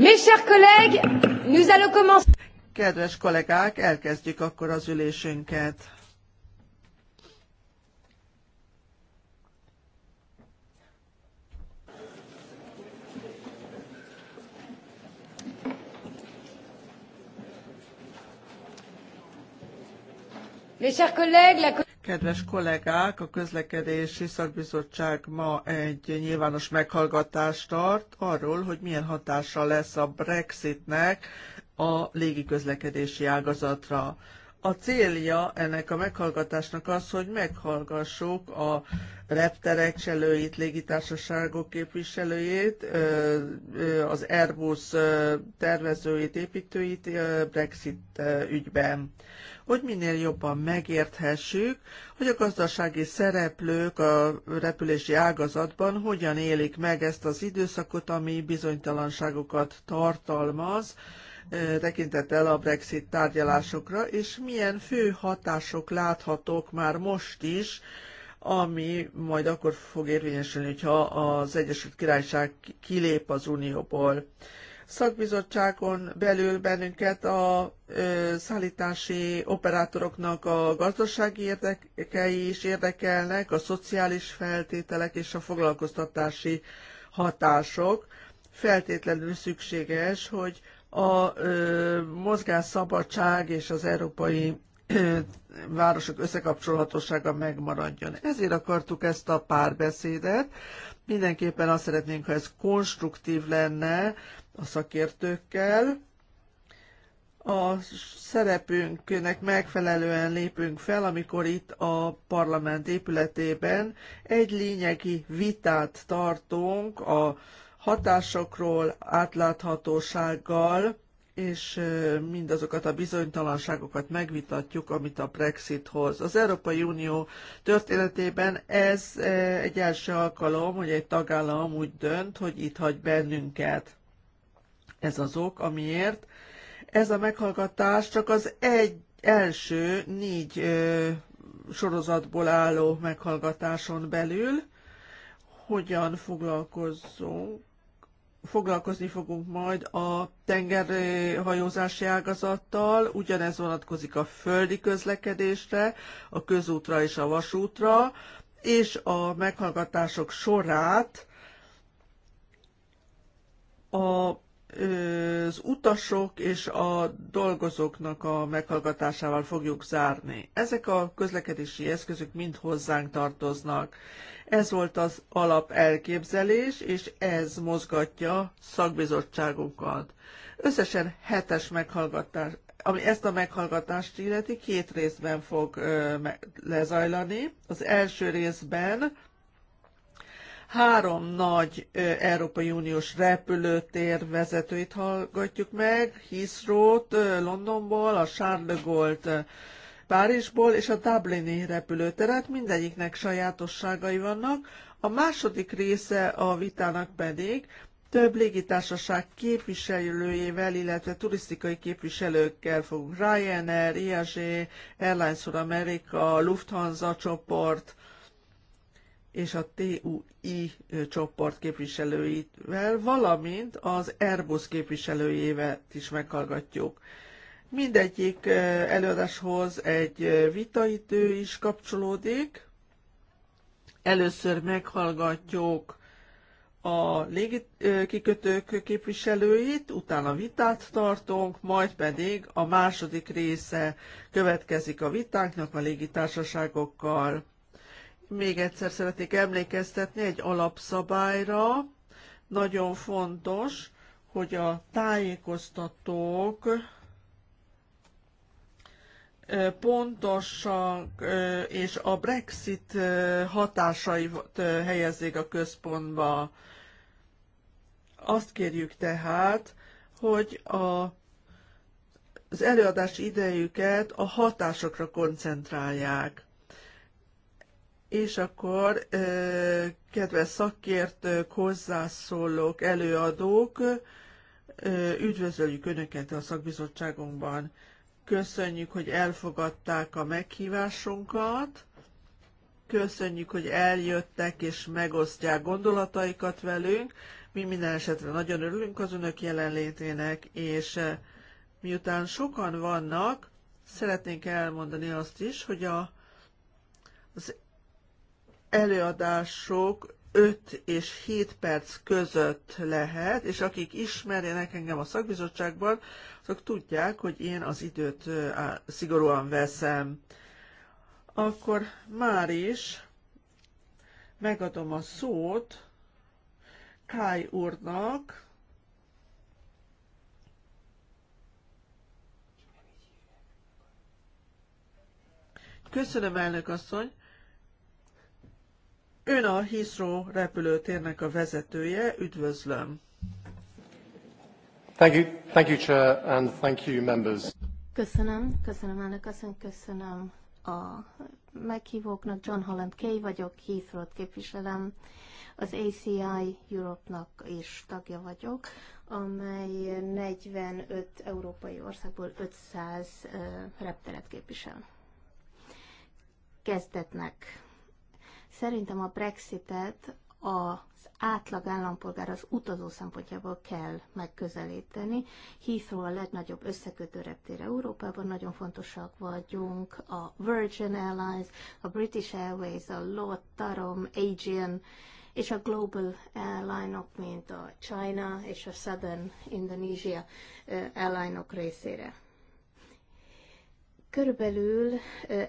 Mes chers collègues, nous allons commencer. Kedves kollégák, elkezdjük akkor az ülésünket. Mes chers collègues, la Kedves kollégák, a közlekedési szakbizottság ma egy nyilvános meghallgatást tart arról, hogy milyen hatása lesz a Brexitnek a légiközlekedési ágazatra. A célja ennek a meghallgatásnak az, hogy meghallgassuk a repterek cselőit, légitársaságok képviselőjét, az Airbus tervezőit, építőit Brexit ügyben. Hogy minél jobban megérthessük, hogy a gazdasági szereplők a repülési ágazatban hogyan élik meg ezt az időszakot, ami bizonytalanságokat tartalmaz, E, tekintettel a Brexit tárgyalásokra, és milyen fő hatások láthatók már most is, ami majd akkor fog érvényesülni, hogyha az Egyesült Királyság kilép az Unióból. Szakbizottságon belül bennünket a e, szállítási operátoroknak a gazdasági érdekei is érdekelnek, a szociális feltételek és a foglalkoztatási hatások. Feltétlenül szükséges, hogy a mozgásszabadság és az európai városok összekapcsolhatósága megmaradjon. Ezért akartuk ezt a párbeszédet. Mindenképpen azt szeretnénk, ha ez konstruktív lenne a szakértőkkel, a szerepünknek megfelelően lépünk fel, amikor itt a parlament épületében egy lényegi vitát tartunk a hatásokról, átláthatósággal, és mindazokat a bizonytalanságokat megvitatjuk, amit a Brexit hoz. Az Európai Unió történetében ez egy első alkalom, hogy egy tagállam úgy dönt, hogy itt hagy bennünket. Ez az ok, amiért ez a meghallgatás csak az egy első négy ö, sorozatból álló meghallgatáson belül, hogyan foglalkozzunk foglalkozni fogunk majd a tengerhajózási ágazattal, ugyanez vonatkozik a földi közlekedésre, a közútra és a vasútra, és a meghallgatások sorát a az utasok és a dolgozóknak a meghallgatásával fogjuk zárni. Ezek a közlekedési eszközök mind hozzánk tartoznak, ez volt az alap elképzelés, és ez mozgatja szakbizottságunkat. Összesen hetes meghallgatás, ami ezt a meghallgatást illeti, két részben fog ö, lezajlani. Az első részben három nagy Európai Uniós repülőtér vezetőit hallgatjuk meg, Heathrow-t Londonból, a Charles de Gaulle-t Párizsból és a Dublini repülőteret, mindegyiknek sajátosságai vannak, a második része a vitának pedig több légitársaság képviselőjével, illetve turisztikai képviselőkkel fogunk. Ryanair, IAG, Airlines for America, Lufthansa csoport és a TUI csoport képviselőivel, valamint az Airbus képviselőjével is meghallgatjuk. Mindegyik eh, előadáshoz egy eh, vitaidő is kapcsolódik. Először meghallgatjuk a légikikötők eh, képviselőit, utána vitát tartunk, majd pedig a második része következik a vitánknak a légitársaságokkal. Még egyszer szeretnék emlékeztetni egy alapszabályra, nagyon fontos, hogy a tájékoztatók pontosan és a Brexit hatásait helyezzék a központba. Azt kérjük tehát, hogy a, az előadás idejüket a hatásokra koncentrálják. És akkor, kedves szakértők, hozzászólók, előadók, üdvözöljük Önöket a szakbizottságunkban. Köszönjük, hogy elfogadták a meghívásunkat. Köszönjük, hogy eljöttek és megosztják gondolataikat velünk. Mi minden esetre nagyon örülünk az önök jelenlétének, és eh, miután sokan vannak, szeretnénk elmondani azt is, hogy a, az előadások 5 és 7 perc között lehet, és akik ismerjenek engem a szakbizottságban, azok tudják, hogy én az időt szigorúan veszem. Akkor már is megadom a szót Kai úrnak, Köszönöm, elnök asszony. Ön a Heathrow repülőtérnek a vezetője, üdvözlöm. Thank you, thank you, Chair, and thank you, members. Köszönöm, köszönöm elnök asszony, köszönöm a meghívóknak. John Holland Kay vagyok, Heathrow-t képviselem, az ACI Europe-nak is tagja vagyok, amely 45 európai országból 500 repteret képvisel. Kezdetnek Szerintem a Brexitet az átlag állampolgár az utazó szempontjából kell megközelíteni. Heathrow a legnagyobb összekötő reptér Európában, nagyon fontosak vagyunk, a Virgin Airlines, a British Airways, a Tarom, Aegean, és a Global Airline-ok, mint a China és a Southern Indonesia eh, airline -ok részére Körülbelül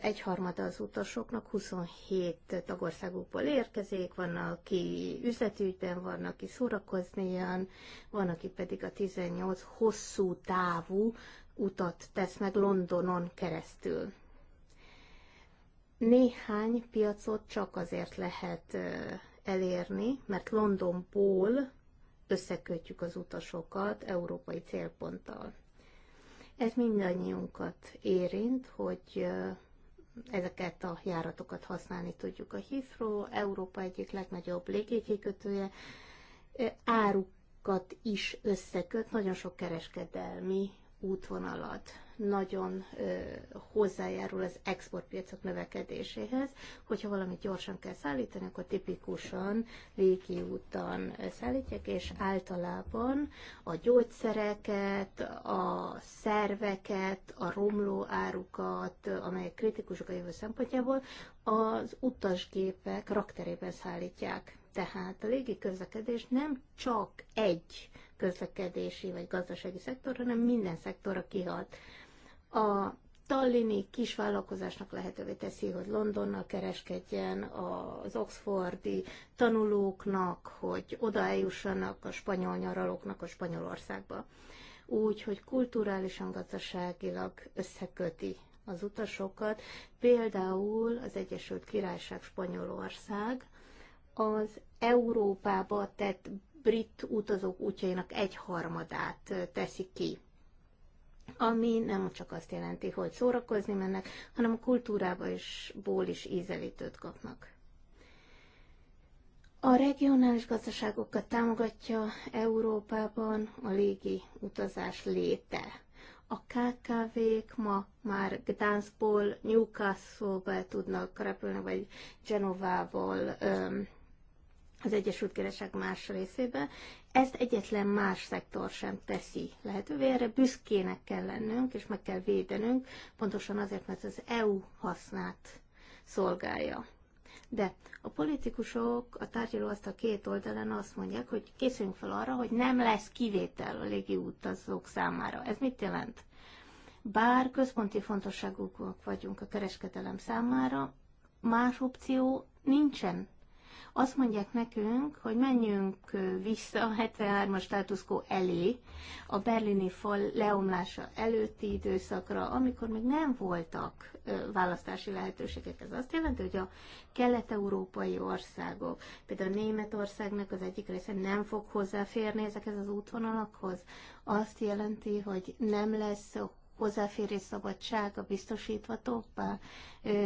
egyharmada az utasoknak 27 tagországokból érkezik, van, aki üzletügyben, van, aki szórakozni jön, van, aki pedig a 18 hosszú távú utat tesz meg Londonon keresztül. Néhány piacot csak azért lehet elérni, mert Londonból összekötjük az utasokat európai célponttal. Ez mindannyiunkat érint, hogy ezeket a járatokat használni tudjuk. A Heathrow Európa egyik legnagyobb légikikötője, árukat is összeköt, nagyon sok kereskedelmi útvonalat nagyon hozzájárul az exportpiacok növekedéséhez. Hogyha valamit gyorsan kell szállítani, akkor tipikusan légi úton szállítják, és általában a gyógyszereket, a szerveket, a romló árukat, amelyek kritikusok a jövő szempontjából, az utasgépek rakterében szállítják. Tehát a légi közlekedés nem csak egy közlekedési vagy gazdasági szektor, hanem minden szektorra kihat a Tallini kisvállalkozásnak lehetővé teszi, hogy Londonnal kereskedjen, az oxfordi tanulóknak, hogy oda eljussanak a spanyol nyaralóknak a Spanyolországba. Úgy, hogy kulturálisan, gazdaságilag összeköti az utasokat. Például az Egyesült Királyság Spanyolország az Európába tett brit utazók útjainak egyharmadát teszi ki ami nem csak azt jelenti, hogy szórakozni mennek, hanem a kultúrába is, ból is ízelítőt kapnak. A regionális gazdaságokat támogatja Európában a légi utazás léte. A KKV-k ma már Gdanskból Newcastle-be tudnak repülni, vagy Genovából az Egyesült Királyság más részébe. Ezt egyetlen más szektor sem teszi lehetővé, erre büszkének kell lennünk, és meg kell védenünk, pontosan azért, mert az EU hasznát szolgálja. De a politikusok a a két oldalán azt mondják, hogy készüljünk fel arra, hogy nem lesz kivétel a légi utazók számára. Ez mit jelent? Bár központi fontosságúak vagyunk a kereskedelem számára, más opció nincsen azt mondják nekünk, hogy menjünk vissza a 73-as státuszkó elé, a berlini fal leomlása előtti időszakra, amikor még nem voltak választási lehetőségek. Ez azt jelenti, hogy a kelet-európai országok, például Németországnak az egyik része nem fog hozzáférni ezekhez az útvonalakhoz. Azt jelenti, hogy nem lesz hozzáférés szabadsága biztosíthatóbbá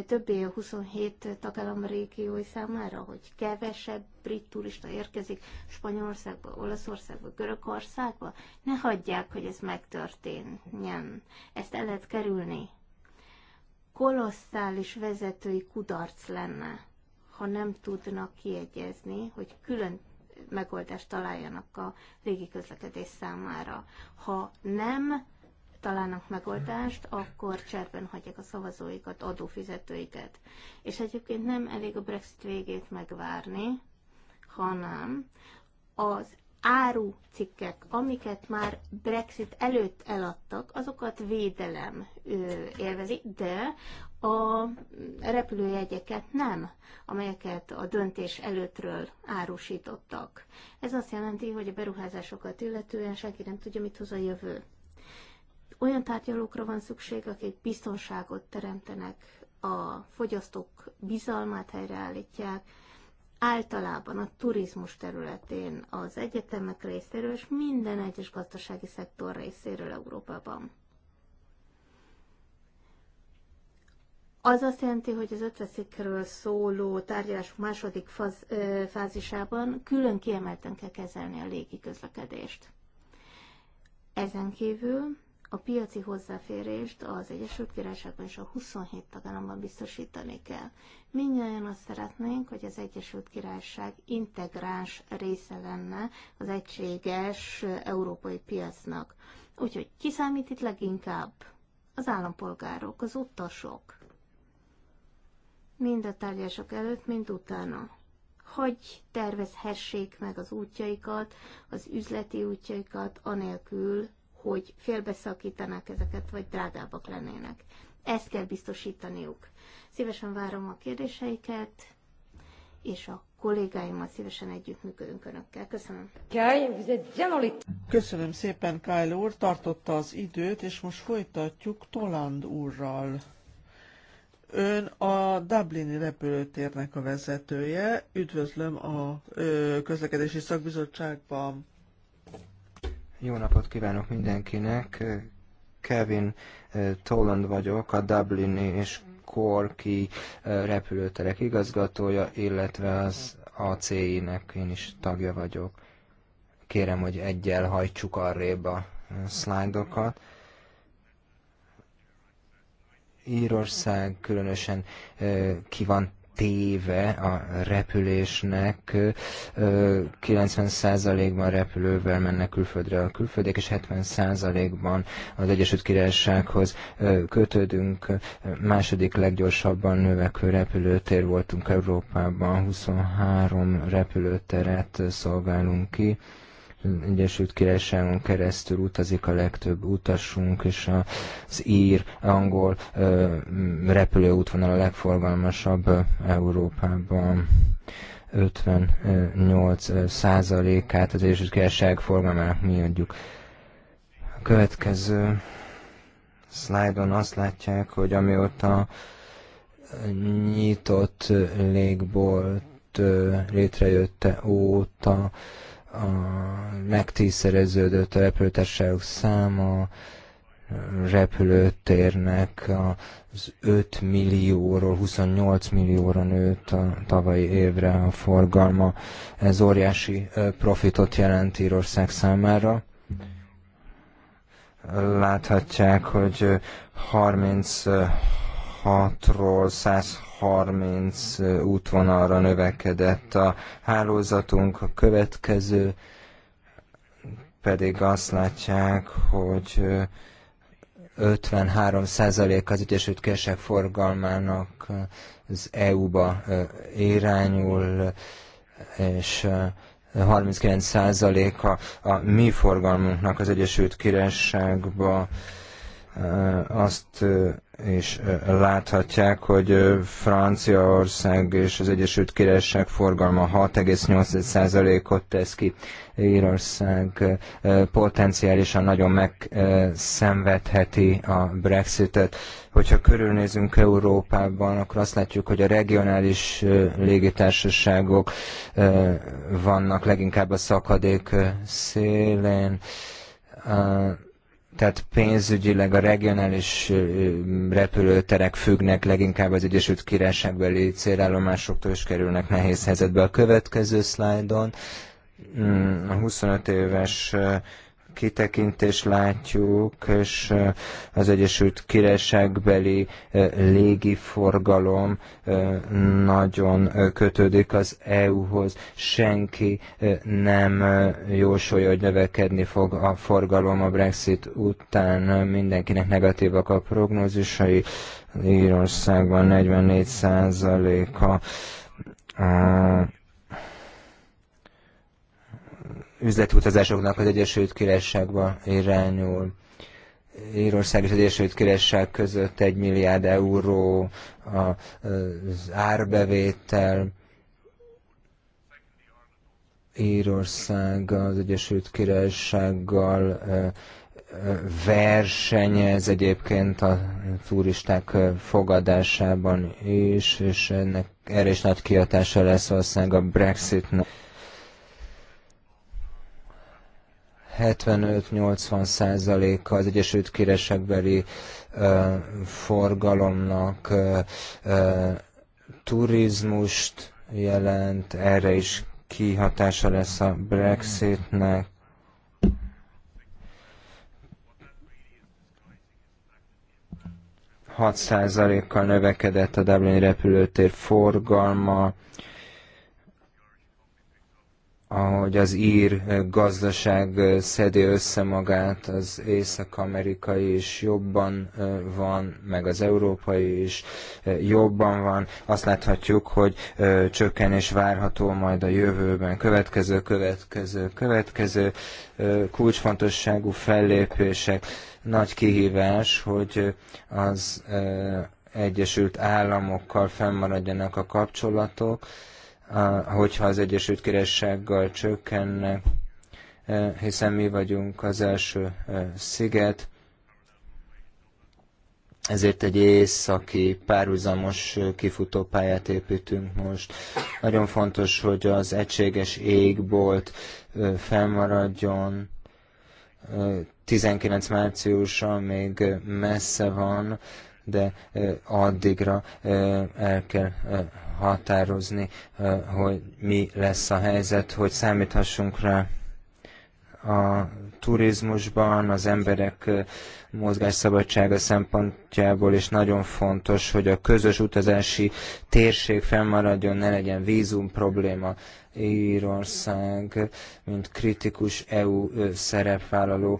többé a 27 tagállam régiói számára, hogy kevesebb brit turista érkezik Spanyolországba, Olaszországba, Görögországba? Ne hagyják, hogy ez megtörténjen. Ezt el lehet kerülni. Kolosszális vezetői kudarc lenne, ha nem tudnak kiegyezni, hogy külön megoldást találjanak a régi közlekedés számára. Ha nem találnak megoldást, akkor cserben hagyják a szavazóikat, adófizetőiket. És egyébként nem elég a Brexit végét megvárni, hanem az árucikkek, amiket már Brexit előtt eladtak, azokat védelem élvezi, de a repülőjegyeket nem, amelyeket a döntés előttről árusítottak. Ez azt jelenti, hogy a beruházásokat illetően senki nem tudja, mit hoz a jövő. Olyan tárgyalókra van szükség, akik biztonságot teremtenek, a fogyasztók bizalmát helyreállítják, általában a turizmus területén, az egyetemek részéről és minden egyes gazdasági szektor részéről Európában. Az azt jelenti, hogy az ötveszikről szóló tárgyalás második faz, ö, fázisában külön kiemelten kell kezelni a légi közlekedést. Ezen kívül a piaci hozzáférést az Egyesült Királyságban és a 27 tagállamban biztosítani kell. Mindjárt azt szeretnénk, hogy az Egyesült Királyság integráns része lenne az egységes európai piacnak. Úgyhogy ki számít itt leginkább? Az állampolgárok, az utasok. Mind a tárgyások előtt, mind utána. Hogy tervezhessék meg az útjaikat, az üzleti útjaikat, anélkül, hogy félbeszakítanák ezeket, vagy drágábbak lennének. Ezt kell biztosítaniuk. Szívesen várom a kérdéseiket, és a kollégáimmal szívesen együttműködünk Önökkel. Köszönöm. Köszönöm szépen, Kyle úr, tartotta az időt, és most folytatjuk Toland úrral. Ön a Dublini repülőtérnek a vezetője. Üdvözlöm a ö, közlekedési szakbizottságban. Jó napot kívánok mindenkinek. Kevin eh, Toland vagyok, a Dublini és Corki eh, repülőterek igazgatója, illetve az ACI-nek én is tagja vagyok. Kérem, hogy egyel hajtsuk arrébb a eh, szlájdokat. Írország különösen ki van téve a repülésnek. 90%-ban repülővel mennek külföldre a külföldiek, és 70%-ban az Egyesült Királysághoz kötődünk. Második leggyorsabban növekvő repülőtér voltunk Európában, 23 repülőteret szolgálunk ki. Egyesült Királyságon keresztül utazik a legtöbb utasunk, és az ír, angol repülőútvonal a legforgalmasabb Európában. 58 százalékát az Egyesült Királyság forgalmának mi adjuk. A következő szlájdon azt látják, hogy amióta nyitott légbolt létrejötte óta a megtízszereződő repülőtársaságok száma, repülőtérnek az 5 millióról 28 millióra nőtt a tavalyi évre a forgalma. Ez óriási profitot jelent Írország számára. Láthatják, hogy 36-ról 160 30 útvonalra növekedett a hálózatunk. A következő pedig azt látják, hogy 53% az Egyesült Kések forgalmának az EU-ba irányul, és 39% a, a mi forgalmunknak az Egyesült Királyságba azt és láthatják, hogy Franciaország és az Egyesült Királyság forgalma 6,8%-ot tesz ki. Írország potenciálisan nagyon megszenvedheti a Brexitet. Hogyha körülnézünk Európában, akkor azt látjuk, hogy a regionális légitársaságok vannak leginkább a szakadék szélén tehát pénzügyileg a regionális repülőterek függnek leginkább az Egyesült Királyságbeli célállomásoktól, és kerülnek nehéz helyzetbe. A következő szlájdon mm, a 25 éves kitekintést látjuk, és az Egyesült Királyságbeli légiforgalom nagyon kötődik az EU-hoz. Senki nem jósolja, hogy növekedni fog a forgalom a Brexit után. Mindenkinek negatívak a prognózisai. Írországban 44 százaléka üzletutazásoknak az Egyesült Királyságba irányul. Írország és az Egyesült Királyság között egy milliárd euró az árbevétel, Írország az Egyesült Királysággal versenyez egyébként a turisták fogadásában is, és ennek erre is nagy kiadása lesz ország a Brexitnek 75-80 százaléka az Egyesült Királyságbeli uh, forgalomnak turizmust jelent, erre is kihatása lesz a Brexitnek. kal növekedett a Dublin repülőtér forgalma, ahogy az ír gazdaság szedi össze magát, az észak-amerikai is jobban van, meg az európai is jobban van. Azt láthatjuk, hogy csökkenés várható majd a jövőben. Következő, következő, következő kulcsfontosságú fellépések. Nagy kihívás, hogy az Egyesült Államokkal fennmaradjanak a kapcsolatok, hogyha az Egyesült Királysággal csökkenne, e, hiszen mi vagyunk az első e, sziget, ezért egy északi párhuzamos e, kifutópályát építünk most. Nagyon fontos, hogy az egységes égbolt felmaradjon. 19 márciusa még messze van, de addigra el kell határozni, hogy mi lesz a helyzet, hogy számíthassunk rá a turizmusban, az emberek mozgásszabadsága szempontjából is nagyon fontos, hogy a közös utazási térség fennmaradjon, ne legyen vízum probléma. Írország, mint kritikus EU szerepvállaló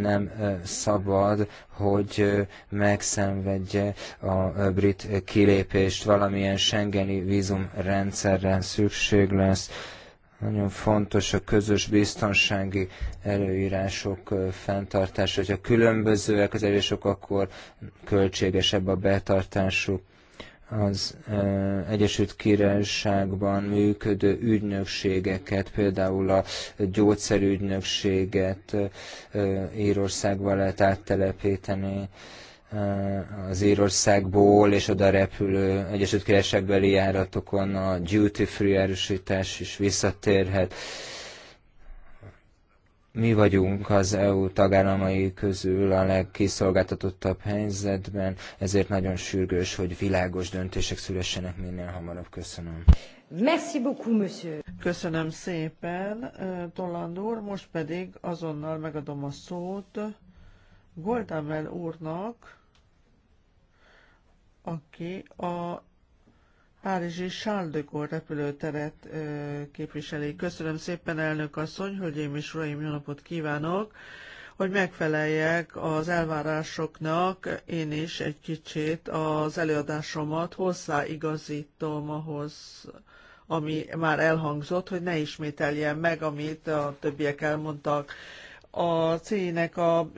nem szabad, hogy megszenvedje a brit kilépést, valamilyen Schengeni vízumrendszerre szükség lesz nagyon fontos a közös biztonsági előírások fenntartása. Hogyha különbözőek az előírások, akkor költségesebb a betartásuk az Egyesült Királyságban működő ügynökségeket, például a gyógyszerügynökséget Írországba lehet áttelepíteni. Eh, az Írországból és oda repülő Egyesült Királyságbeli járatokon a duty free erősítés is visszatérhet. Mi vagyunk az EU tagállamai közül a legkiszolgáltatottabb helyzetben, ezért nagyon sürgős, hogy világos döntések szülessenek minél hamarabb. Köszönöm. Merci beaucoup, monsieur. Köszönöm szépen, eh, Tolland úr. Most pedig azonnal megadom a szót Goldamel úrnak, aki a Párizsi Charles de Gaulle repülőteret képviseli. Köszönöm szépen, elnök asszony, hölgyeim és uraim, jó napot kívánok! Hogy megfeleljek az elvárásoknak, én is egy kicsit az előadásomat hozzáigazítom ahhoz, ami már elhangzott, hogy ne ismételjen meg, amit a többiek elmondtak a CI-nek a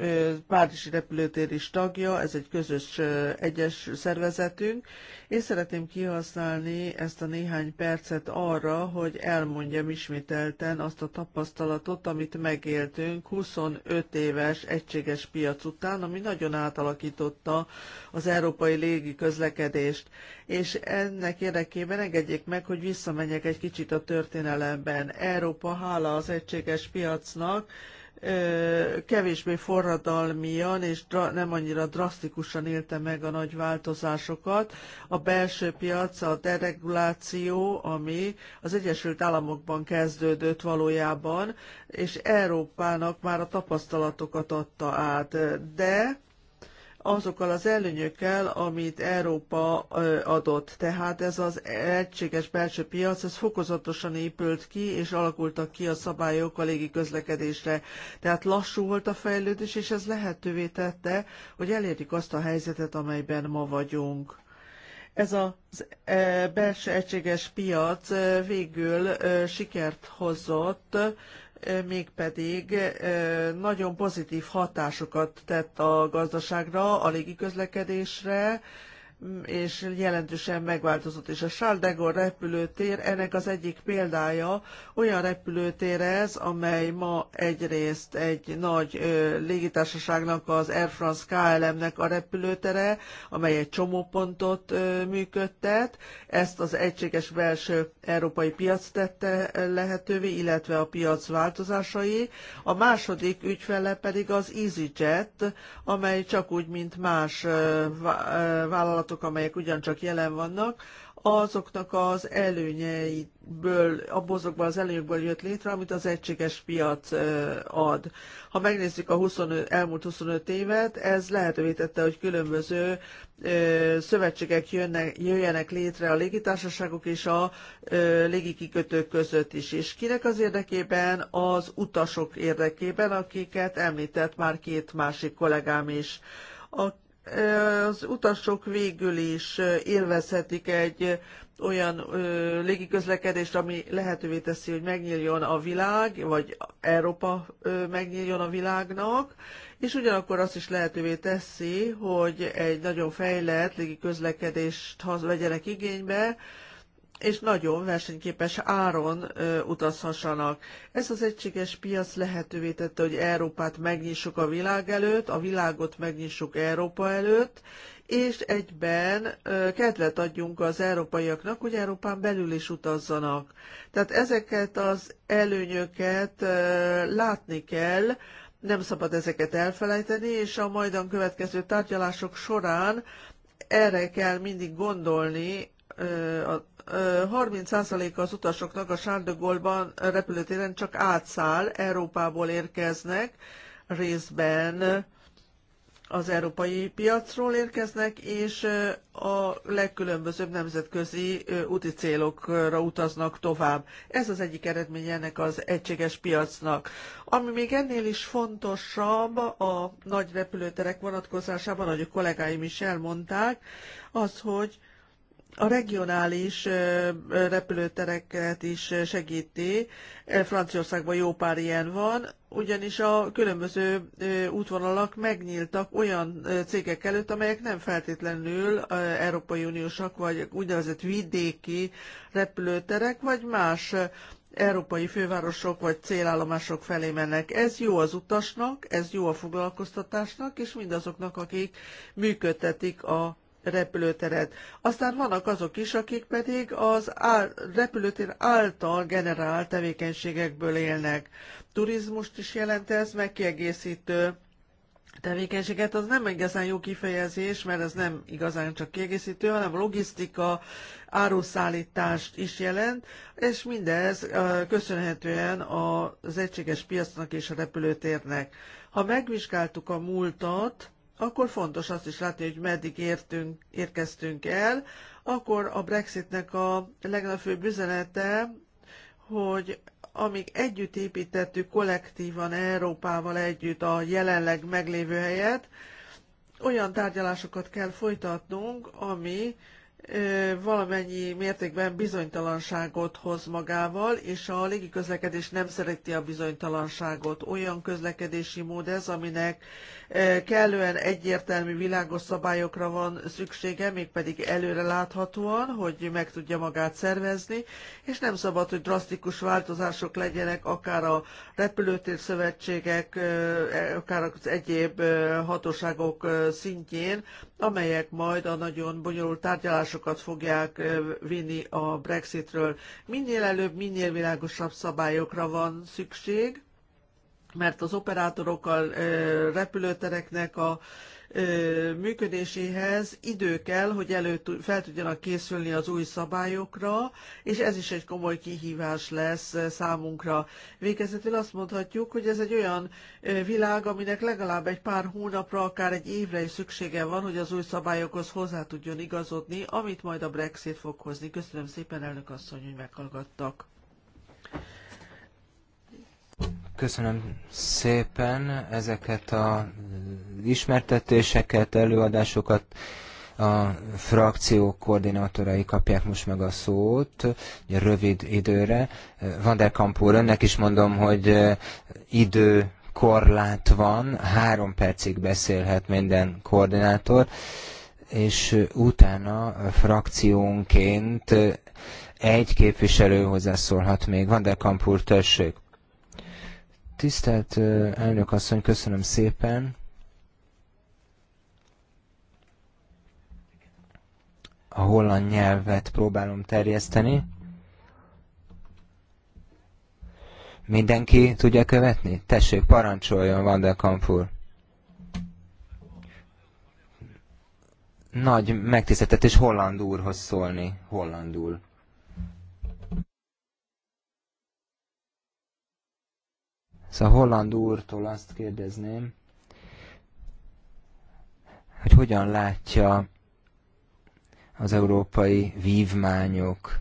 Párizsi repülőtér is tagja, ez egy közös egyes szervezetünk, és szeretném kihasználni ezt a néhány percet arra, hogy elmondjam ismételten azt a tapasztalatot, amit megéltünk 25 éves egységes piac után, ami nagyon átalakította az európai légi közlekedést. És ennek érdekében engedjék meg, hogy visszamenjek egy kicsit a történelemben. Európa hála az egységes piacnak, kevésbé forradalmian és nem annyira drasztikusan élte meg a nagy változásokat. A belső piac, a dereguláció, ami az Egyesült Államokban kezdődött valójában, és Európának már a tapasztalatokat adta át. De azokkal az előnyökkel, amit Európa adott. Tehát ez az egységes belső piac, ez fokozatosan épült ki, és alakultak ki a szabályok a légi közlekedésre. Tehát lassú volt a fejlődés, és ez lehetővé tette, hogy elérjük azt a helyzetet, amelyben ma vagyunk ez a e, belső egységes piac e, végül e, sikert hozott, mégpedig nagyon pozitív hatásokat tett a gazdaságra, a légiközlekedésre, és jelentősen megváltozott. És a Charles de Gaulle repülőtér ennek az egyik példája, olyan repülőtér ez, amely ma egyrészt egy nagy ö, légitársaságnak, az Air France KLM-nek a repülőtere, amely egy csomópontot ö, működtet. Ezt az egységes belső európai piac tette lehetővé, illetve a piac változásai. A második ügyfele pedig az EasyJet, amely csak úgy, mint más vállalat ágazatok, amelyek ugyancsak jelen vannak, azoknak az előnyeiből, abból az előnyökből jött létre, amit az egységes piac ad. Ha megnézzük a 25, elmúlt 25 évet, ez lehetővé tette, hogy különböző szövetségek jönnek, jöjjenek létre a légitársaságok és a légikikötők között is. És kinek az érdekében? Az utasok érdekében, akiket említett már két másik kollégám is. A az utasok végül is élvezhetik egy olyan légiközlekedést, ami lehetővé teszi, hogy megnyíljon a világ, vagy Európa megnyíljon a világnak, és ugyanakkor azt is lehetővé teszi, hogy egy nagyon fejlett légiközlekedést vegyenek igénybe, és nagyon versenyképes áron ö, utazhassanak. Ez az egységes piac lehetővé tette, hogy Európát megnyissuk a világ előtt, a világot megnyissuk Európa előtt, és egyben ö, kedvet adjunk az európaiaknak, hogy Európán belül is utazzanak. Tehát ezeket az előnyöket ö, látni kell, nem szabad ezeket elfelejteni, és a majdan következő tárgyalások során erre kell mindig gondolni, ö, a 30%-a az utasoknak a Sárdögolban repülőtéren csak átszáll, Európából érkeznek, részben az európai piacról érkeznek, és a legkülönbözőbb nemzetközi úti célokra utaznak tovább. Ez az egyik eredmény ennek az egységes piacnak. Ami még ennél is fontosabb a nagy repülőterek vonatkozásában, ahogy a kollégáim is elmondták, az, hogy a regionális repülőtereket is segíti. Franciaországban jó pár ilyen van, ugyanis a különböző útvonalak megnyíltak olyan cégek előtt, amelyek nem feltétlenül Európai Uniósak, vagy úgynevezett vidéki repülőterek, vagy más európai fővárosok vagy célállomások felé mennek. Ez jó az utasnak, ez jó a foglalkoztatásnak, és mindazoknak, akik működtetik a repülőteret. Aztán vannak azok is, akik pedig az ál- repülőtér által generált tevékenységekből élnek. Turizmust is jelent ez, megkiegészítő tevékenységet, az nem igazán jó kifejezés, mert ez nem igazán csak kiegészítő, hanem logisztika, áruszállítást is jelent, és mindez köszönhetően az egységes piacnak és a repülőtérnek. Ha megvizsgáltuk a múltat, akkor fontos azt is látni, hogy meddig értünk, érkeztünk el. Akkor a Brexitnek a legnagyobb üzenete, hogy amíg együtt építettük kollektívan Európával együtt a jelenleg meglévő helyet, olyan tárgyalásokat kell folytatnunk, ami valamennyi mértékben bizonytalanságot hoz magával, és a közlekedés nem szereti a bizonytalanságot. Olyan közlekedési mód ez, aminek kellően egyértelmű, világos szabályokra van szüksége, mégpedig előre láthatóan, hogy meg tudja magát szervezni, és nem szabad, hogy drasztikus változások legyenek akár a repülőtér szövetségek, e, akár az egyéb hatóságok szintjén, amelyek majd a nagyon bonyolult tárgyalások tárgyalásokat fogják vinni a Brexitről. Minél előbb, minél világosabb szabályokra van szükség, mert az operátorokkal, repülőtereknek a működéséhez idő kell, hogy elő fel tudjanak készülni az új szabályokra, és ez is egy komoly kihívás lesz számunkra. Végezetül azt mondhatjuk, hogy ez egy olyan világ, aminek legalább egy pár hónapra, akár egy évre is szüksége van, hogy az új szabályokhoz hozzá tudjon igazodni, amit majd a Brexit fog hozni. Köszönöm szépen, elnök asszony, hogy meghallgattak. Köszönöm szépen ezeket a ismertetéseket, előadásokat. A frakció koordinátorai kapják most meg a szót, rövid időre. Van der önnek is mondom, hogy eh, idő korlát van, három percig beszélhet minden koordinátor, és eh, utána frakciónként eh, egy képviselő hozzászólhat még. Van der tessék! Tisztelt elnök asszony, köszönöm szépen. A holland nyelvet próbálom terjeszteni. Mindenki tudja követni? Tessék, parancsoljon Van der Kampur. Nagy megtiszteltetés hollandúrhoz szólni, hollandul. Szóval Holland úrtól azt kérdezném, hogy hogyan látja az európai vívmányok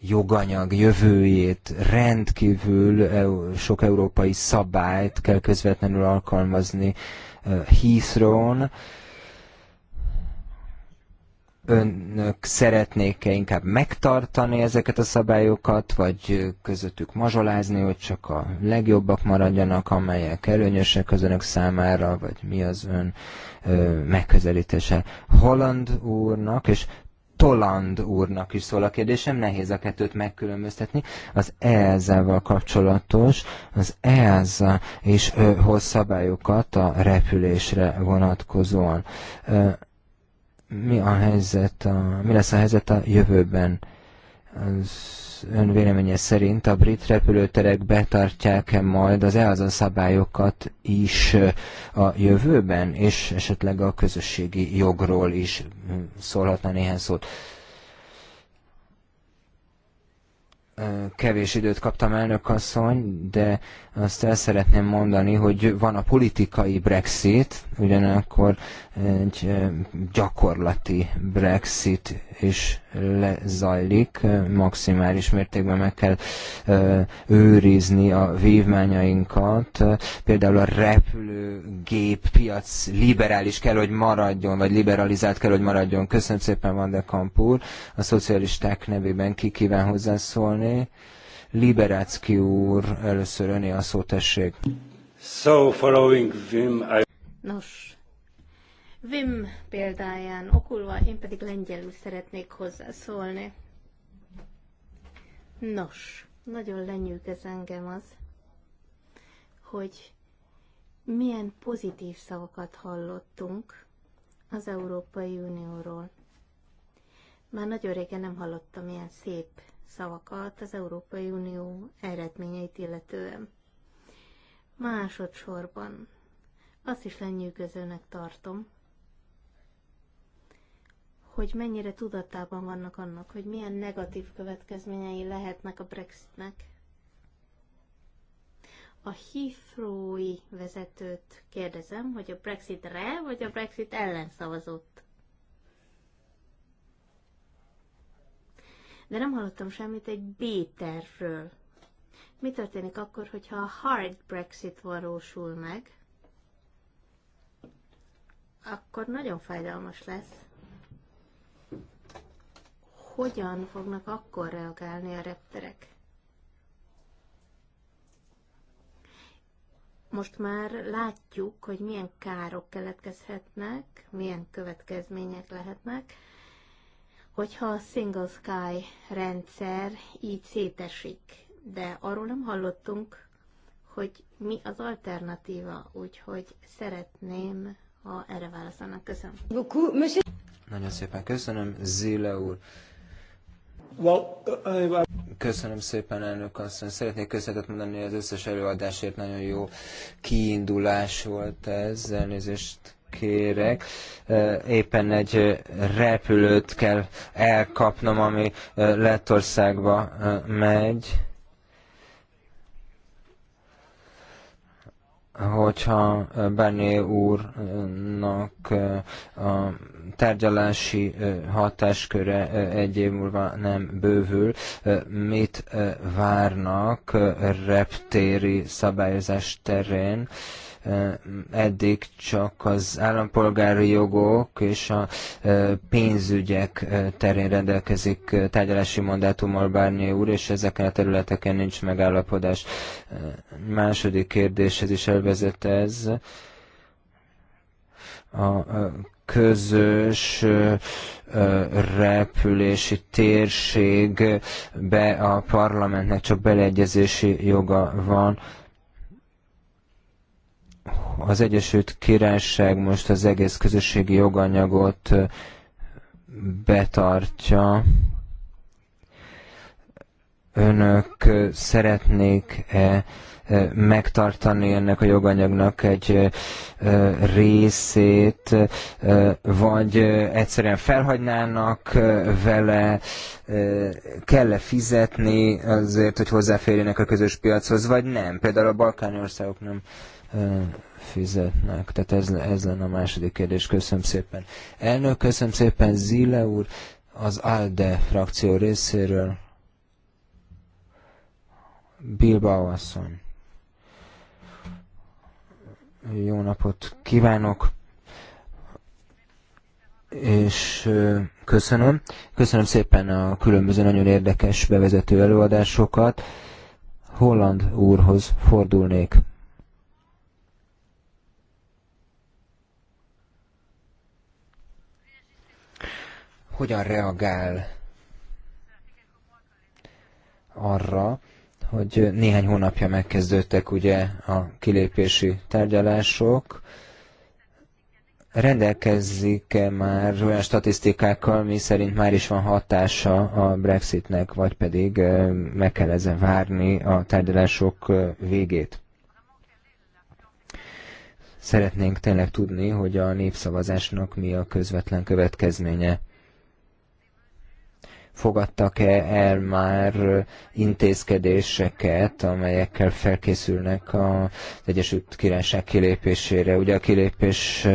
joganyag jövőjét, rendkívül sok európai szabályt kell közvetlenül alkalmazni eh, heathrow n önök szeretnék-e inkább megtartani ezeket a szabályokat, vagy közöttük mazsolázni, hogy csak a legjobbak maradjanak, amelyek előnyösek az önök számára, vagy mi az ön ö, megközelítése. Holland úrnak és Toland úrnak is szól a kérdésem, nehéz a kettőt megkülönböztetni. Az ELSA-val kapcsolatos, az ELSA is ö, hoz szabályokat a repülésre vonatkozóan. Ö, mi a helyzet, a, mi lesz a helyzet a jövőben? Az ön véleménye szerint a brit repülőterek betartják-e majd az EASA szabályokat is a jövőben, és esetleg a közösségi jogról is szólhatna néhány szót? kevés időt kaptam elnök asszony, de azt el szeretném mondani, hogy van a politikai Brexit, ugyanakkor egy gyakorlati Brexit is lezajlik, maximális mértékben meg kell őrizni a vívmányainkat. Például a repülőgép piac liberális kell, hogy maradjon, vagy liberalizált kell, hogy maradjon. Köszönöm szépen, Van de Kampur A szocialisták nevében ki kíván hozzászólni. Liberácki úr, először öné a szót, tessék. So following him I... Nos, Vim példáján okulva, én pedig lengyelül szeretnék hozzászólni. Nos, nagyon lenyűgöz engem az, hogy milyen pozitív szavakat hallottunk az Európai Unióról. Már nagyon régen nem hallottam ilyen szép szavakat az Európai Unió eredményeit illetően. Másodszorban azt is lenyűgözőnek tartom, hogy mennyire tudatában vannak annak, hogy milyen negatív következményei lehetnek a Brexitnek. A Heathrow-i vezetőt kérdezem, hogy a Brexitre vagy a Brexit ellen szavazott. De nem hallottam semmit egy B-tervről. Mi történik akkor, hogyha a hard Brexit valósul meg? Akkor nagyon fájdalmas lesz hogyan fognak akkor reagálni a repterek? Most már látjuk, hogy milyen károk keletkezhetnek, milyen következmények lehetnek, hogyha a Single Sky rendszer így szétesik. De arról nem hallottunk, hogy mi az alternatíva, úgyhogy szeretném, ha erre válaszolnak. Köszönöm. Nagyon szépen köszönöm, Zile úr. Uh, uh, Köszönöm szépen, elnök asszony. Szeretnék köszönetet mondani az összes előadásért. Nagyon jó kiindulás volt ez. Elnézést kérek. Éppen egy repülőt kell elkapnom, ami Lettországba megy. hogyha Berné úrnak a tárgyalási hatásköre egy év múlva nem bővül, mit várnak reptéri szabályozás terén, Eddig csak az állampolgári jogok és a pénzügyek terén rendelkezik tárgyalási mandátummal Bárnyé úr, és ezeken a területeken nincs megállapodás. Második kérdéshez is elvezet ez. A közös repülési térségbe a parlamentnek csak beleegyezési joga van az Egyesült Királyság most az egész közösségi joganyagot betartja. Önök szeretnék-e megtartani ennek a joganyagnak egy részét, vagy egyszerűen felhagynának vele, kell-e fizetni azért, hogy hozzáférjenek a közös piachoz, vagy nem. Például a balkáni országok nem fizetnek. Tehát ez, ez lenne a második kérdés. Köszönöm szépen. Elnök, köszönöm szépen Zile úr az ALDE frakció részéről. Bilbao asszony. Jó napot kívánok, és köszönöm. Köszönöm szépen a különböző nagyon érdekes bevezető előadásokat. Holland úrhoz fordulnék. hogyan reagál arra, hogy néhány hónapja megkezdődtek ugye a kilépési tárgyalások, rendelkezik e már olyan statisztikákkal, mi szerint már is van hatása a Brexitnek, vagy pedig meg kell ezen várni a tárgyalások végét? Szeretnénk tényleg tudni, hogy a népszavazásnak mi a közvetlen következménye fogadtak-e el már intézkedéseket, amelyekkel felkészülnek az Egyesült Királyság kilépésére. Ugye a kilépés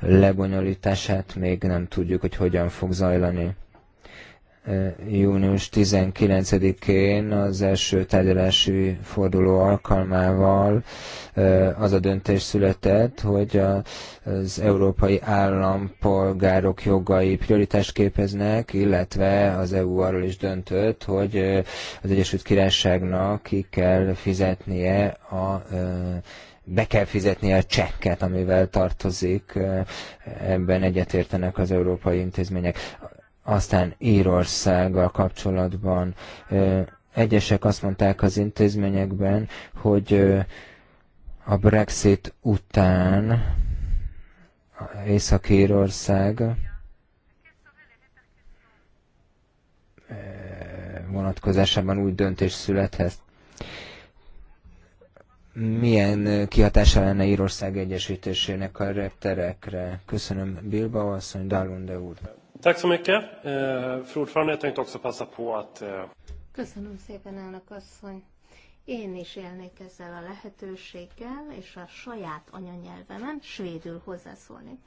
lebonyolítását még nem tudjuk, hogy hogyan fog zajlani. Eh, június 19-én az első tárgyalási forduló alkalmával eh, az a döntés született, hogy az európai állampolgárok jogai prioritást képeznek, illetve az EU arról is döntött, hogy eh, az Egyesült Királyságnak ki kell fizetnie a be kell fizetnie a csekket, amivel tartozik, ebben egyetértenek az európai intézmények aztán Írországgal kapcsolatban egyesek azt mondták az intézményekben, hogy a Brexit után Észak-Írország vonatkozásában úgy döntés születhet. Milyen kihatása lenne Írország egyesítésének a repterekre? Köszönöm Bilbao asszony, Dalunde úr. Tack så mycket. Eh, Fru ordförande, jag tänkte också passa på att... Eh, Köszönöm szépen, elnök asszony. Én is élnék ezzel a lehetőséggel, és a saját anyanyelvemen svédül hozzászólni.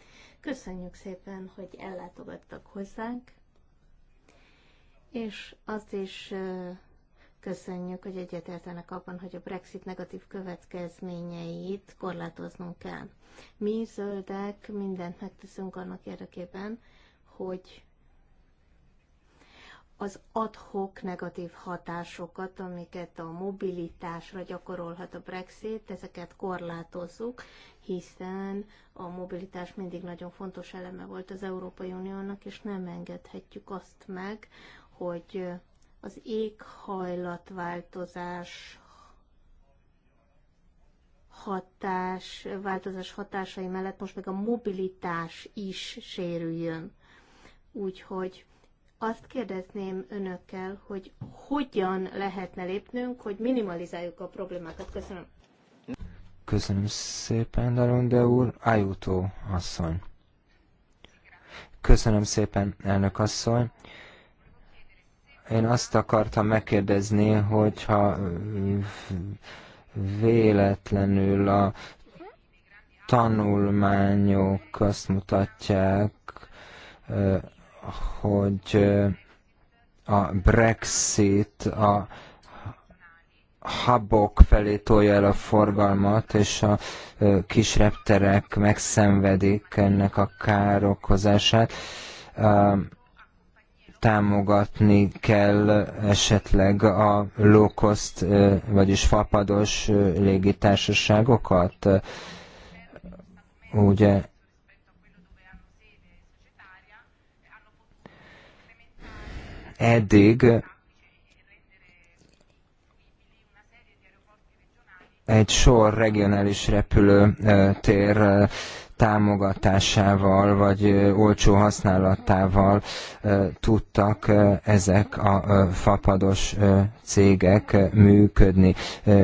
Köszönjük szépen, hogy ellátogattak hozzánk, és azt is eh, köszönjük, hogy egyetértenek abban, hogy a Brexit negatív következményeit korlátoznunk kell. Mi zöldek mindent megteszünk annak érdekében, hogy az adhok negatív hatásokat, amiket a mobilitásra gyakorolhat a Brexit, ezeket korlátozzuk, hiszen a mobilitás mindig nagyon fontos eleme volt az Európai Uniónak, és nem engedhetjük azt meg, hogy az éghajlatváltozás hatás, változás hatásai mellett most meg a mobilitás is sérüljön. Úgyhogy azt kérdezném önökkel, hogy hogyan lehetne lépnünk, hogy minimalizáljuk a problémákat. Köszönöm. Köszönöm szépen, Darunde úr. Ajutó asszony. Köszönöm szépen, elnök asszony. Én azt akartam megkérdezni, hogyha véletlenül a tanulmányok azt mutatják, hogy a Brexit a habok felé tolja el a forgalmat, és a kis repterek megszenvedik ennek a károkozását. Támogatni kell esetleg a low-cost, vagyis fapados légitársaságokat. Ugye Eddig egy sor regionális repülőtér támogatásával vagy olcsó használatával tudtak ezek a fapados cégek működni.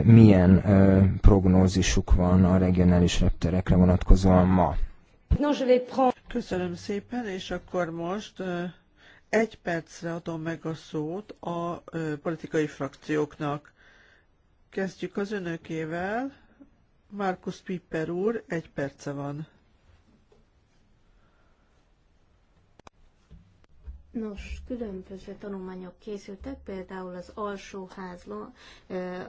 Milyen prognózisuk van a regionális repterekre vonatkozóan ma? Köszönöm szépen, és akkor most egy percre adom meg a szót a politikai frakcióknak. Kezdjük az önökével. Markus Piper úr, egy perce van. Nos, különböző tanulmányok készültek, például az alsóházla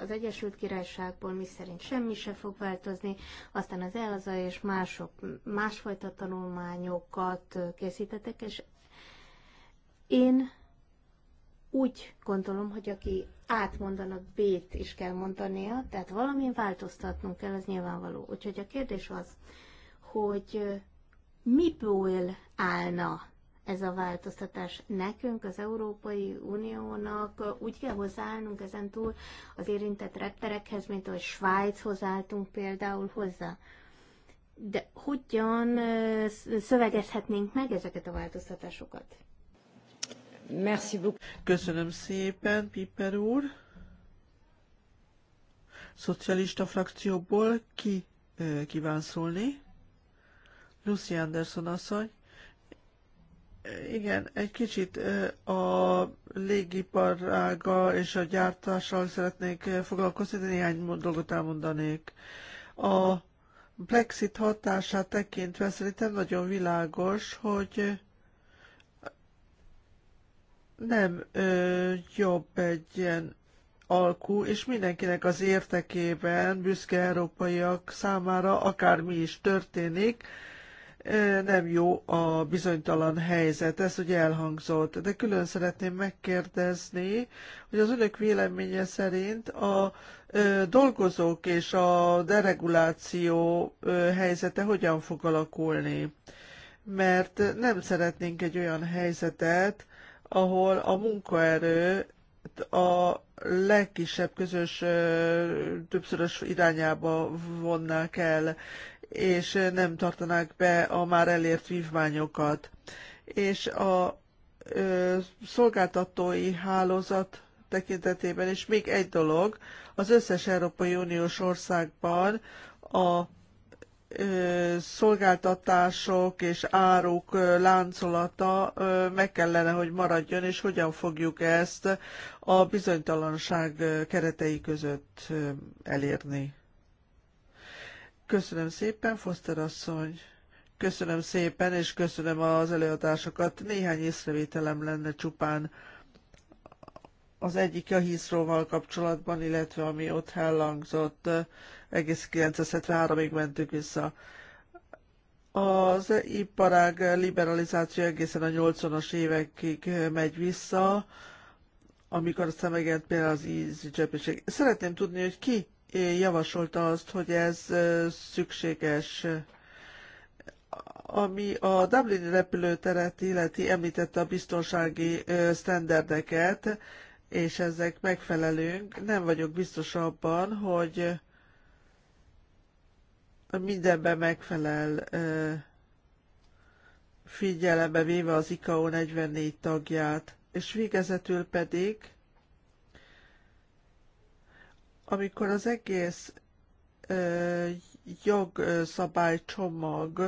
az Egyesült Királyságból, mi szerint semmi se fog változni, aztán az ELZA és mások, másfajta tanulmányokat készítettek, és én úgy gondolom, hogy aki átmondanak B-t is kell mondania, tehát valamilyen változtatnunk kell, ez nyilvánvaló. Úgyhogy a kérdés az, hogy miből állna ez a változtatás nekünk, az Európai Uniónak, úgy kell hozzáállnunk ezen túl az érintett repterekhez, mint ahogy Svájchoz álltunk például hozzá. De hogyan szövegezhetnénk meg ezeket a változtatásokat? Köszönöm szépen, Piper úr. Szocialista frakcióból ki kíván szólni? Lucy Anderson asszony. Igen, egy kicsit a légiparága és a gyártással szeretnék foglalkozni, de néhány dolgot elmondanék. A Brexit hatását tekintve szerintem nagyon világos, hogy nem ö, jobb egy ilyen alkú, és mindenkinek az értekében, büszke európaiak számára, akármi is történik, ö, nem jó a bizonytalan helyzet. Ez ugye elhangzott. De külön szeretném megkérdezni, hogy az önök véleménye szerint a ö, dolgozók és a dereguláció ö, helyzete hogyan fog alakulni? Mert nem szeretnénk egy olyan helyzetet, ahol a munkaerő a legkisebb közös többszörös irányába vonnák el, és nem tartanák be a már elért vívmányokat. És a ö, szolgáltatói hálózat tekintetében is még egy dolog, az összes Európai Uniós országban a szolgáltatások és áruk láncolata meg kellene, hogy maradjon, és hogyan fogjuk ezt a bizonytalanság keretei között elérni. Köszönöm szépen, Foster asszony! Köszönöm szépen, és köszönöm az előadásokat. Néhány észrevételem lenne csupán az egyik a hízróval kapcsolatban, illetve ami ott hellangzott egész 973-ig mentünk vissza. Az iparág liberalizáció egészen a 80-as évekig megy vissza, amikor aztán megjelent például az EasyJet. Szeretném tudni, hogy ki javasolta azt, hogy ez szükséges ami a Dublini repülőteret illeti említette a biztonsági sztenderdeket, és ezek megfelelünk. Nem vagyok biztos abban, hogy mindenben megfelel figyelembe véve az ICAO 44 tagját, és végezetül pedig, amikor az egész jogszabálycsomag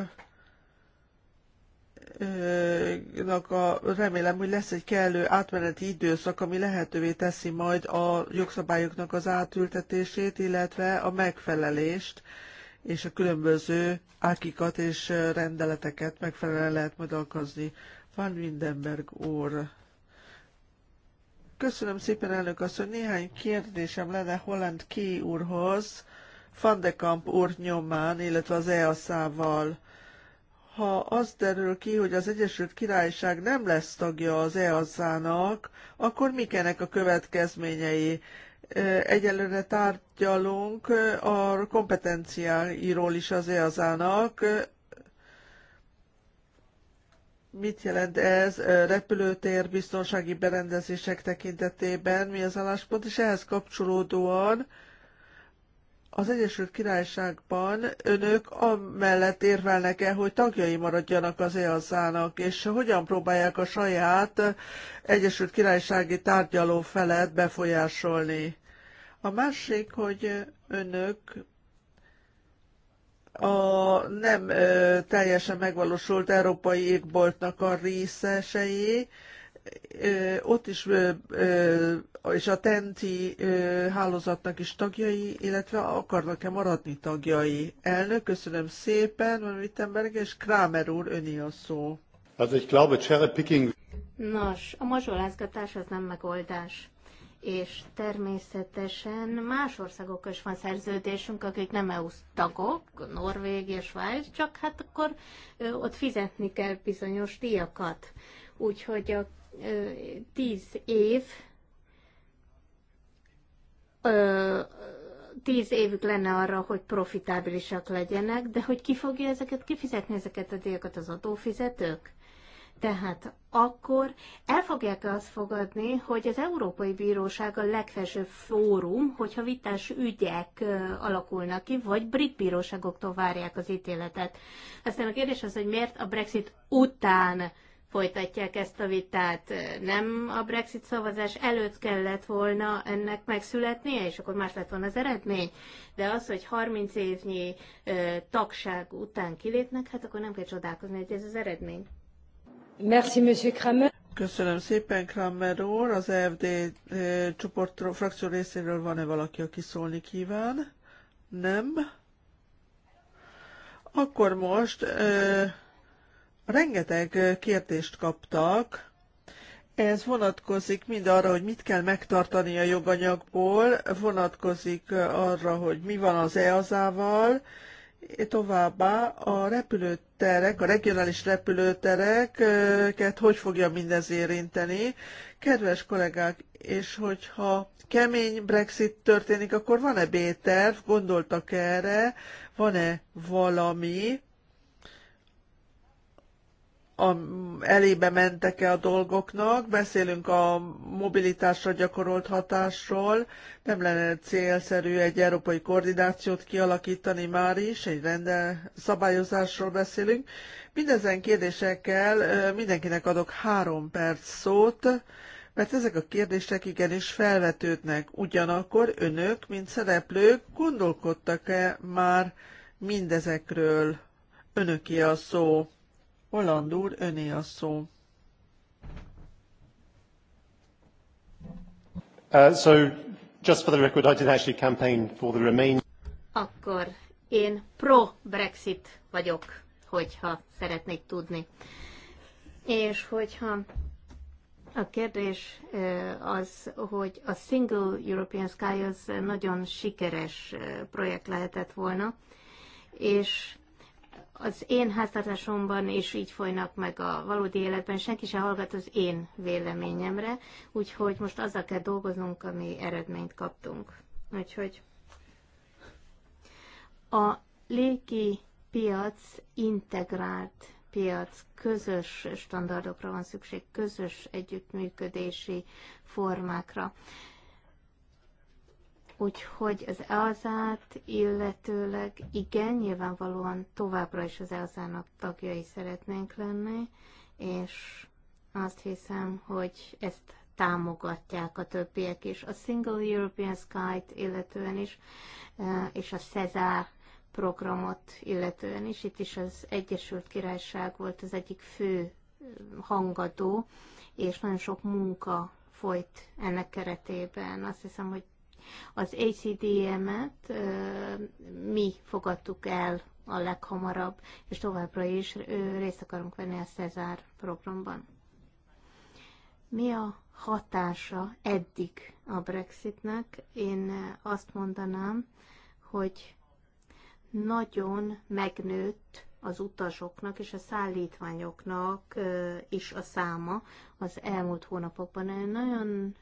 a, remélem, hogy lesz egy kellő átmeneti időszak, ami lehetővé teszi majd a jogszabályoknak az átültetését, illetve a megfelelést és a különböző ákikat és rendeleteket megfelelően lehet majd alkalmazni. Van Windenberg úr. Köszönöm szépen, elnök hogy Néhány kérdésem lenne Holland Ki úrhoz, Van de Kamp úr nyomán, illetve az EASZ-val. Ha az derül ki, hogy az Egyesült Királyság nem lesz tagja az easz nak akkor mik ennek a következményei? egyelőre tárgyalunk a kompetenciáiról is az EASA-nak. Mit jelent ez repülőtér biztonsági berendezések tekintetében, mi az álláspont, és ehhez kapcsolódóan az Egyesült Királyságban önök amellett érvelnek-e, hogy tagjai maradjanak az EASZ-nak, és hogyan próbálják a saját Egyesült Királysági tárgyaló felett befolyásolni? A másik, hogy önök a nem teljesen megvalósult európai égboltnak a részesei, ott is, és a TENTI hálózatnak is tagjai, illetve akarnak-e maradni tagjai. Elnök, köszönöm szépen, van Wittenberg és Kramer úr, öné a szó. Nos, a mazsolázgatás az nem megoldás és természetesen más országokkal is van szerződésünk, akik nem EU tagok, Norvégia, Svájc, csak hát akkor ott fizetni kell bizonyos díjakat. Úgyhogy a tíz év tíz évük lenne arra, hogy profitábilisak legyenek, de hogy ki fogja ezeket kifizetni, ezeket a díjakat az adófizetők? Tehát akkor el fogják azt fogadni, hogy az Európai Bíróság a legfelsőbb fórum, hogyha vitás ügyek alakulnak ki, vagy brit bíróságoktól várják az ítéletet. Aztán a kérdés az, hogy miért a Brexit után folytatják ezt a vitát. Nem a Brexit szavazás előtt kellett volna ennek megszületnie, és akkor más lett volna az eredmény. De az, hogy 30 évnyi ö, tagság után kilépnek, hát akkor nem kell csodálkozni, hogy ez az eredmény. Merci, Monsieur Kramer. Köszönöm szépen, Kramer úr. Az EFD eh, csoport frakció részéről van-e valaki, aki szólni kíván? Nem. Akkor most ö, eh, rengeteg kérdést kaptak. Ez vonatkozik mind arra, hogy mit kell megtartani a joganyagból, vonatkozik arra, hogy mi van az EASA-val, Továbbá a repülőterek, a regionális repülőtereket hogy fogja mindez érinteni? Kedves kollégák, és hogyha kemény Brexit történik, akkor van-e B-terv? Gondoltak -e erre? Van-e valami, a, elébe mentek-e a dolgoknak, beszélünk a mobilitásra gyakorolt hatásról, nem lenne célszerű egy európai koordinációt kialakítani már is, egy rende szabályozásról beszélünk. Mindezen kérdésekkel mindenkinek adok három perc szót, mert ezek a kérdések igenis felvetődnek. Ugyanakkor önök, mint szereplők, gondolkodtak-e már mindezekről? Önöki a szó. Holland úr, öné a szó. Uh, so, just for the record, I didn't actually campaign for the Remain. Akkor én pro-Brexit vagyok, hogyha szeretnék tudni. És hogyha a kérdés uh, az, hogy a Single European Sky az nagyon sikeres uh, projekt lehetett volna, és az én háztartásomban is így folynak meg a valódi életben, senki sem hallgat az én véleményemre, úgyhogy most azzal kell dolgoznunk, ami eredményt kaptunk. Úgyhogy a légi piac integrált piac, közös standardokra van szükség, közös együttműködési formákra. Úgyhogy az EASA-t illetőleg igen, nyilvánvalóan továbbra is az EASA-nak tagjai szeretnénk lenni, és azt hiszem, hogy ezt támogatják a többiek is. A Single European Sky-t illetően is, e, és a CESAR programot illetően is. Itt is az Egyesült Királyság volt az egyik fő e, hangadó, és nagyon sok munka folyt ennek keretében. Azt hiszem, hogy az ACDM-et e mi fogadtuk el a leghamarabb, és továbbra is részt akarunk venni a Cezár programban. Mi a hatása eddig a Brexitnek? Én azt mondanám, hogy nagyon megnőtt az utasoknak és a szállítványoknak is a száma az elmúlt hónapokban. Nagyon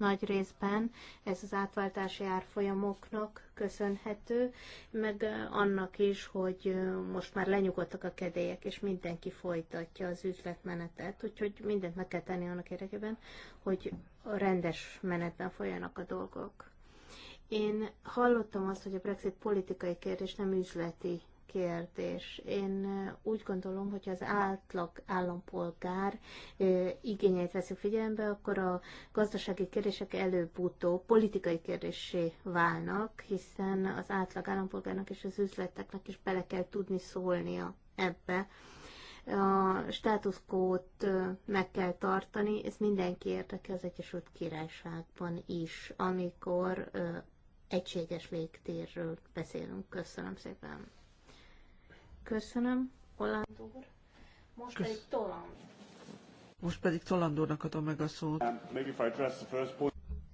nagy részben ez az átváltási árfolyamoknak köszönhető, meg eh, annak is, hogy eh, most már lenyugodtak a kedélyek, és mindenki folytatja az üzletmenetet, úgyhogy mindent meg kell tenni annak érdekében, hogy rendes menetben folyanak a dolgok. Én hallottam azt, hogy a Brexit politikai kérdés, nem üzleti kérdés. Én úgy gondolom, hogy az átlag állampolgár igényeit veszük figyelembe, akkor a gazdasági kérdések előbb-utóbb politikai kérdésé válnak, hiszen az átlag állampolgárnak és az üzleteknek is bele kell tudni szólnia ebbe. A státuszkót meg kell tartani, ez mindenki érdeke az Egyesült Királyságban is, amikor egységes légtérről beszélünk. Köszönöm szépen. Köszönöm, Holland úr. Most Kösz. pedig Toland. Most pedig Toland úrnak adom meg a szót.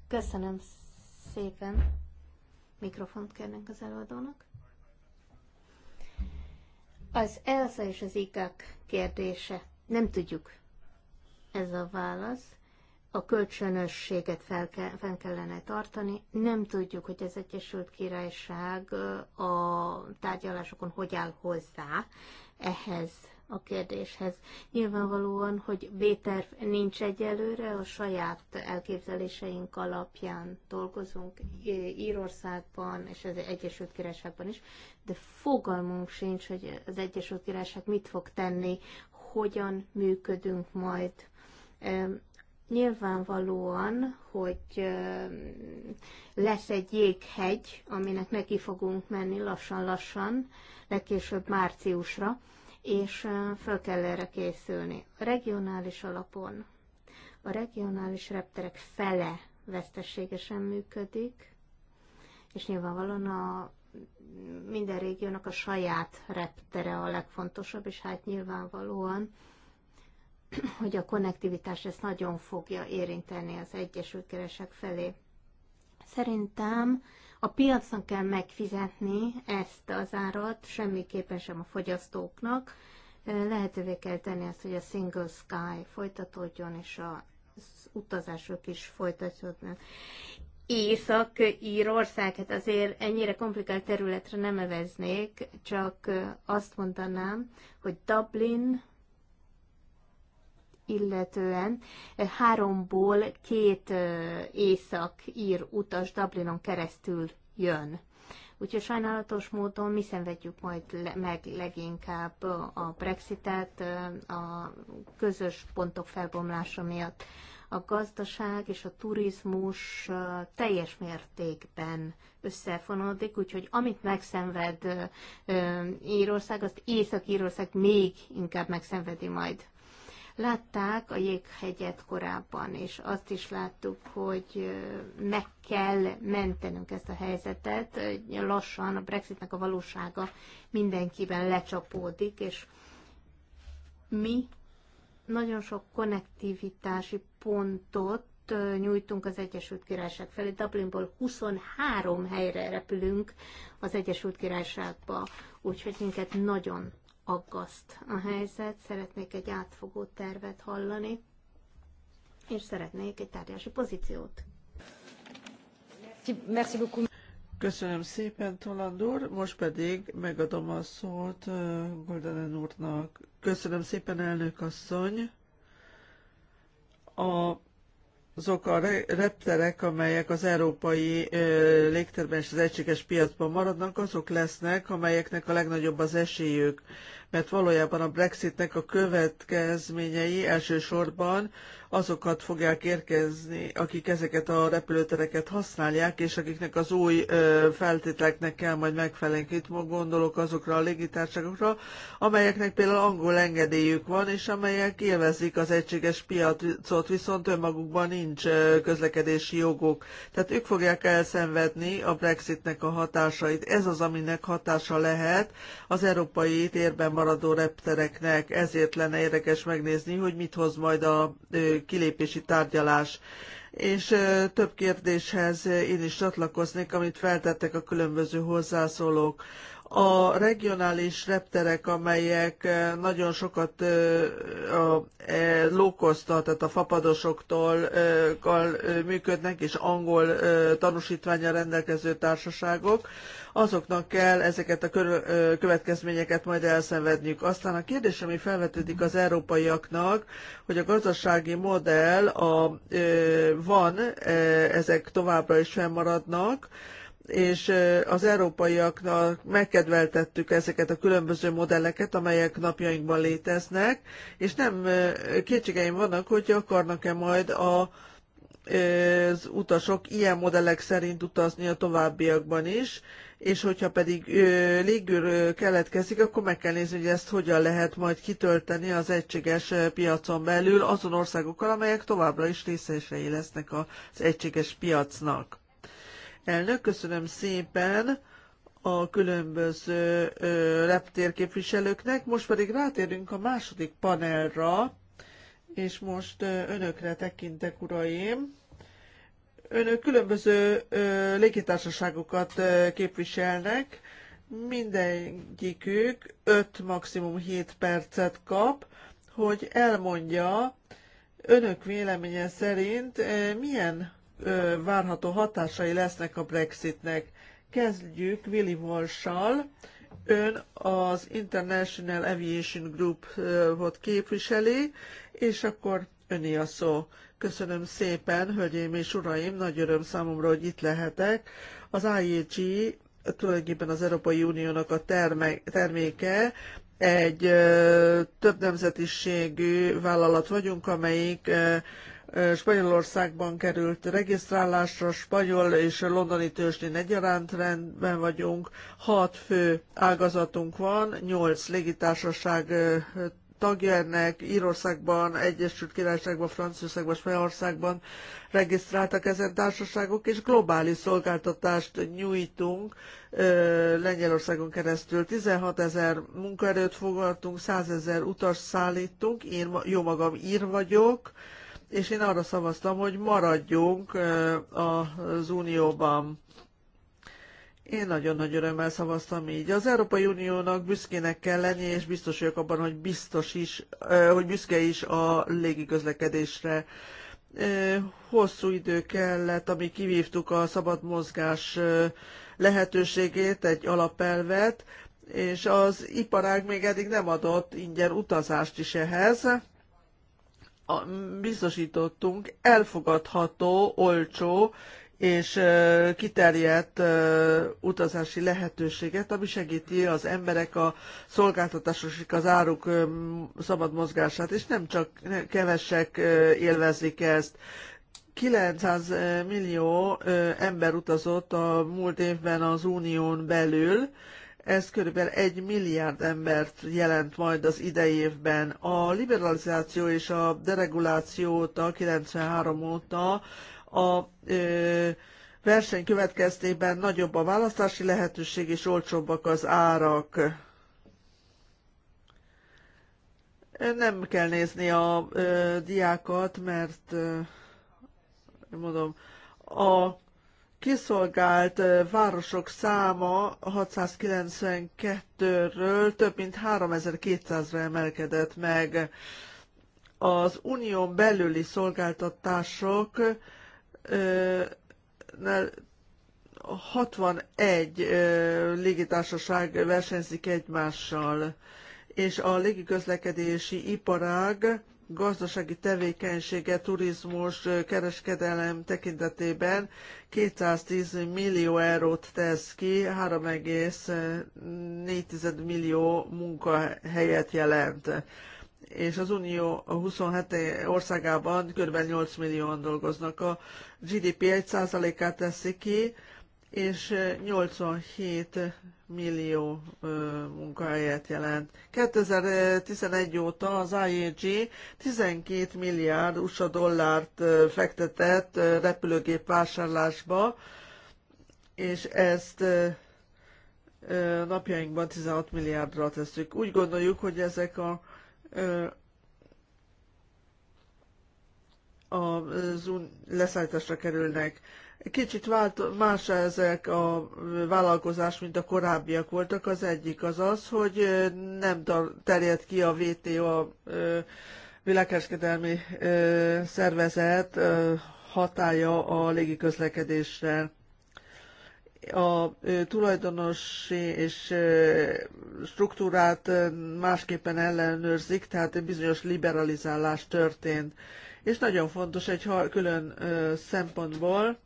Köszönöm szépen. Mikrofont kérnek az előadónak. Az ELSA és az IGAK kérdése. Nem tudjuk. Ez a válasz a kölcsönösséget fel, kell, fel kellene tartani. Nem tudjuk, hogy az Egyesült Királyság a tárgyalásokon hogy áll hozzá ehhez a kérdéshez. Nyilvánvalóan, hogy b nincs egyelőre, a saját elképzeléseink alapján dolgozunk Írországban és az Egyesült Királyságban is, de fogalmunk sincs, hogy az Egyesült Királyság mit fog tenni, hogyan működünk majd nyilvánvalóan, hogy lesz egy jéghegy, aminek neki fogunk menni lassan-lassan, legkésőbb márciusra, és föl kell erre készülni. A regionális alapon a regionális repterek fele veszteségesen működik, és nyilvánvalóan a minden régiónak a saját reptere a legfontosabb, és hát nyilvánvalóan hogy a konnektivitás ezt nagyon fogja érinteni az Egyesült keresek felé. Szerintem a piacon kell megfizetni ezt az árat, semmiképpen sem a fogyasztóknak. Lehetővé kell tenni azt, hogy a Single Sky folytatódjon, és az utazások is folytatódjon. Észak-Írország, hát azért ennyire komplikált területre nem eveznék, csak azt mondanám, hogy Dublin illetően háromból két észak-ír utas Dublinon keresztül jön. Úgyhogy sajnálatos módon mi szenvedjük majd le, meg leginkább a Brexitet a közös pontok felbomlása miatt. A gazdaság és a turizmus teljes mértékben összefonódik, úgyhogy amit megszenved Írország, azt Észak-Írország még inkább megszenvedi majd. Látták a jéghegyet korábban, és azt is láttuk, hogy meg kell mentenünk ezt a helyzetet. Lassan a Brexitnek a valósága mindenkiben lecsapódik, és mi nagyon sok konnektivitási pontot nyújtunk az Egyesült Királyság felé. Dublinból 23 helyre repülünk az Egyesült Királyságba, úgyhogy minket nagyon aggaszt a helyzet, szeretnék egy átfogó tervet hallani, és szeretnék egy tárgyalási pozíciót. Merci beaucoup. Köszönöm szépen, Tolandor, Most pedig megadom a szót Goldenen úrnak. Köszönöm szépen, elnök asszony. A azok a repterek, amelyek az európai légterben és az egységes piacban maradnak, azok lesznek, amelyeknek a legnagyobb az esélyük mert valójában a Brexitnek a következményei elsősorban azokat fogják érkezni, akik ezeket a repülőtereket használják, és akiknek az új feltételeknek kell majd megfelelni. Itt gondolok azokra a légitársaságokra, amelyeknek például angol engedélyük van, és amelyek élvezik az egységes piacot, viszont önmagukban nincs közlekedési joguk. Tehát ők fogják elszenvedni a Brexitnek a hatásait. Ez az, aminek hatása lehet az európai térben maradni maradó reptereknek, ezért lenne érdekes megnézni, hogy mit hoz majd a kilépési tárgyalás. És több kérdéshez én is csatlakoznék, amit feltettek a különböző hozzászólók. A regionális repterek, amelyek eh, nagyon sokat eh, a eh, lókozta, tehát a fapadosoktól működnek, és angol tanúsítványa rendelkező társaságok, azoknak kell ezeket a következményeket majd elszenvedniük. Aztán a kérdés, ami felvetődik az európaiaknak, hogy a gazdasági modell a, van, ezek továbbra is fennmaradnak, és az európaiaknak megkedveltettük ezeket a különböző modelleket, amelyek napjainkban léteznek, és nem kétségeim vannak, hogy akarnak-e majd a az utasok ilyen modellek szerint utazni a továbbiakban is, és hogyha pedig légűr keletkezik, akkor meg kell nézni, hogy ezt hogyan lehet majd kitölteni az egységes piacon belül azon országokkal, amelyek továbbra is részesei lesznek az egységes piacnak. Elnök, köszönöm szépen a különböző reptérképviselőknek. Most pedig rátérünk a második panelra, és most önökre tekintek, uraim. Önök különböző légitársaságokat képviselnek, mindegyikük 5 maximum 7 percet kap, hogy elmondja önök véleménye szerint milyen várható hatásai lesznek a Brexitnek. Kezdjük Willy Walsh-sal. Ön az International Aviation group volt képviseli, és akkor öné a szó. Köszönöm szépen, hölgyeim és uraim, nagy öröm számomra, hogy itt lehetek. Az IEG tulajdonképpen az Európai Uniónak a terme- terméke, egy ö, több nemzetiségű vállalat vagyunk, amelyik ö, Spanyolországban került regisztrálásra, spanyol és londoni tőzsdén egyaránt rendben vagyunk, hat fő ágazatunk van, nyolc légitársaság tagja ennek Írországban, Egyesült Királyságban, Franciaországban, Spanyolországban regisztráltak ezen társaságok, és globális szolgáltatást nyújtunk Lengyelországon keresztül. 16 ezer munkaerőt fogadtunk, 100 ezer utas szállítunk, én jó magam ír vagyok, és én arra szavaztam, hogy maradjunk az Unióban. Én nagyon nagy örömmel szavaztam így. Az Európai Uniónak büszkének kell lenni, és biztos vagyok abban, hogy biztos is, hogy büszke is a légiközlekedésre. Hosszú idő kellett, amíg kivívtuk a szabad mozgás lehetőségét, egy alapelvet, és az iparág még eddig nem adott ingyen utazást is ehhez, biztosítottunk elfogadható, olcsó és kiterjedt utazási lehetőséget, ami segíti az emberek a szolgáltatásosik az áruk szabad mozgását, és nem csak kevesek élvezik ezt. 900 millió ember utazott a múlt évben az unión belül, ez körülbelül egy milliárd embert jelent majd az idei évben. A liberalizáció és a dereguláció óta, 93 óta a ö, verseny következtében nagyobb a választási lehetőség és olcsóbbak az árak. Nem kell nézni a ö, diákat, mert ö, mondom, a kiszolgált városok száma 692-ről több mint 3200-ra emelkedett meg. Az unión belüli szolgáltatások 61 légitársaság versenyzik egymással, és a légiközlekedési iparág gazdasági tevékenysége, turizmus, kereskedelem tekintetében 210 millió eurót tesz ki, 3,4 millió munkahelyet jelent és az Unió 27 országában kb. 8 millióan dolgoznak. A GDP 1%-át teszi ki, és 87 millió munkahelyet jelent. 2011 óta az IAG 12 milliárd USA dollárt fektetett repülőgép vásárlásba, és ezt napjainkban 16 milliárdra tesszük. Úgy gondoljuk, hogy ezek a az leszállításra kerülnek. Kicsit vált, más ezek a vállalkozás, mint a korábbiak voltak. Az egyik az az, hogy nem terjed ki a VTO a világkereskedelmi szervezet hatája a légiközlekedésre a tulajdonosi és struktúrát másképpen ellenőrzik, tehát egy bizonyos liberalizálás történt. És nagyon fontos egy külön szempontból,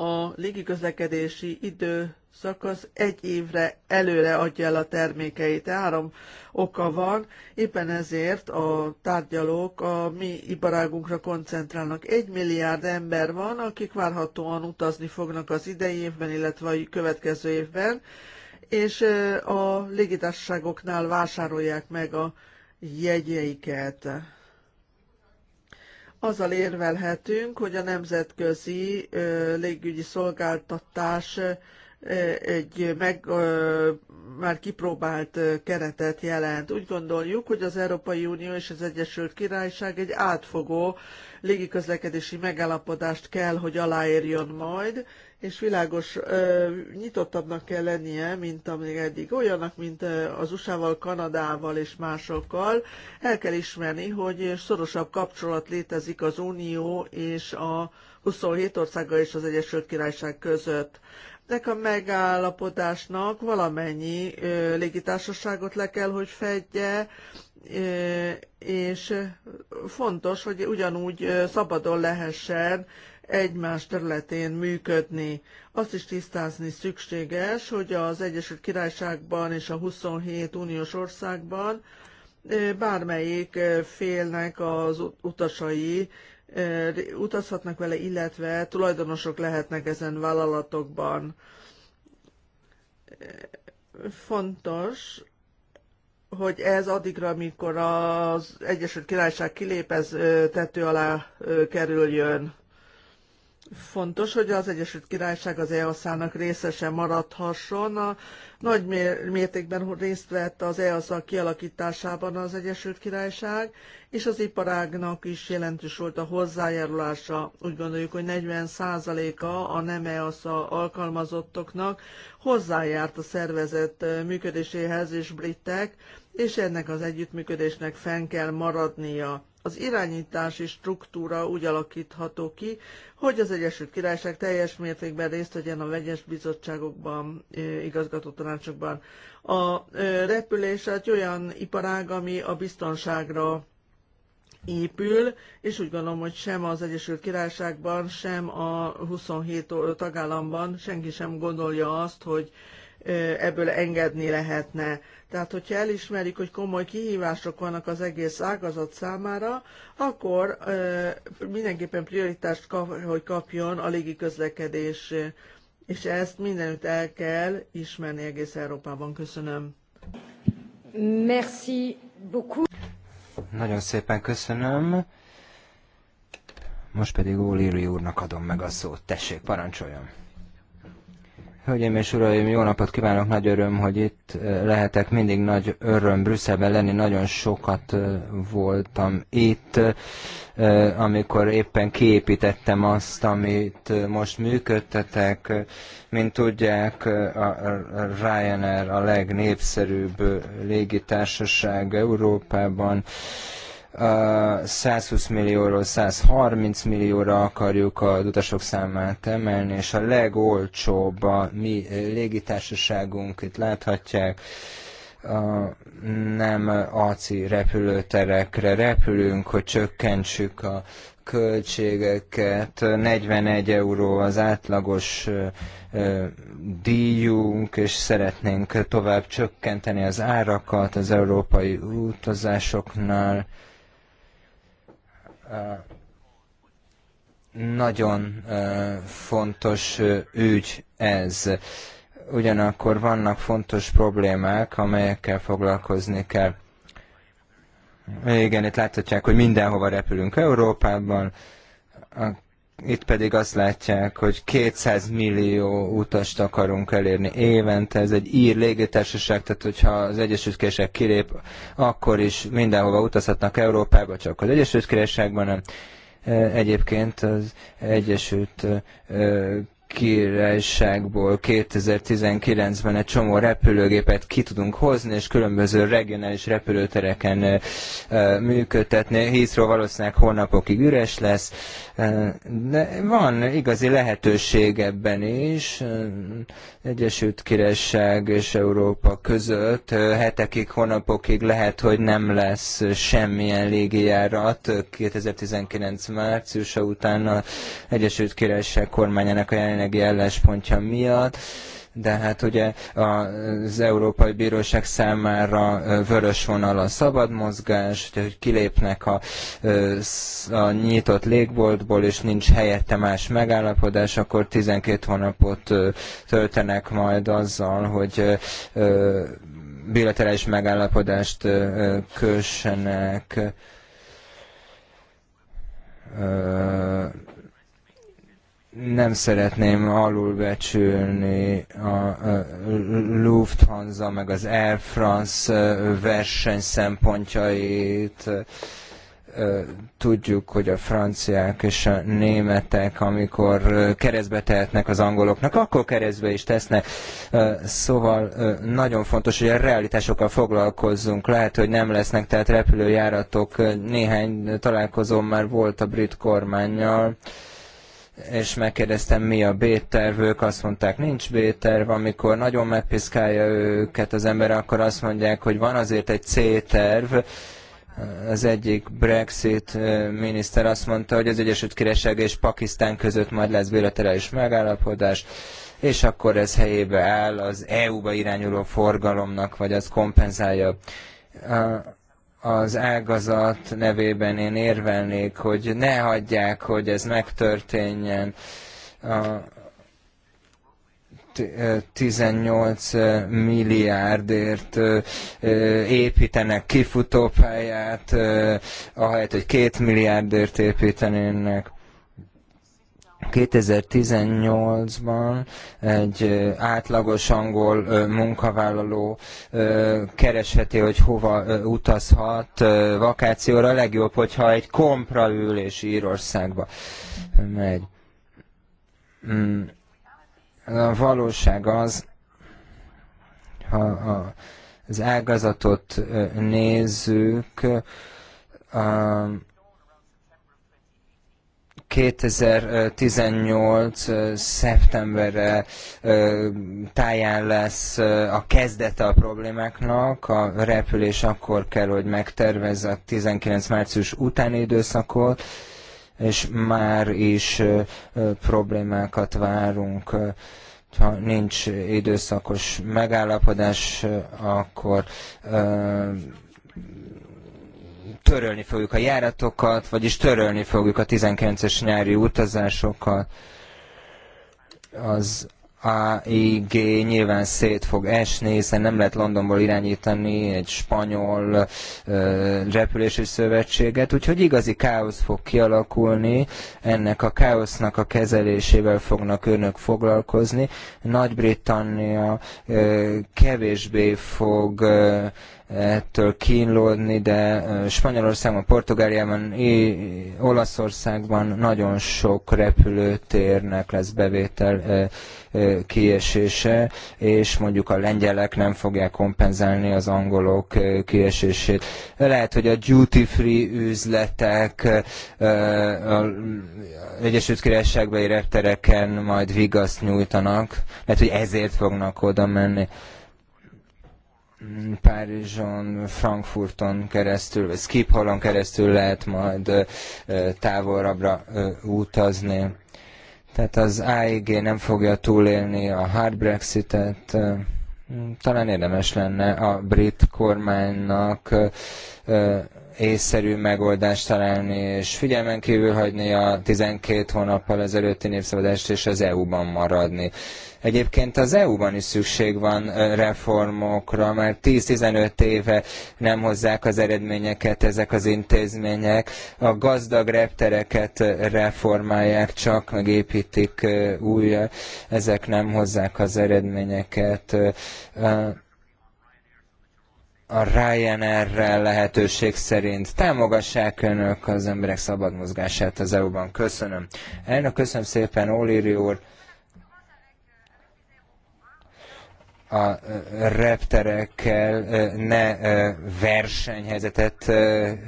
a légiközlekedési időszakasz egy évre előre adja el a termékeit. Három oka van, éppen ezért a tárgyalók a mi iparágunkra koncentrálnak. Egy milliárd ember van, akik várhatóan utazni fognak az idei évben, illetve a következő évben, és a légitársaságoknál vásárolják meg a jegyeiket azzal érvelhetünk, hogy a nemzetközi légügyi szolgáltatás egy meg már kipróbált keretet jelent. Úgy gondoljuk, hogy az Európai Unió és az Egyesült Királyság egy átfogó légiközlekedési megállapodást kell, hogy aláírjon majd, és világos, nyitottabbnak kell lennie, mint amíg eddig. Olyanak, mint az USA-val, Kanadával és másokkal. El kell ismerni, hogy szorosabb kapcsolat létezik az Unió és a 27 országa és az Egyesült Királyság között. Ennek a megállapodásnak valamennyi légitársaságot le kell, hogy fedje, és fontos, hogy ugyanúgy szabadon lehessen egymás területén működni. Azt is tisztázni szükséges, hogy az Egyesült Királyságban és a 27 uniós országban bármelyik félnek az utasai utazhatnak vele, illetve tulajdonosok lehetnek ezen vállalatokban. Fontos, hogy ez addigra, amikor az Egyesült Királyság kilép, ez tető alá kerüljön fontos, hogy az Egyesült Királyság az easz ának részese maradhasson. A nagy mértékben részt vett az EASZ kialakításában az Egyesült Királyság, és az iparágnak is jelentős volt a hozzájárulása. Úgy gondoljuk, hogy 40%-a a nem EASZ alkalmazottoknak hozzájárt a szervezet működéséhez és britek, és ennek az együttműködésnek fenn kell maradnia az irányítási struktúra úgy alakítható ki, hogy az Egyesült Királyság teljes mértékben részt vegyen a vegyes bizottságokban, igazgató tanácsokban. A repülés egy olyan iparág, ami a biztonságra épül, és úgy gondolom, hogy sem az Egyesült Királyságban, sem a 27 tagállamban senki sem gondolja azt, hogy ebből engedni lehetne. Tehát, hogyha elismerjük, hogy komoly kihívások vannak az egész ágazat számára, akkor mindenképpen prioritást kap, hogy kapjon a közlekedés, és ezt mindenütt el kell ismerni egész Európában. Köszönöm. Merci beaucoup. Nagyon szépen köszönöm. Most pedig Óléri úrnak adom meg a szót. Tessék, parancsoljon! Hölgyeim és uraim, jó napot kívánok, nagy öröm, hogy itt eh, lehetek, mindig nagy öröm Brüsszelben lenni, nagyon sokat eh, voltam itt, eh, amikor éppen kiépítettem azt, amit most működtetek. Mint tudják, a Ryanair a legnépszerűbb légitársaság Európában, 120 millióról 130 millióra akarjuk az utasok számát emelni, és a legolcsóbb a mi légitársaságunk, itt láthatják, a nem aci repülőterekre repülünk, hogy csökkentsük a költségeket. 41 euró az átlagos díjunk, és szeretnénk tovább csökkenteni az árakat az európai utazásoknál. Nagyon fontos ügy ez. Ugyanakkor vannak fontos problémák, amelyekkel foglalkozni kell. Igen, itt láthatják, hogy mindenhova repülünk Európában. A itt pedig azt látják, hogy 200 millió utast akarunk elérni évente, ez egy ír légitársaság, tehát hogyha az Egyesült Királyság kilép, akkor is mindenhova utazhatnak Európába, csak az Egyesült Királyságban nem. E, egyébként az Egyesült e, e, királyságból 2019-ben egy csomó repülőgépet ki tudunk hozni, és különböző regionális repülőtereken működtetni. Heathrow valószínűleg hónapokig üres lesz, de van igazi lehetőség ebben is. Egyesült Királyság és Európa között hetekig, hónapokig lehet, hogy nem lesz semmilyen légijárat 2019 márciusa után az Egyesült Királyság kormányának a jelenlegi álláspontja miatt de hát ugye az Európai Bíróság számára vörös vonal a szabad mozgás, hogy kilépnek a, a nyitott légboltból, és nincs helyette más megállapodás, akkor 12 hónapot töltenek majd azzal, hogy bilaterális megállapodást kössenek nem szeretném alulbecsülni a Lufthansa meg az Air France verseny szempontjait. Tudjuk, hogy a franciák és a németek, amikor keresztbe tehetnek az angoloknak, akkor keresztbe is tesznek. Szóval nagyon fontos, hogy a realitásokkal foglalkozzunk. Lehet, hogy nem lesznek tehát repülőjáratok. Néhány találkozom már volt a brit kormányjal és megkérdeztem, mi a b tervők azt mondták, nincs B-terv, amikor nagyon megpiszkálja őket az ember, akkor azt mondják, hogy van azért egy C-terv, az egyik Brexit miniszter azt mondta, hogy az Egyesült Királyság és Pakisztán között majd lesz bilaterális megállapodás, és akkor ez helyébe áll az EU-ba irányuló forgalomnak, vagy az kompenzálja az ágazat nevében én érvelnék, hogy ne hagyják, hogy ez megtörténjen. A 18 milliárdért építenek kifutópályát, ahelyett, hogy 2 milliárdért építenének 2018-ban egy átlagos angol munkavállaló keresheti, hogy hova utazhat vakációra. Legjobb, hogyha egy kompra ül és Írországba megy. Mm. A valóság az, ha az ágazatot nézzük, 2018. szeptemberre táján lesz a kezdete a problémáknak, a repülés akkor kell, hogy megtervezze a 19. március utáni időszakot, és már is problémákat várunk. Ha nincs időszakos megállapodás, akkor törölni fogjuk a járatokat, vagyis törölni fogjuk a 19-es nyári utazásokat. Az AIG nyilván szét fog esni, hiszen nem lehet Londonból irányítani egy spanyol ö, repülési szövetséget, úgyhogy igazi káosz fog kialakulni, ennek a káosznak a kezelésével fognak önök foglalkozni. Nagy-Britannia kevésbé fog ö, ettől kínlódni, de Spanyolországban, Portugáliában, Olaszországban nagyon sok repülőtérnek lesz bevétel kiesése, és mondjuk a lengyelek nem fogják kompenzálni az angolok kiesését. Lehet, hogy a duty free üzletek az Egyesült Királyságbeli reptereken majd vigaszt nyújtanak, lehet, hogy ezért fognak oda menni. Mm, Párizson, Frankfurton keresztül, vagy Skipholon keresztül lehet majd távolabbra utazni. Tehát az AEG nem fogja túlélni a hard Brexit-et. Mm, talán érdemes lenne a brit kormánynak észszerű megoldást találni, és figyelmen kívül hagyni a 12 hónappal ezelőtti népszavazást, és az EU-ban maradni. Egyébként az EU-ban is szükség van reformokra, mert 10-15 éve nem hozzák az eredményeket ezek az intézmények. A gazdag reptereket reformálják csak, meg építik újra. Ezek nem hozzák az eredményeket a Ryanair-rel lehetőség szerint támogassák önök az emberek szabad mozgását az EU-ban. Köszönöm. Elnök, köszönöm szépen, Oliri úr. a e, repterekkel e, ne e, versenyhelyzetet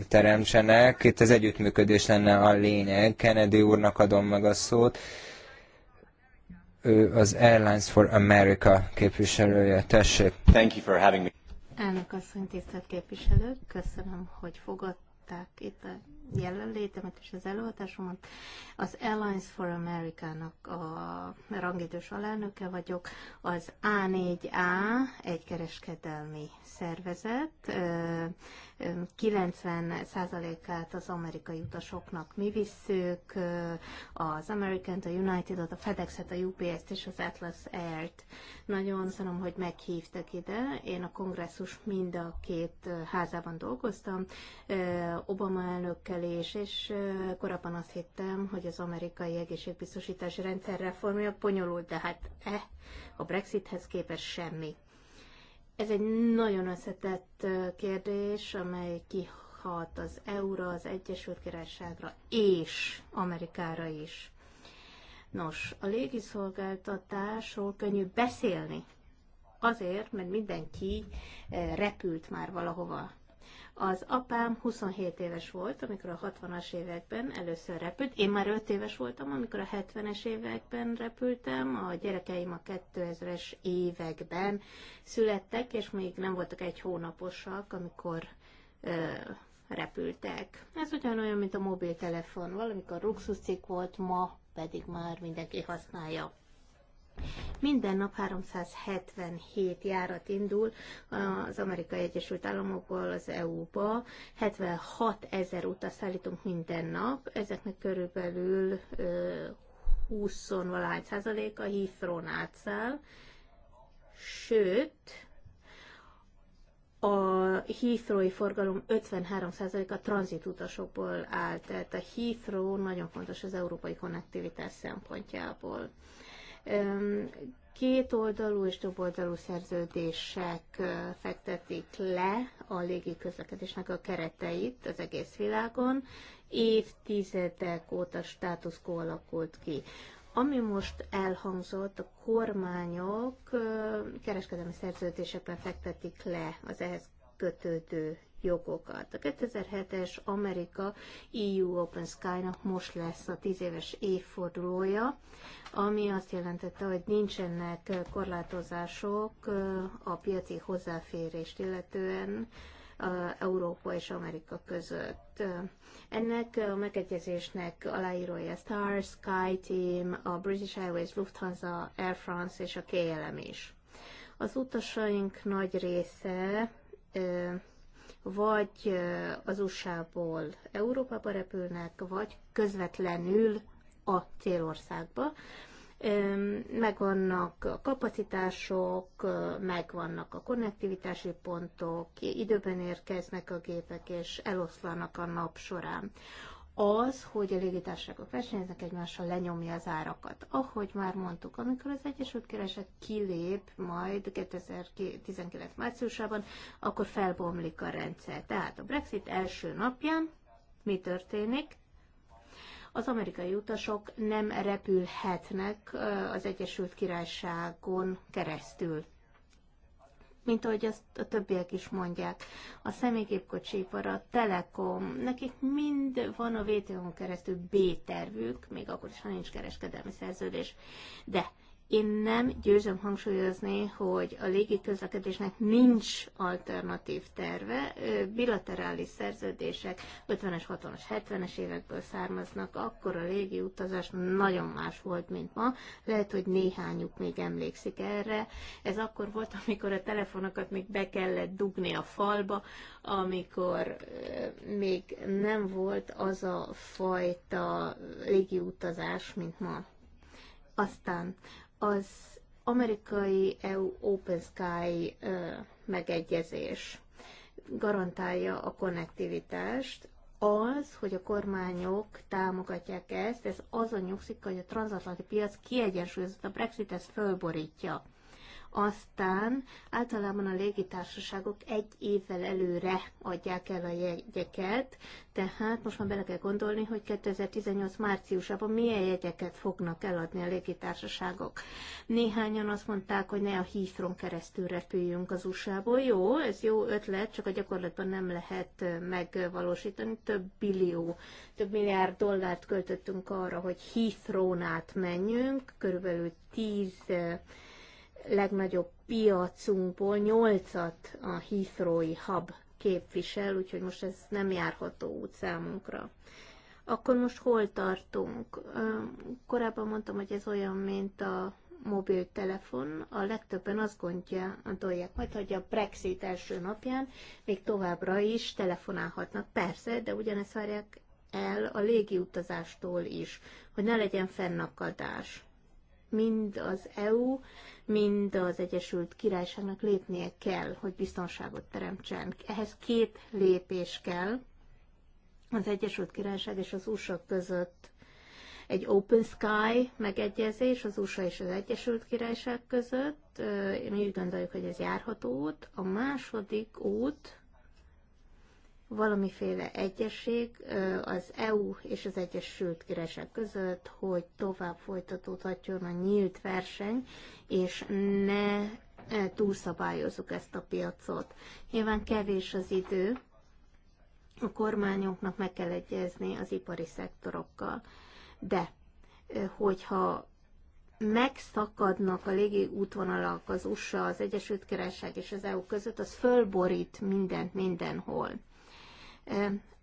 teremtsenek. Itt az együttműködés lenne a lényeg. Kennedy úrnak adom meg a szót. Ő az Airlines for America képviselője. Tessék. Thank you for having me. Elnök asszony, tisztelt képviselők, köszönöm, hogy fogadták itt a jelenlétemet és az előadásomat. Az Alliance for America-nak a rangidős alelnöke vagyok. Az A4A egy kereskedelmi szervezet, 90%-át az amerikai utasoknak mi visszük, az american a united a FedEx-et, a UPS-t és az Atlas Air-t. Nagyon szanom, hogy meghívtak ide. Én a kongresszus mind a két házában dolgoztam, Obama elnökkel is, és korábban azt hittem, hogy az amerikai egészségbiztosítási rendszer reformja bonyolult, de hát eh, a Brexithez képest semmi. Ez egy nagyon összetett kérdés, amely kihat az EU-ra, az Egyesült Királyságra és Amerikára is. Nos, a légiszolgáltatásról könnyű beszélni. Azért, mert mindenki repült már valahova. Az apám 27 éves volt, amikor a 60-as években először repült. Én már 5 éves voltam, amikor a 70-es években repültem. A gyerekeim a 2000-es években születtek, és még nem voltak egy hónaposak, amikor ö, repültek. Ez ugyanolyan, mint a mobiltelefon. Valamikor luxuscikk volt, ma pedig már mindenki használja. Minden nap 377 járat indul az Amerikai Egyesült Államokból az EU-ba. 76 ezer utas szállítunk minden nap. Ezeknek körülbelül 20-valahány százalék a Heathrow-n átszáll. Sőt, a Heathrow-i forgalom 53%-a tranzitutasokból áll, tehát a Heathrow nagyon fontos az európai konnektivitás szempontjából. Két oldalú és több oldalú szerződések fektetik le a légi közlekedésnek a kereteit az egész világon. Évtizedek óta status alakult ki. Ami most elhangzott, a kormányok kereskedelmi szerződésekben fektetik le az ehhez kötődő jogokat. A 2007-es Amerika EU Open Sky-nak most lesz a 10 éves évfordulója, ami azt jelentette, hogy nincsenek korlátozások a piaci hozzáférést illetően, Európa és Amerika között. Ennek a megegyezésnek aláírója Star, Sky Team, a British Airways, Lufthansa, Air France és a KLM is. Az utasaink nagy része vagy az USA-ból Európába repülnek, vagy közvetlenül a célországba. Megvannak a kapacitások, megvannak a konnektivitási pontok, időben érkeznek a gépek, és eloszlanak a nap során az, hogy a légitársaságok versenyeznek egymással, lenyomja az árakat. Ahogy már mondtuk, amikor az Egyesült Királyság kilép majd 2019 márciusában, akkor felbomlik a rendszer. Tehát a Brexit első napján mi történik? Az amerikai utasok nem repülhetnek az Egyesült Királyságon keresztül mint ahogy azt a többiek is mondják. A személygépkocsipar, a Telekom, nekik mind van a WTO-n keresztül B tervük, még akkor is, ha nincs kereskedelmi szerződés. De én nem győzöm hangsúlyozni, hogy a légi közlekedésnek nincs alternatív terve. Bilaterális szerződések 50-es, 60-as, 70-es évekből származnak. Akkor a légi utazás nagyon más volt, mint ma. Lehet, hogy néhányuk még emlékszik erre. Ez akkor volt, amikor a telefonokat még be kellett dugni a falba, amikor még nem volt az a fajta légi utazás, mint ma. Aztán az amerikai EU Open Sky megegyezés garantálja a konnektivitást, az, hogy a kormányok támogatják ezt, ez azon nyugszik, hogy a transatlanti piac kiegyensúlyozott a Brexit ezt fölborítja aztán általában a légitársaságok egy évvel előre adják el a jegyeket, tehát most már bele kell gondolni, hogy 2018 márciusában milyen jegyeket fognak eladni a légitársaságok. Néhányan azt mondták, hogy ne a Heathrow keresztül repüljünk az USA-ból. Jó, ez jó ötlet, csak a gyakorlatban nem lehet megvalósítani. Több billió, több milliárd dollárt költöttünk arra, hogy Heathrow-n átmenjünk, körülbelül 10 legnagyobb piacunkból 8-at a Heathrow-i hub képvisel, úgyhogy most ez nem járható út számunkra. Akkor most hol tartunk? Korábban mondtam, hogy ez olyan, mint a mobiltelefon. A legtöbben azt gondolják majd, hogy a Brexit első napján még továbbra is telefonálhatnak. Persze, de ugyanezt várják el a légiutazástól is, hogy ne legyen fennakadás mind az EU, mind az Egyesült Királyságnak lépnie kell, hogy biztonságot teremtsen. Ehhez két lépés kell az Egyesült Királyság és az USA között egy Open Sky megegyezés az USA és az Egyesült Királyság között. Mi úgy gondoljuk, hogy ez járható út. A második út valamiféle egyesség az EU és az Egyesült Királyság között, hogy tovább folytatódhatjon a nyílt verseny, és ne túlszabályozzuk ezt a piacot. Nyilván kevés az idő, a kormányoknak meg kell egyezni az ipari szektorokkal, de hogyha megszakadnak a légi útvonalak az USA, az Egyesült Királyság és az EU között, az fölborít mindent mindenhol.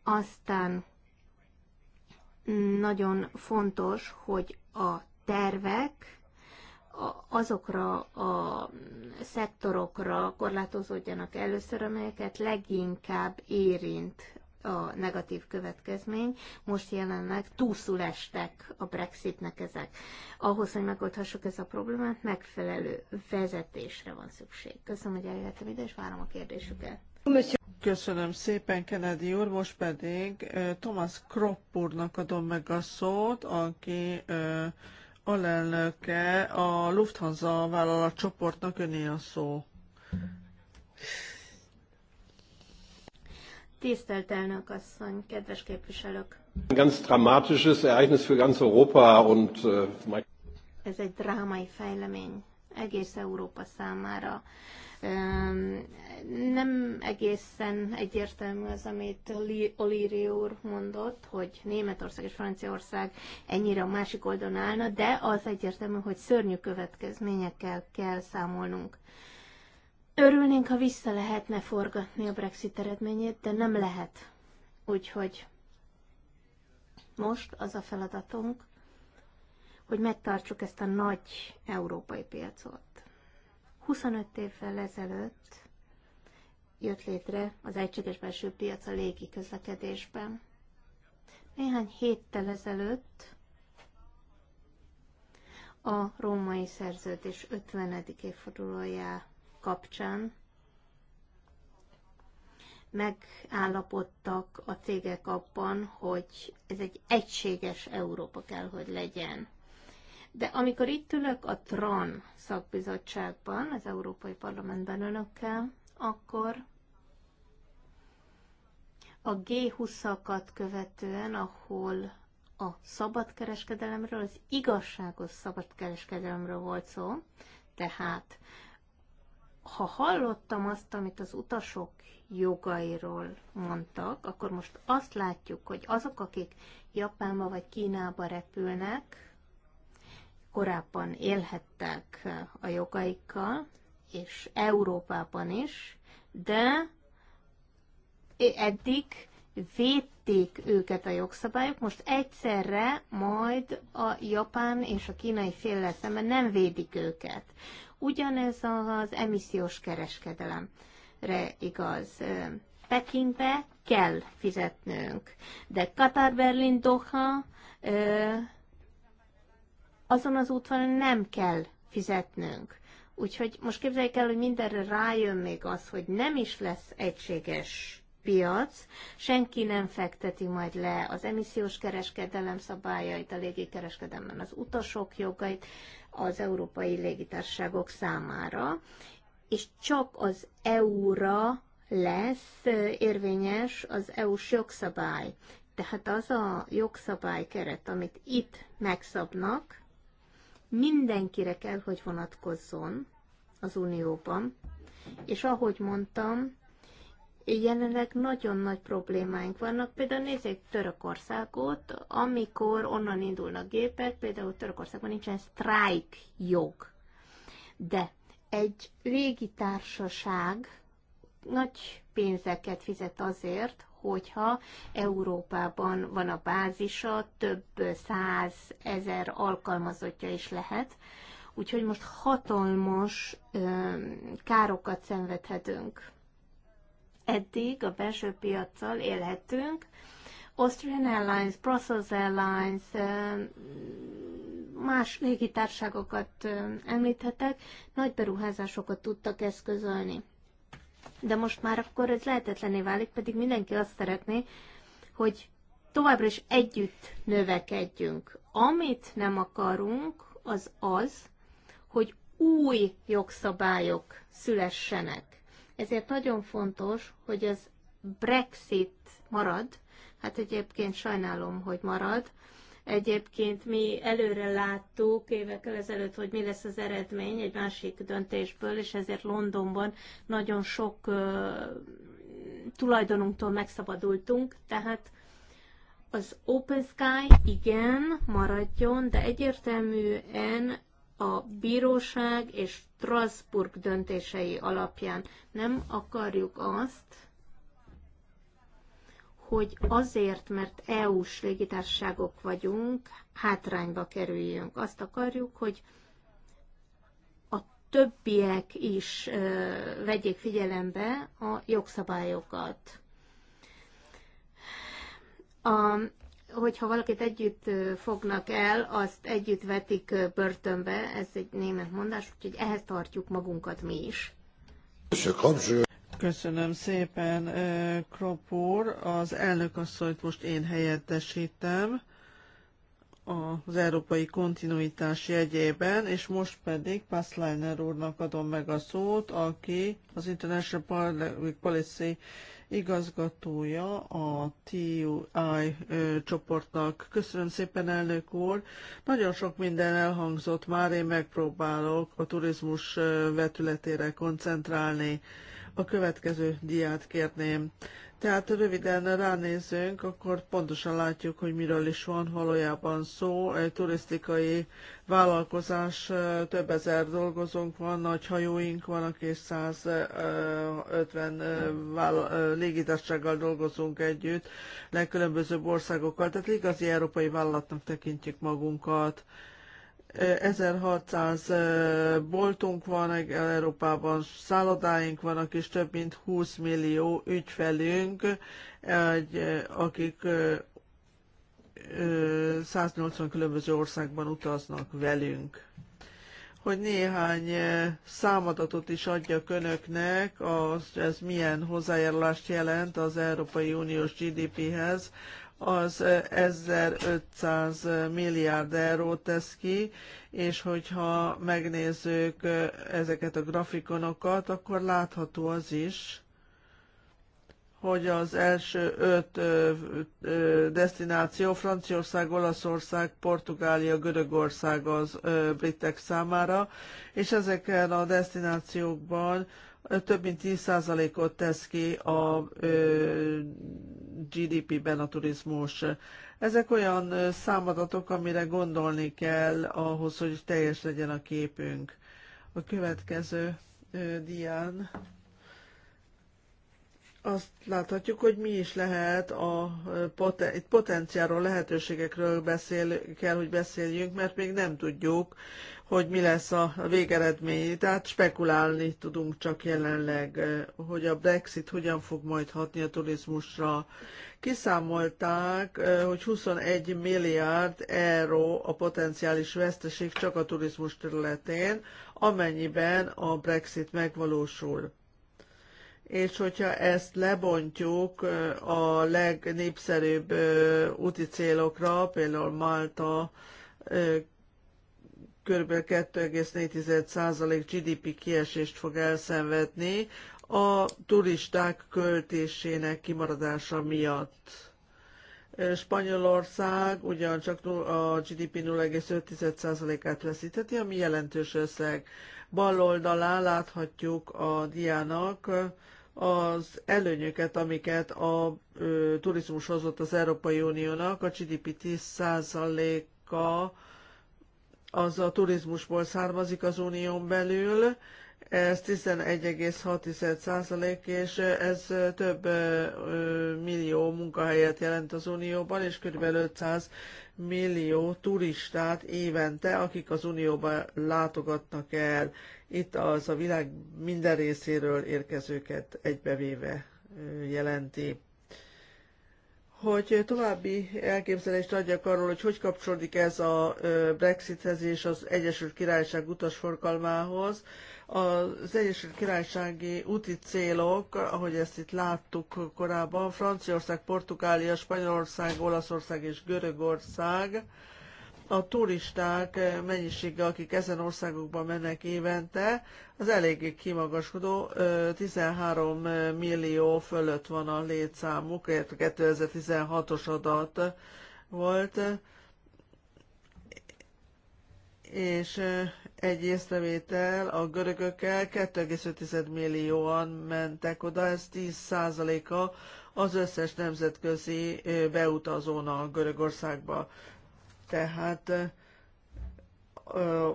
Aztán nagyon fontos, hogy a tervek azokra a szektorokra korlátozódjanak először, amelyeket leginkább érint a negatív következmény. Most jelenleg túlszul estek a Brexitnek ezek. Ahhoz, hogy megoldhassuk ezt a problémát, megfelelő vezetésre van szükség. Köszönöm, hogy eljöttem ide, és várom a kérdésüket. Köszönöm szépen, Kennedy úr. Most pedig Thomas Kropp úrnak adom meg a szót, aki alelnöke a Lufthansa vállalat csoportnak öné a szó. Tisztelt elnök asszony, kedves képviselők! Ganz dramatisches Ereignis für ganz Europa und äh, Ez egy drámai fejlemény egész Európa számára. Nem egészen egyértelmű az, amit O'Leary úr mondott, hogy Németország és Franciaország ennyire a másik oldalon állna, de az egyértelmű, hogy szörnyű következményekkel kell számolnunk. Örülnénk, ha vissza lehetne forgatni a Brexit eredményét, de nem lehet. Úgyhogy most az a feladatunk, hogy megtartsuk ezt a nagy európai piacot. 25 évvel ezelőtt jött létre az egységes belső piac a légi közlekedésben. Néhány héttel ezelőtt a római szerződés 50. évfordulójá kapcsán megállapodtak a cégek abban, hogy ez egy egységes Európa kell, hogy legyen. De amikor itt ülök a TRAN szakbizottságban, az Európai Parlamentben önökkel, akkor a G20-akat követően, ahol a szabadkereskedelemről, az igazságos szabadkereskedelemről volt szó, tehát ha hallottam azt, amit az utasok jogairól mondtak, akkor most azt látjuk, hogy azok, akik Japánba vagy Kínába repülnek, korábban élhettek eh, a jogaikkal, és Európában is, de e, eddig védték őket a jogszabályok, most egyszerre majd a japán és a kínai féllel szemben nem védik őket. Ugyanez az emissziós kereskedelemre igaz. Pekingbe kell fizetnünk, de Katar, Berlin, Doha, azon az úton nem kell fizetnünk. Úgyhogy most képzeljék el, hogy mindenre rájön még az, hogy nem is lesz egységes piac, senki nem fekteti majd le az emissziós kereskedelem szabályait, a légikereskedelemben az utasok jogait az európai légitárságok számára, és csak az EU-ra lesz érvényes az EU-s jogszabály. Tehát az a jogszabály keret, amit itt megszabnak, mindenkire kell, hogy vonatkozzon az Unióban, és ahogy mondtam, jelenleg nagyon nagy problémáink vannak. Például nézzék Törökországot, amikor onnan indulnak gépek, például Törökországban nincsen sztrájk jog. De egy légitársaság nagy pénzeket fizet azért, hogyha Európában van a bázisa, több száz ezer alkalmazottja is lehet, úgyhogy most hatalmas ö, károkat szenvedhetünk. Eddig a belső piaccal élhetünk, Austrian Airlines, Brussels Airlines, más légitárságokat említhetek, nagy beruházásokat tudtak eszközölni de most már akkor ez lehetetlené válik, pedig mindenki azt szeretné, hogy továbbra is együtt növekedjünk. Amit nem akarunk, az az, hogy új jogszabályok szülessenek. Ezért nagyon fontos, hogy az Brexit marad, hát egyébként sajnálom, hogy marad, Egyébként mi előre láttuk évekkel ezelőtt, hogy mi lesz az eredmény egy másik döntésből, és ezért Londonban nagyon sok tulajdonunktól megszabadultunk, tehát az Open Sky igen, maradjon, de egyértelműen a bíróság és Strasbourg döntései alapján. Nem akarjuk azt, hogy azért, mert EU-s légitársaságok vagyunk, hátrányba kerüljünk. Azt akarjuk, hogy a többiek is ö, vegyék figyelembe a jogszabályokat. A, hogyha valakit együtt fognak el, azt együtt vetik börtönbe, ez egy német mondás, úgyhogy ehhez tartjuk magunkat mi is. Köszönöm szépen, Krop úr. Az asszonyt most én helyettesítem az európai kontinuitás jegyében, és most pedig Passleiner úrnak adom meg a szót, aki az International Public Policy igazgatója a TUI csoportnak. Köszönöm szépen, elnök úr! Nagyon sok minden elhangzott már, én megpróbálok a turizmus vetületére koncentrálni a következő diát kérném. Tehát röviden ránézünk, akkor pontosan látjuk, hogy miről is van valójában szó. Egy turisztikai vállalkozás, több ezer dolgozónk van, nagy hajóink van, és 150 légitársággal dolgozunk együtt, legkülönbözőbb országokkal. Tehát igazi európai vállalatnak tekintjük magunkat. 1600 boltunk van Európában, szállodáink vannak, és több mint 20 millió ügyfelünk, egy, akik 180 különböző országban utaznak velünk. Hogy néhány számadatot is adjak önöknek, az, ez milyen hozzájárulást jelent az Európai Uniós GDP-hez, az 1500 milliárd eurót tesz ki, és hogyha megnézzük ezeket a grafikonokat, akkor látható az is, hogy az első öt ö, ö, destináció Franciaország, Olaszország, Portugália, Görögország az ö, britek számára, és ezeken a destinációkban több mint 10%-ot tesz ki a GDP-ben a turizmus. Ezek olyan számadatok, amire gondolni kell ahhoz, hogy teljes legyen a képünk. A következő dián azt láthatjuk, hogy mi is lehet a poten- potenciáról, lehetőségekről beszél, kell, hogy beszéljünk, mert még nem tudjuk, hogy mi lesz a végeredmény. Tehát spekulálni tudunk csak jelenleg, hogy a Brexit hogyan fog majd hatni a turizmusra. Kiszámolták, hogy 21 milliárd euró a potenciális veszteség csak a turizmus területén, amennyiben a Brexit megvalósul és hogyha ezt lebontjuk a legnépszerűbb úti célokra, például Malta, kb. 2,4% GDP kiesést fog elszenvedni a turisták költésének kimaradása miatt. Spanyolország ugyancsak a GDP 0,5%-át veszítheti, ami jelentős összeg. Bal oldalán láthatjuk a diának az előnyöket, amiket a ö, turizmus hozott az Európai Uniónak. A GDP 10%-a az a turizmusból származik az unión belül, ez 11,6% és ez több millió munkahelyet jelent az Unióban, és kb. 500 millió turistát évente, akik az Unióban látogatnak el. Itt az a világ minden részéről érkezőket egybevéve jelenti hogy további elképzelést adjak arról, hogy hogy kapcsolódik ez a Brexithez és az Egyesült Királyság utasforgalmához. Az Egyesült Királysági úti célok, ahogy ezt itt láttuk korábban, Franciaország, Portugália, Spanyolország, Olaszország és Görögország, a turisták eh, mennyisége, akik ezen országokban mennek évente, az eléggé kimagasodó, 13 eh, eh, millió fölött van a létszámuk, 2016-os adat volt, és egy észrevétel, a görögökkel 2,5 millióan mentek oda, ez 10%-a az összes nemzetközi beutazónak Görögországba tehát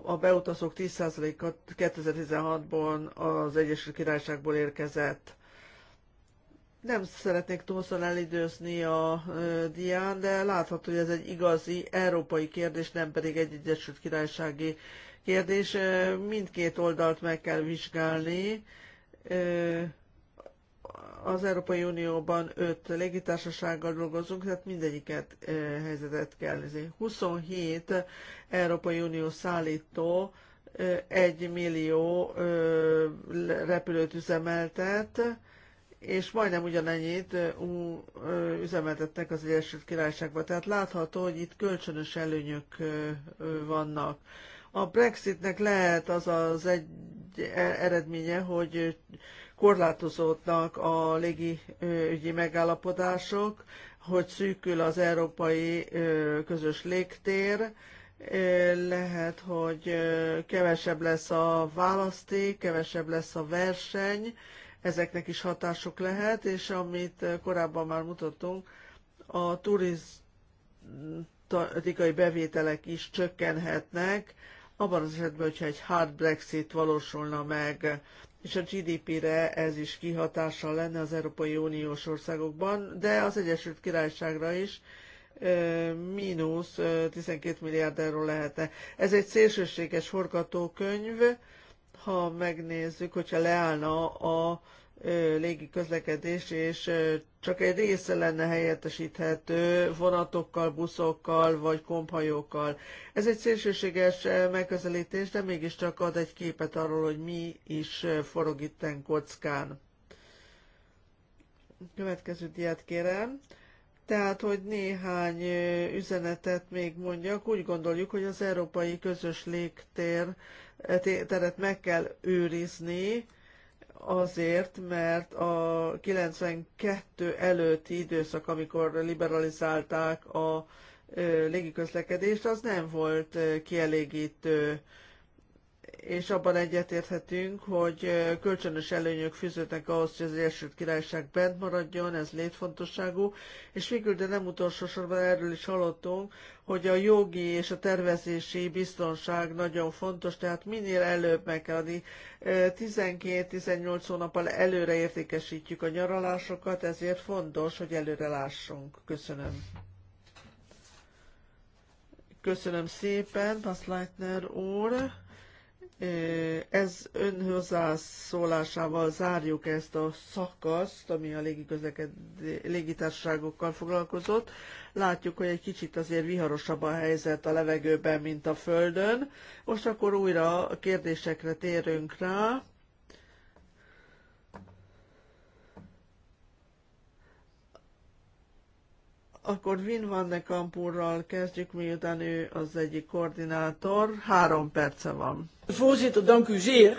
a beutazók 10%-a 2016-ban az Egyesült Királyságból érkezett. Nem szeretnék túlszal elidőzni a dián, de látható, hogy ez egy igazi európai kérdés, nem pedig egy Egyesült Királysági kérdés. Mindkét oldalt meg kell vizsgálni az Európai Unióban öt légitársasággal dolgozunk, tehát mindegyiket e, helyzetet kell nézni. 27 Európai Unió szállító eh, egy millió e, eh, repülőt üzemeltet, és majdnem ugyanennyit üzemeltetnek az Egyesült Királyságban. Tehát látható, hogy itt kölcsönös előnyök vannak. A Brexitnek lehet az az egy eredménye, hogy korlátozódnak a légiügyi megállapodások, hogy szűkül az európai közös légtér, lehet, hogy kevesebb lesz a választék, kevesebb lesz a verseny, ezeknek is hatások lehet, és amit korábban már mutattunk, a turisztikai bevételek is csökkenhetnek, abban az esetben, hogyha egy hard Brexit valósulna meg és a GDP-re ez is kihatással lenne az Európai Uniós országokban, de az Egyesült Királyságra is mínusz 12 milliárd euró lehetne. Ez egy szélsőséges forgatókönyv, ha megnézzük, hogyha leállna a légi közlekedés, és csak egy része lenne helyettesíthető vonatokkal, buszokkal vagy komphajókkal. Ez egy szélsőséges megközelítés, de mégiscsak ad egy képet arról, hogy mi is forog itten kockán. Következő diát kérem. Tehát, hogy néhány üzenetet még mondjak, úgy gondoljuk, hogy az európai közös légtér teret meg kell őrizni, azért, mert a 92 előtti időszak, amikor liberalizálták a légiközlekedést, az nem volt kielégítő és abban egyetérthetünk, hogy kölcsönös előnyök fűződnek ahhoz, hogy az Egyesült Királyság bent maradjon, ez létfontosságú, és végül, de nem utolsó sorban erről is hallottunk, hogy a jogi és a tervezési biztonság nagyon fontos, tehát minél előbb meg kell adni. 12-18 hónappal előre értékesítjük a nyaralásokat, ezért fontos, hogy előre lássunk. Köszönöm. Köszönöm szépen, Pasz Leitner úr. Eh, ez ön hozzászólásával zárjuk ezt a szakaszt, ami a légitársaságokkal foglalkozott. Látjuk, hogy egy kicsit azért viharosabb a helyzet a levegőben, mint a Földön. Most akkor újra a kérdésekre térünk rá. Akkor Vin van de Kampurral kezdjük, miután ő az egyik koordinátor. Három perce van. Voorzitter, dank u zeer.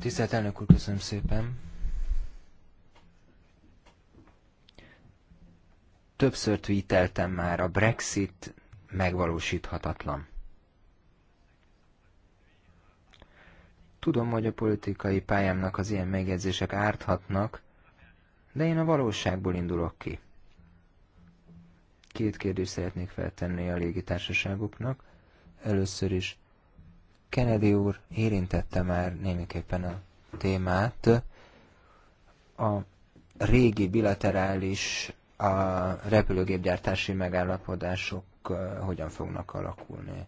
Tisztelt elnök úr, köszönöm szépen. Többször tweeteltem már, a Brexit megvalósíthatatlan. Tudom, hogy a politikai pályámnak az ilyen megjegyzések árthatnak, de én a valóságból indulok ki. Két kérdést szeretnék feltenni a légitársaságoknak. Először is Kennedy úr érintette már némiképpen a témát. A régi bilaterális a repülőgépgyártási megállapodások hogyan fognak alakulni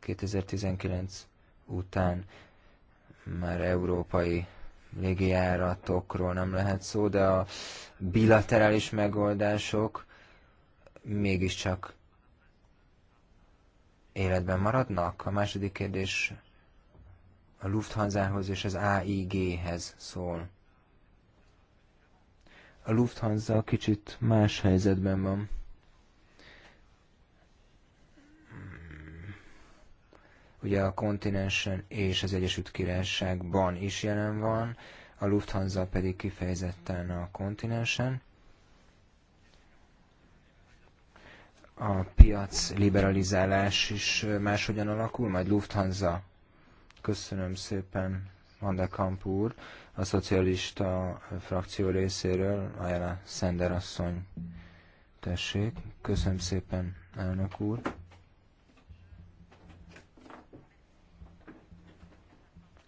2019 után már európai légijáratokról nem lehet szó, de a bilaterális megoldások mégiscsak életben maradnak? A második kérdés a Lufthansa-hoz és az AIG-hez szól. A Lufthansa kicsit más helyzetben van. ugye a kontinensen és az Egyesült Királyságban is jelen van, a Lufthansa pedig kifejezetten a kontinensen. A piac liberalizálás is máshogyan alakul, majd Lufthansa. Köszönöm szépen, Kamp úr, a szocialista frakció részéről, Ajala Szender asszony. Tessék, köszönöm szépen, elnök úr.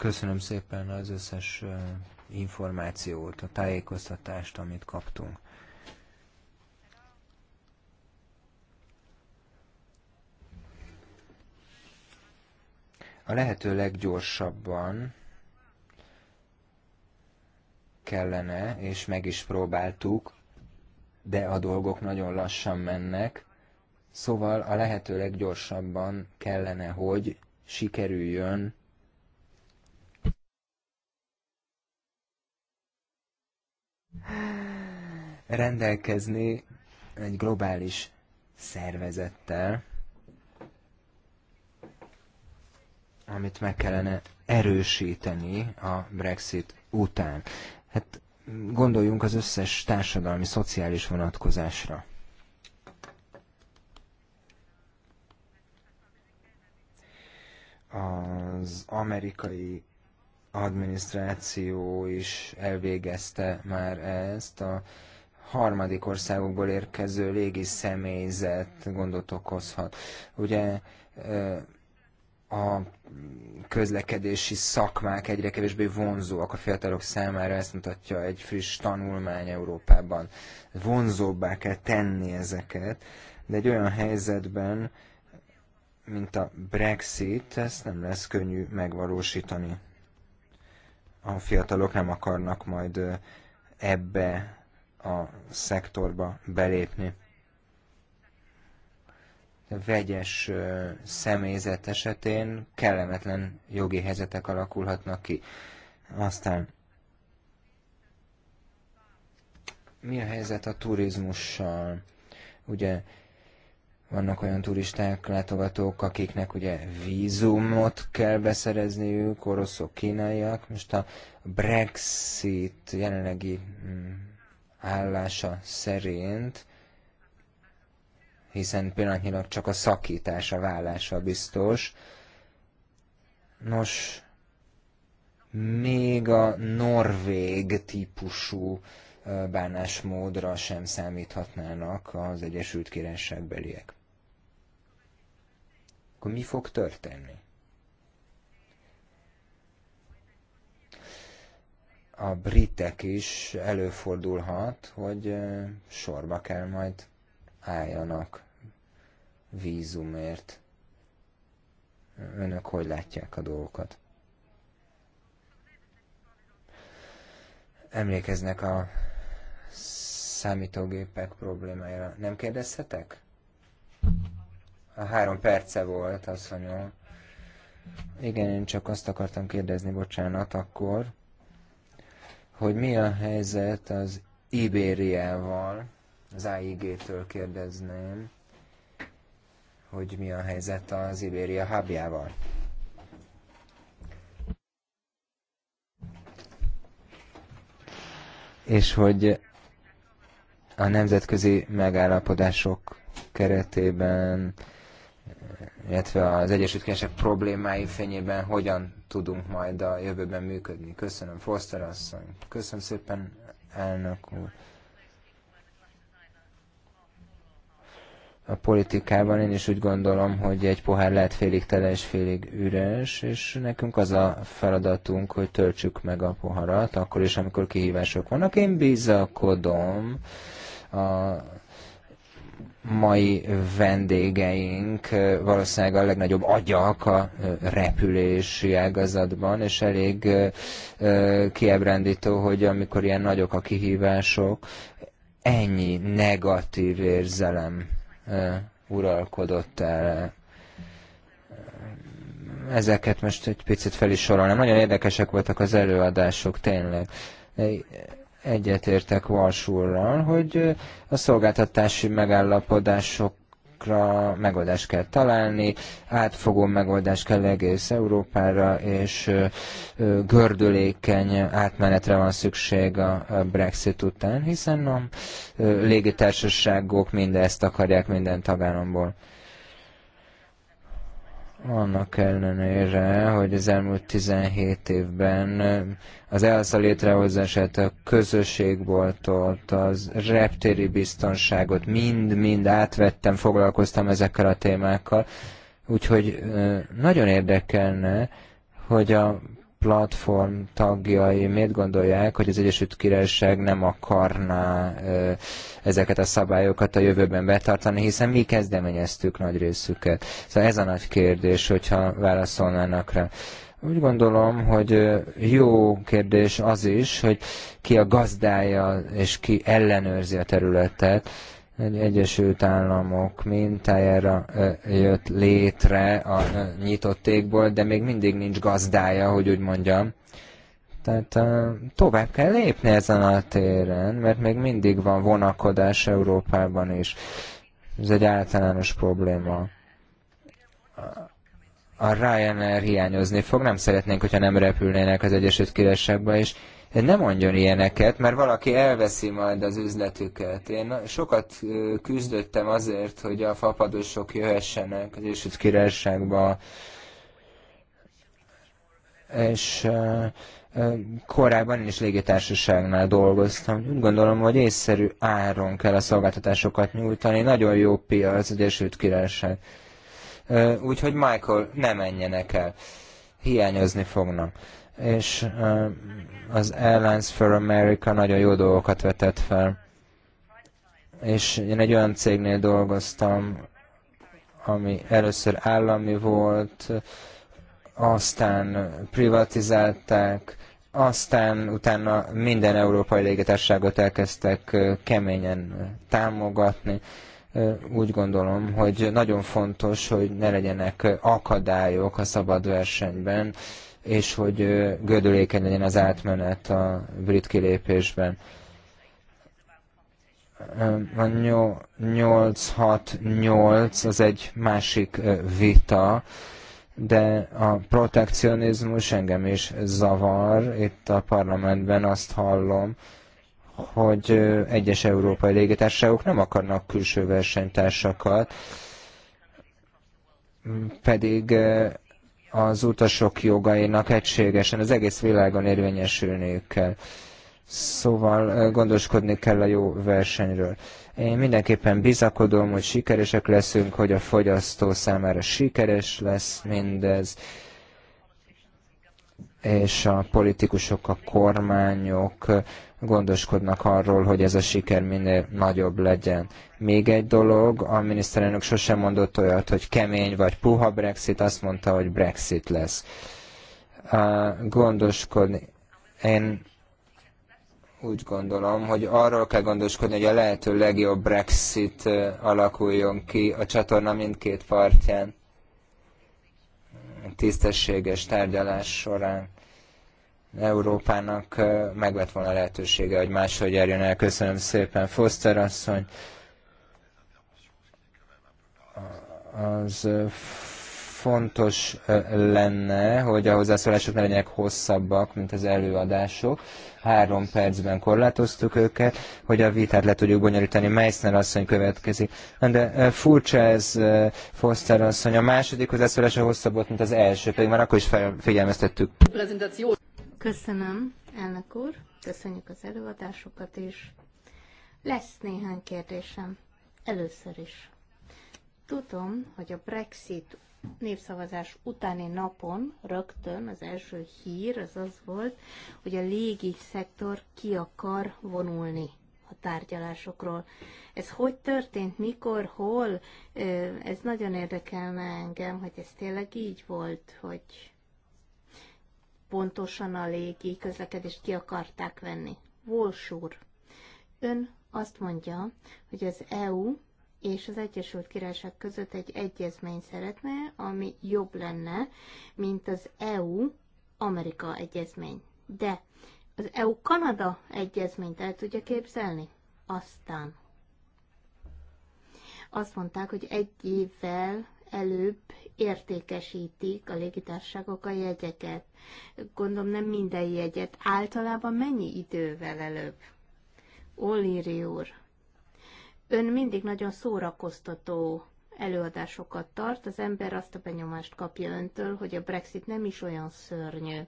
Köszönöm szépen az összes információt, a tájékoztatást, amit kaptunk. A lehető leggyorsabban kellene, és meg is próbáltuk, de a dolgok nagyon lassan mennek, szóval a lehető leggyorsabban kellene, hogy sikerüljön rendelkezni egy globális szervezettel, amit meg kellene erősíteni a Brexit után. Hát gondoljunk az összes társadalmi, szociális vonatkozásra. Az amerikai adminisztráció is elvégezte már ezt. A harmadik országokból érkező légi személyzet gondot okozhat. Ugye a közlekedési szakmák egyre kevésbé vonzóak a fiatalok számára, ezt mutatja egy friss tanulmány Európában. Vonzóbbá kell tenni ezeket, de egy olyan helyzetben, mint a Brexit, ezt nem lesz könnyű megvalósítani a fiatalok nem akarnak majd ebbe a szektorba belépni. A vegyes személyzet esetén kellemetlen jogi helyzetek alakulhatnak ki. Aztán mi a helyzet a turizmussal? Ugye vannak olyan turisták, látogatók, akiknek ugye vízumot kell beszerezniük, oroszok, kínaiak. Most a Brexit jelenlegi mm, állása szerint, hiszen pillanatnyilag csak a szakítása, vállása biztos. Nos, még a norvég típusú bánásmódra sem számíthatnának az Egyesült Királyság beliek akkor mi fog történni? A britek is előfordulhat, hogy sorba kell majd álljanak vízumért. Önök hogy látják a dolgokat? Emlékeznek a számítógépek problémájára. Nem kérdezhetek? A Három perce volt, asszonyom. Igen, én csak azt akartam kérdezni, bocsánat, akkor, hogy mi a helyzet az Ibériával, az AIG-től kérdezném, hogy mi a helyzet az Ibéria hábjával. És hogy a nemzetközi megállapodások keretében illetve az Egyesült Királyság problémái fényében hogyan tudunk majd a jövőben működni. Köszönöm, Foster asszony. Köszönöm szépen, elnök úr. A politikában én is úgy gondolom, hogy egy pohár lehet félig tele és félig üres, és nekünk az a feladatunk, hogy töltsük meg a poharat, akkor is, amikor kihívások vannak. Én bizakodom a mai vendégeink valószínűleg a legnagyobb agyak a repülési ágazatban, és elég kiábrándító, hogy amikor ilyen nagyok a kihívások, ennyi negatív érzelem uralkodott el ezeket most egy picit fel is sorolnám. Nagyon érdekesek voltak az előadások, tényleg egyetértek Valsúrral, hogy a szolgáltatási megállapodások megoldást kell találni, átfogó megoldást kell egész Európára, és gördülékeny átmenetre van szükség a Brexit után, hiszen a légitársaságok mindezt akarják minden tagállamból annak ellenére, hogy az elmúlt 17 évben az ELSA létrehozását, a közösségboltot, az reptéri biztonságot mind-mind átvettem, foglalkoztam ezekkel a témákkal, úgyhogy nagyon érdekelne, hogy a platform tagjai miért gondolják, hogy az Egyesült Királyság nem akarná ezeket a szabályokat a jövőben betartani, hiszen mi kezdeményeztük nagy részüket. Szóval ez a nagy kérdés, hogyha válaszolnának rá. Úgy gondolom, hogy jó kérdés az is, hogy ki a gazdája és ki ellenőrzi a területet. Egyesült Államok mintájára jött létre a nyitott égból, de még mindig nincs gazdája, hogy úgy mondjam. Tehát tovább kell lépni ezen a téren, mert még mindig van vonakodás Európában is. Ez egy általános probléma. A Ryanair hiányozni fog, nem szeretnénk, hogyha nem repülnének az Egyesült Királyságba, és nem mondjon ilyeneket, mert valaki elveszi majd az üzletüket. Én sokat küzdöttem azért, hogy a fapadosok jöhessenek az Egyesült Királyságba, és korábban is légitársaságnál dolgoztam. Úgy gondolom, hogy észszerű áron kell a szolgáltatásokat nyújtani. Nagyon jó piac az Egyesült Királyság. Úgyhogy Michael, ne menjenek el. Hiányozni fognak. És az Airlines for America nagyon jó dolgokat vetett fel. És én egy olyan cégnél dolgoztam, ami először állami volt, aztán privatizálták, aztán utána minden európai légitárságot elkezdtek keményen támogatni. Úgy gondolom, hogy nagyon fontos, hogy ne legyenek akadályok a szabad versenyben, és hogy gödülékeny legyen az átmenet a brit kilépésben. A 868 az egy másik vita, de a protekcionizmus engem is zavar. Itt a parlamentben azt hallom, hogy egyes európai légitársaságok nem akarnak külső versenytársakat, pedig az utasok jogainak egységesen az egész világon érvényesülniük kell. Szóval gondoskodni kell a jó versenyről. Én mindenképpen bizakodom, hogy sikeresek leszünk, hogy a fogyasztó számára sikeres lesz mindez, és a politikusok, a kormányok gondoskodnak arról, hogy ez a siker minél nagyobb legyen. Még egy dolog, a miniszterelnök sosem mondott olyat, hogy kemény vagy puha Brexit, azt mondta, hogy Brexit lesz. Gondoskodni. Én úgy gondolom, hogy arról kell gondoskodni, hogy a lehető legjobb Brexit alakuljon ki a csatorna mindkét partján tisztességes tárgyalás során Európának meg lett volna lehetősége, hogy máshogy járjon el. Köszönöm szépen, Foster asszony. Az fontos lenne, hogy a hozzászólások ne legyenek hosszabbak, mint az előadások. Három percben korlátoztuk őket, hogy a vitát le tudjuk bonyolítani. Meissner asszony következik. De furcsa ez, Foster asszony. A második hozzászólása hosszabb volt, mint az első, pedig már akkor is felfigyelmeztettük. Köszönöm, elnök úr, köszönjük az előadásokat is. Lesz néhány kérdésem. Először is. Tudom, hogy a Brexit népszavazás utáni napon rögtön az első hír az az volt, hogy a légi szektor ki akar vonulni a tárgyalásokról. Ez hogy történt, mikor, hol? Ez nagyon érdekelne engem, hogy ez tényleg így volt, hogy pontosan a légi közlekedést ki akarták venni. Volsúr. Ön azt mondja, hogy az EU és az Egyesült Királyság között egy egyezmény szeretne, ami jobb lenne, mint az EU-Amerika egyezmény. De az EU-Kanada egyezményt el tudja képzelni? Aztán azt mondták, hogy egy évvel előbb értékesítik a légitársaságok a jegyeket. Gondolom nem minden jegyet. Általában mennyi idővel előbb? Olíri úr, ön mindig nagyon szórakoztató előadásokat tart, az ember azt a benyomást kapja öntől, hogy a Brexit nem is olyan szörnyű.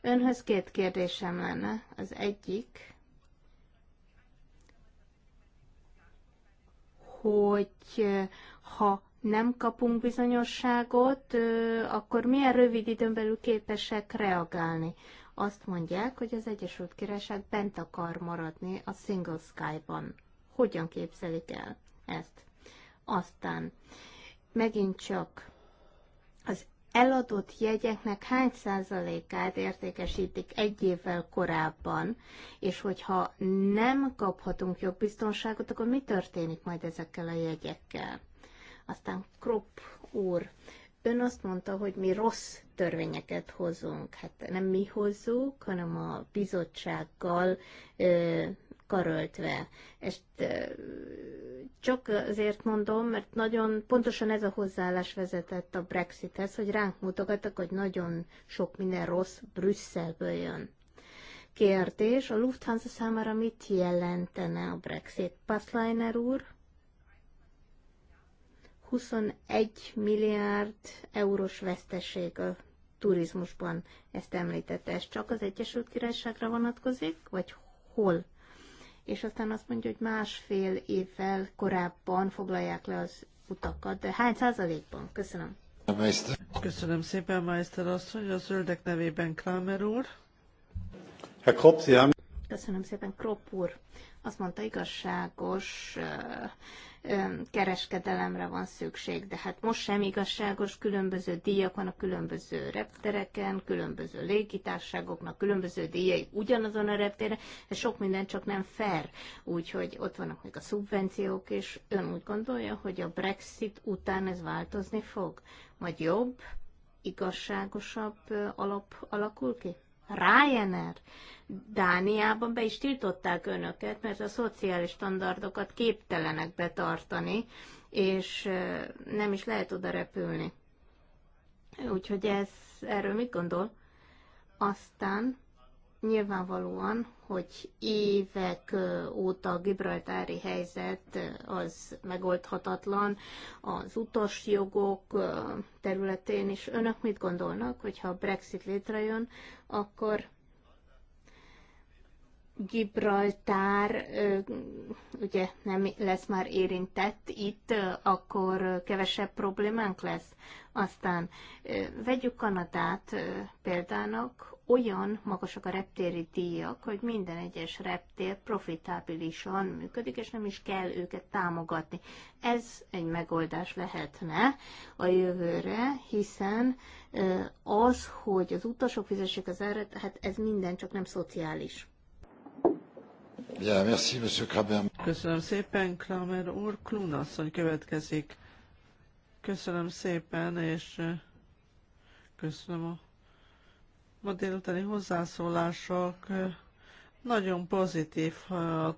Önhöz két kérdésem lenne. Az egyik, hogy eh, ha nem kapunk bizonyosságot, akkor milyen rövid időn belül képesek reagálni? Azt mondják, hogy az Egyesült Királyság bent akar maradni a Single Sky-ban. Hogyan képzelik el ezt? Aztán megint csak az eladott jegyeknek hány százalékát értékesítik egy évvel korábban, és hogyha nem kaphatunk jobb biztonságot, akkor mi történik majd ezekkel a jegyekkel? Aztán Krop úr, ön azt mondta, hogy mi rossz törvényeket hozunk. Hát nem mi hozzuk, hanem a bizottsággal ö, karöltve. Ezt ö, csak azért mondom, mert nagyon pontosan ez a hozzáállás vezetett a Brexithez, hogy ránk mutogattak, hogy nagyon sok minden rossz Brüsszelből jön. Kérdés, a Lufthansa számára mit jelentene a Brexit? Passliner úr? 21 milliárd eurós veszteség a turizmusban, ezt említette. Ez csak az Egyesült Királyságra vonatkozik, vagy hol? És aztán azt mondja, hogy másfél évvel korábban foglalják le az utakat. De hány százalékban? Köszönöm. Köszönöm szépen, Meister asszony. A zöldek nevében Kramer úr. Herr Köszönöm szépen, Kropp úr. Azt mondta, igazságos kereskedelemre van szükség, de hát most sem igazságos, különböző díjak van a különböző reptereken, különböző légitárságoknak, különböző díjai ugyanazon a reptére, ez sok minden csak nem fair, úgyhogy ott vannak még a szubvenciók, és ön úgy gondolja, hogy a Brexit után ez változni fog? Majd jobb, igazságosabb alap alakul ki? Ryanair. Dániában be is tiltották önöket, mert a szociális standardokat képtelenek betartani, és nem is lehet oda repülni. Úgyhogy ez, erről mit gondol? Aztán nyilvánvalóan, hogy évek óta a gibraltári helyzet az megoldhatatlan az utasjogok területén, és önök mit gondolnak, hogyha a Brexit létrejön, akkor Gibraltár ugye nem lesz már érintett itt, akkor kevesebb problémánk lesz. Aztán vegyük Kanadát példának, olyan magasak a reptéri díjak, hogy minden egyes reptér profitábilisan működik, és nem is kell őket támogatni. Ez egy megoldás lehetne a jövőre, hiszen az, hogy az utasok fizessék az erre, hát ez minden csak nem szociális. Köszönöm szépen, Kramer úr. Klunasszony következik. Köszönöm szépen, és köszönöm a ma délutáni hozzászólások eh, nagyon pozitív eh, eh,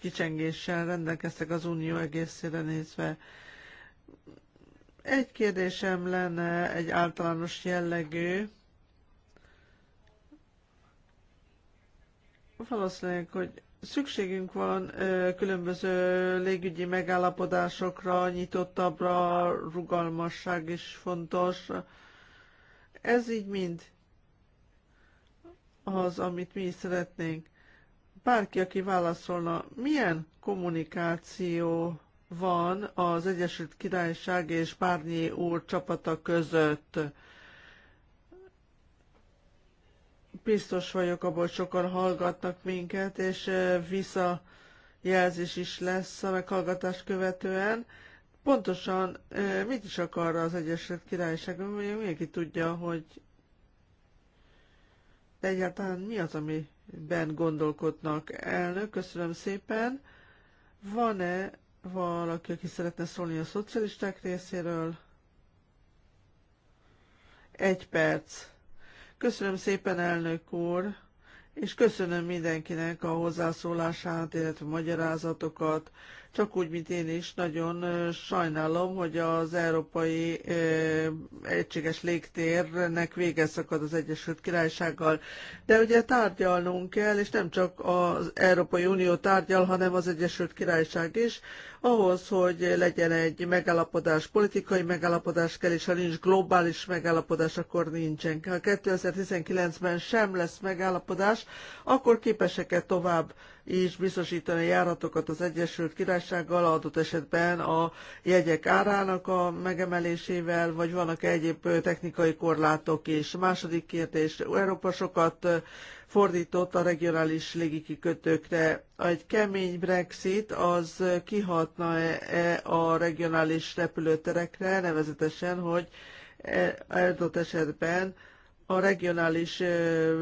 kicsengéssel rendelkeztek az Unió egészére nézve. Egy kérdésem lenne egy általános jellegű. Valószínűleg, hogy szükségünk van különböző légügyi megállapodásokra, nyitottabbra, rugalmasság is fontos. Ez így mind az, amit mi is szeretnénk. Bárki, aki válaszolna, milyen kommunikáció van az Egyesült Királyság és Bárnyi úr csapata között? Biztos vagyok abból, hogy sokan hallgatnak minket, és visszajelzés is lesz a meghallgatást követően. Pontosan mit is akar az Egyesült Királyság? Mindenki tudja, hogy de egyáltalán mi az, amiben gondolkodnak? Elnök, köszönöm szépen. Van-e valaki, aki szeretne szólni a szocialisták részéről? Egy perc. Köszönöm szépen, elnök úr, és köszönöm mindenkinek a hozzászólását, illetve magyarázatokat. Csak úgy, mint én is nagyon sajnálom, hogy az európai egységes légtérnek vége szakad az Egyesült Királysággal. De ugye tárgyalnunk kell, és nem csak az Európai Unió tárgyal, hanem az Egyesült Királyság is, ahhoz, hogy legyen egy megállapodás, politikai megállapodás kell, és ha nincs globális megállapodás, akkor nincsen. Ha 2019-ben sem lesz megállapodás, akkor képesek-e tovább és biztosítani járatokat az Egyesült Királysággal, adott esetben a jegyek árának a megemelésével, vagy vannak -e egyéb technikai korlátok is. második kérdés, Európa sokat fordított a regionális légikikötőkre. Egy kemény Brexit az kihatna -e a regionális repülőterekre, nevezetesen, hogy e, adott esetben a regionális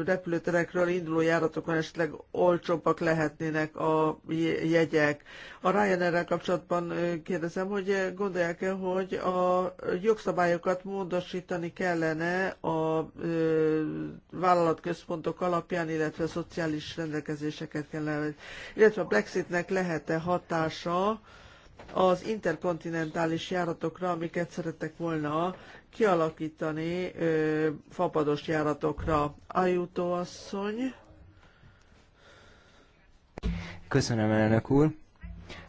repülőterekről induló járatokon esetleg olcsóbbak lehetnének a jegyek. A Ryanair-rel kapcsolatban kérdezem, hogy gondolják-e, hogy a jogszabályokat módosítani kellene a vállalatközpontok alapján, illetve szociális rendelkezéseket kellene, illetve a Brexitnek lehet-e hatása, az interkontinentális járatokra, amiket szerettek volna kialakítani ö, fapados járatokra. Ajutó asszony. Köszönöm, elnök úr.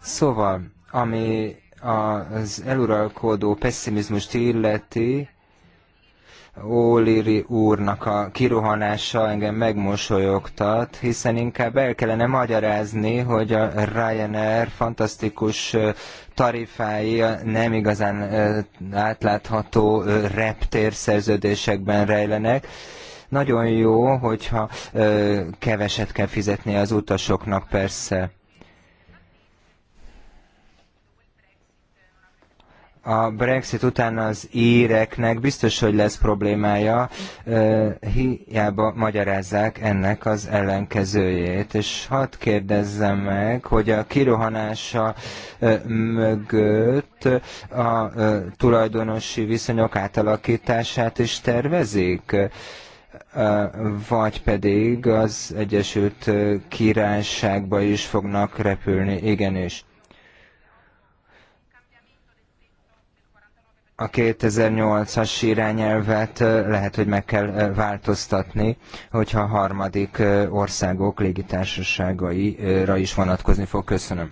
Szóval, ami az eluralkodó pessimizmust illeti, Óliri úrnak a kirohanása engem megmosolyogtat, hiszen inkább el kellene magyarázni, hogy a Ryanair fantasztikus tarifái nem igazán átlátható reptérszerződésekben rejlenek, nagyon jó, hogyha keveset kell fizetni az utasoknak persze. a Brexit után az íreknek biztos, hogy lesz problémája, hiába magyarázzák ennek az ellenkezőjét. És hadd kérdezzem meg, hogy a kirohanása mögött a tulajdonosi viszonyok átalakítását is tervezik? vagy pedig az Egyesült Királyságba is fognak repülni, igenis. a 2008-as irányelvet lehet, hogy meg kell változtatni, hogyha a harmadik országok légitársaságaira is vonatkozni fog. Köszönöm.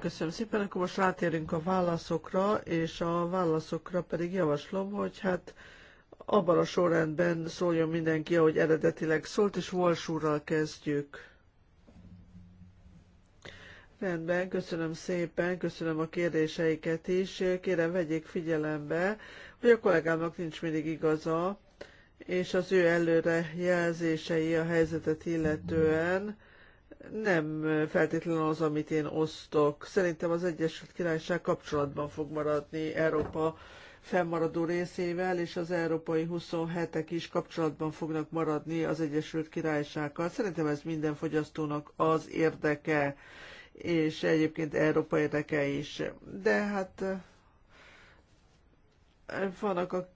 Köszönöm szépen, akkor most rátérünk a válaszokra, és a válaszokra pedig javaslom, hogy hát abban a sorrendben szóljon mindenki, ahogy eredetileg szólt, és Walsh kezdjük. Rendben, köszönöm szépen, köszönöm a kérdéseiket is. Kérem, vegyék figyelembe, hogy a kollégámnak nincs mindig igaza, és az ő előre jelzései a helyzetet illetően nem feltétlenül az, amit én osztok. Szerintem az Egyesült Királyság kapcsolatban fog maradni Európa fennmaradó részével, és az európai 27-ek is kapcsolatban fognak maradni az Egyesült Királysággal. Szerintem ez minden fogyasztónak az érdeke és egyébként Európa érdeke is. De hát eh, vannak a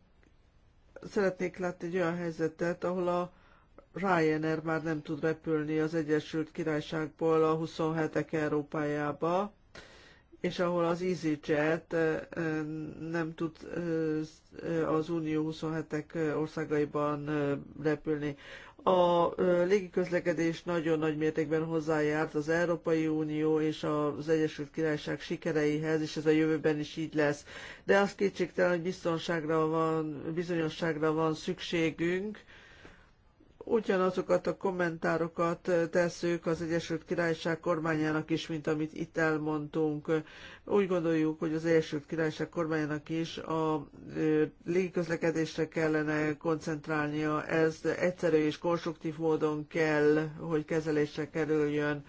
szeretnék látni egy olyan helyzetet, ahol a Ryanair már nem tud repülni az Egyesült Királyságból a 27-ek Európájába, és ahol az EasyJet eh, eh, nem tud az Unió 27-ek országaiban repülni. A légiközlekedés nagyon nagy mértékben hozzájárt az Európai Unió és az Egyesült Királyság sikereihez, és ez a jövőben is így lesz. De az kétségtelen, hogy biztonságra van, bizonyosságra van szükségünk, ugyanazokat a kommentárokat teszük az Egyesült Királyság kormányának is, mint amit itt elmondtunk. Úgy gondoljuk, hogy az Egyesült Királyság kormányának is a légiközlekedésre kellene koncentrálnia. Ez egyszerű és konstruktív módon kell, hogy kezelésre kerüljön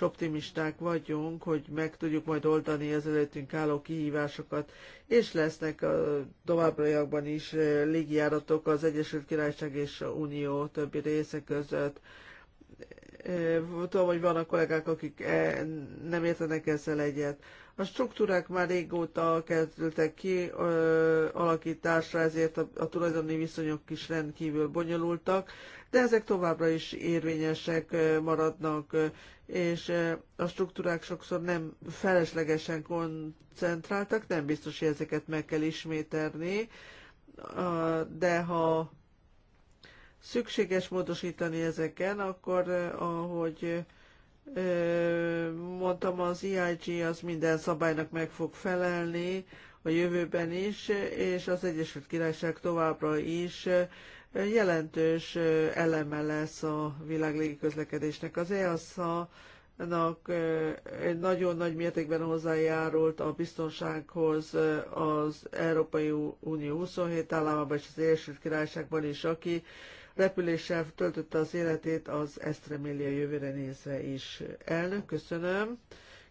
és optimisták vagyunk, hogy meg tudjuk majd oldani az előttünk álló kihívásokat, és lesznek a továbbiakban is légijáratok az Egyesült Királyság és a Unió többi része között. Tudom, hogy vannak kollégák, akik e, nem értenek ezzel egyet. A struktúrák már régóta kezdődtek ki ö, alakításra, ezért a, a tulajdoni viszonyok is rendkívül bonyolultak, de ezek továbbra is érvényesek maradnak, és a struktúrák sokszor nem feleslegesen koncentráltak, nem biztos, hogy ezeket meg kell ismételni, de ha szükséges módosítani ezeken, akkor ahogy mondtam, az EIG az minden szabálynak meg fog felelni a jövőben is, és az Egyesült Királyság továbbra is jelentős eleme lesz a világ légiközlekedésnek. Az EASA egy nagyon nagy mértékben hozzájárult a biztonsághoz az Európai Unió 27 államában és az Egyesült Királyságban is, aki repüléssel töltötte az életét, az ezt reméli a jövőre nézve is. Elnök, köszönöm.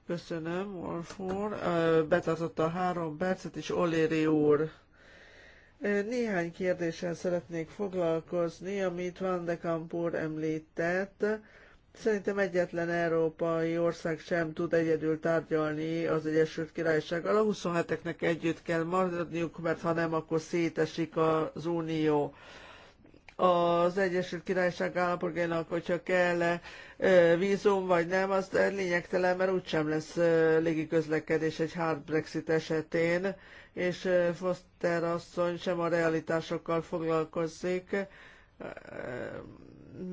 Köszönöm, Orfor. Betartotta a három percet, és Oléri úr. Néhány kérdéssel szeretnék foglalkozni, amit Van de Kampur említett. Szerintem egyetlen európai ország sem tud egyedül tárgyalni az Egyesült Királysággal. A 27-eknek együtt kell maradniuk, mert ha nem, akkor szétesik az unió az Egyesült Királyság állapotának, hogyha kell -e vízum vagy nem, az lényegtelen, mert úgysem lesz légiközlekedés egy hard Brexit esetén és Foster asszony sem a realitásokkal foglalkozik,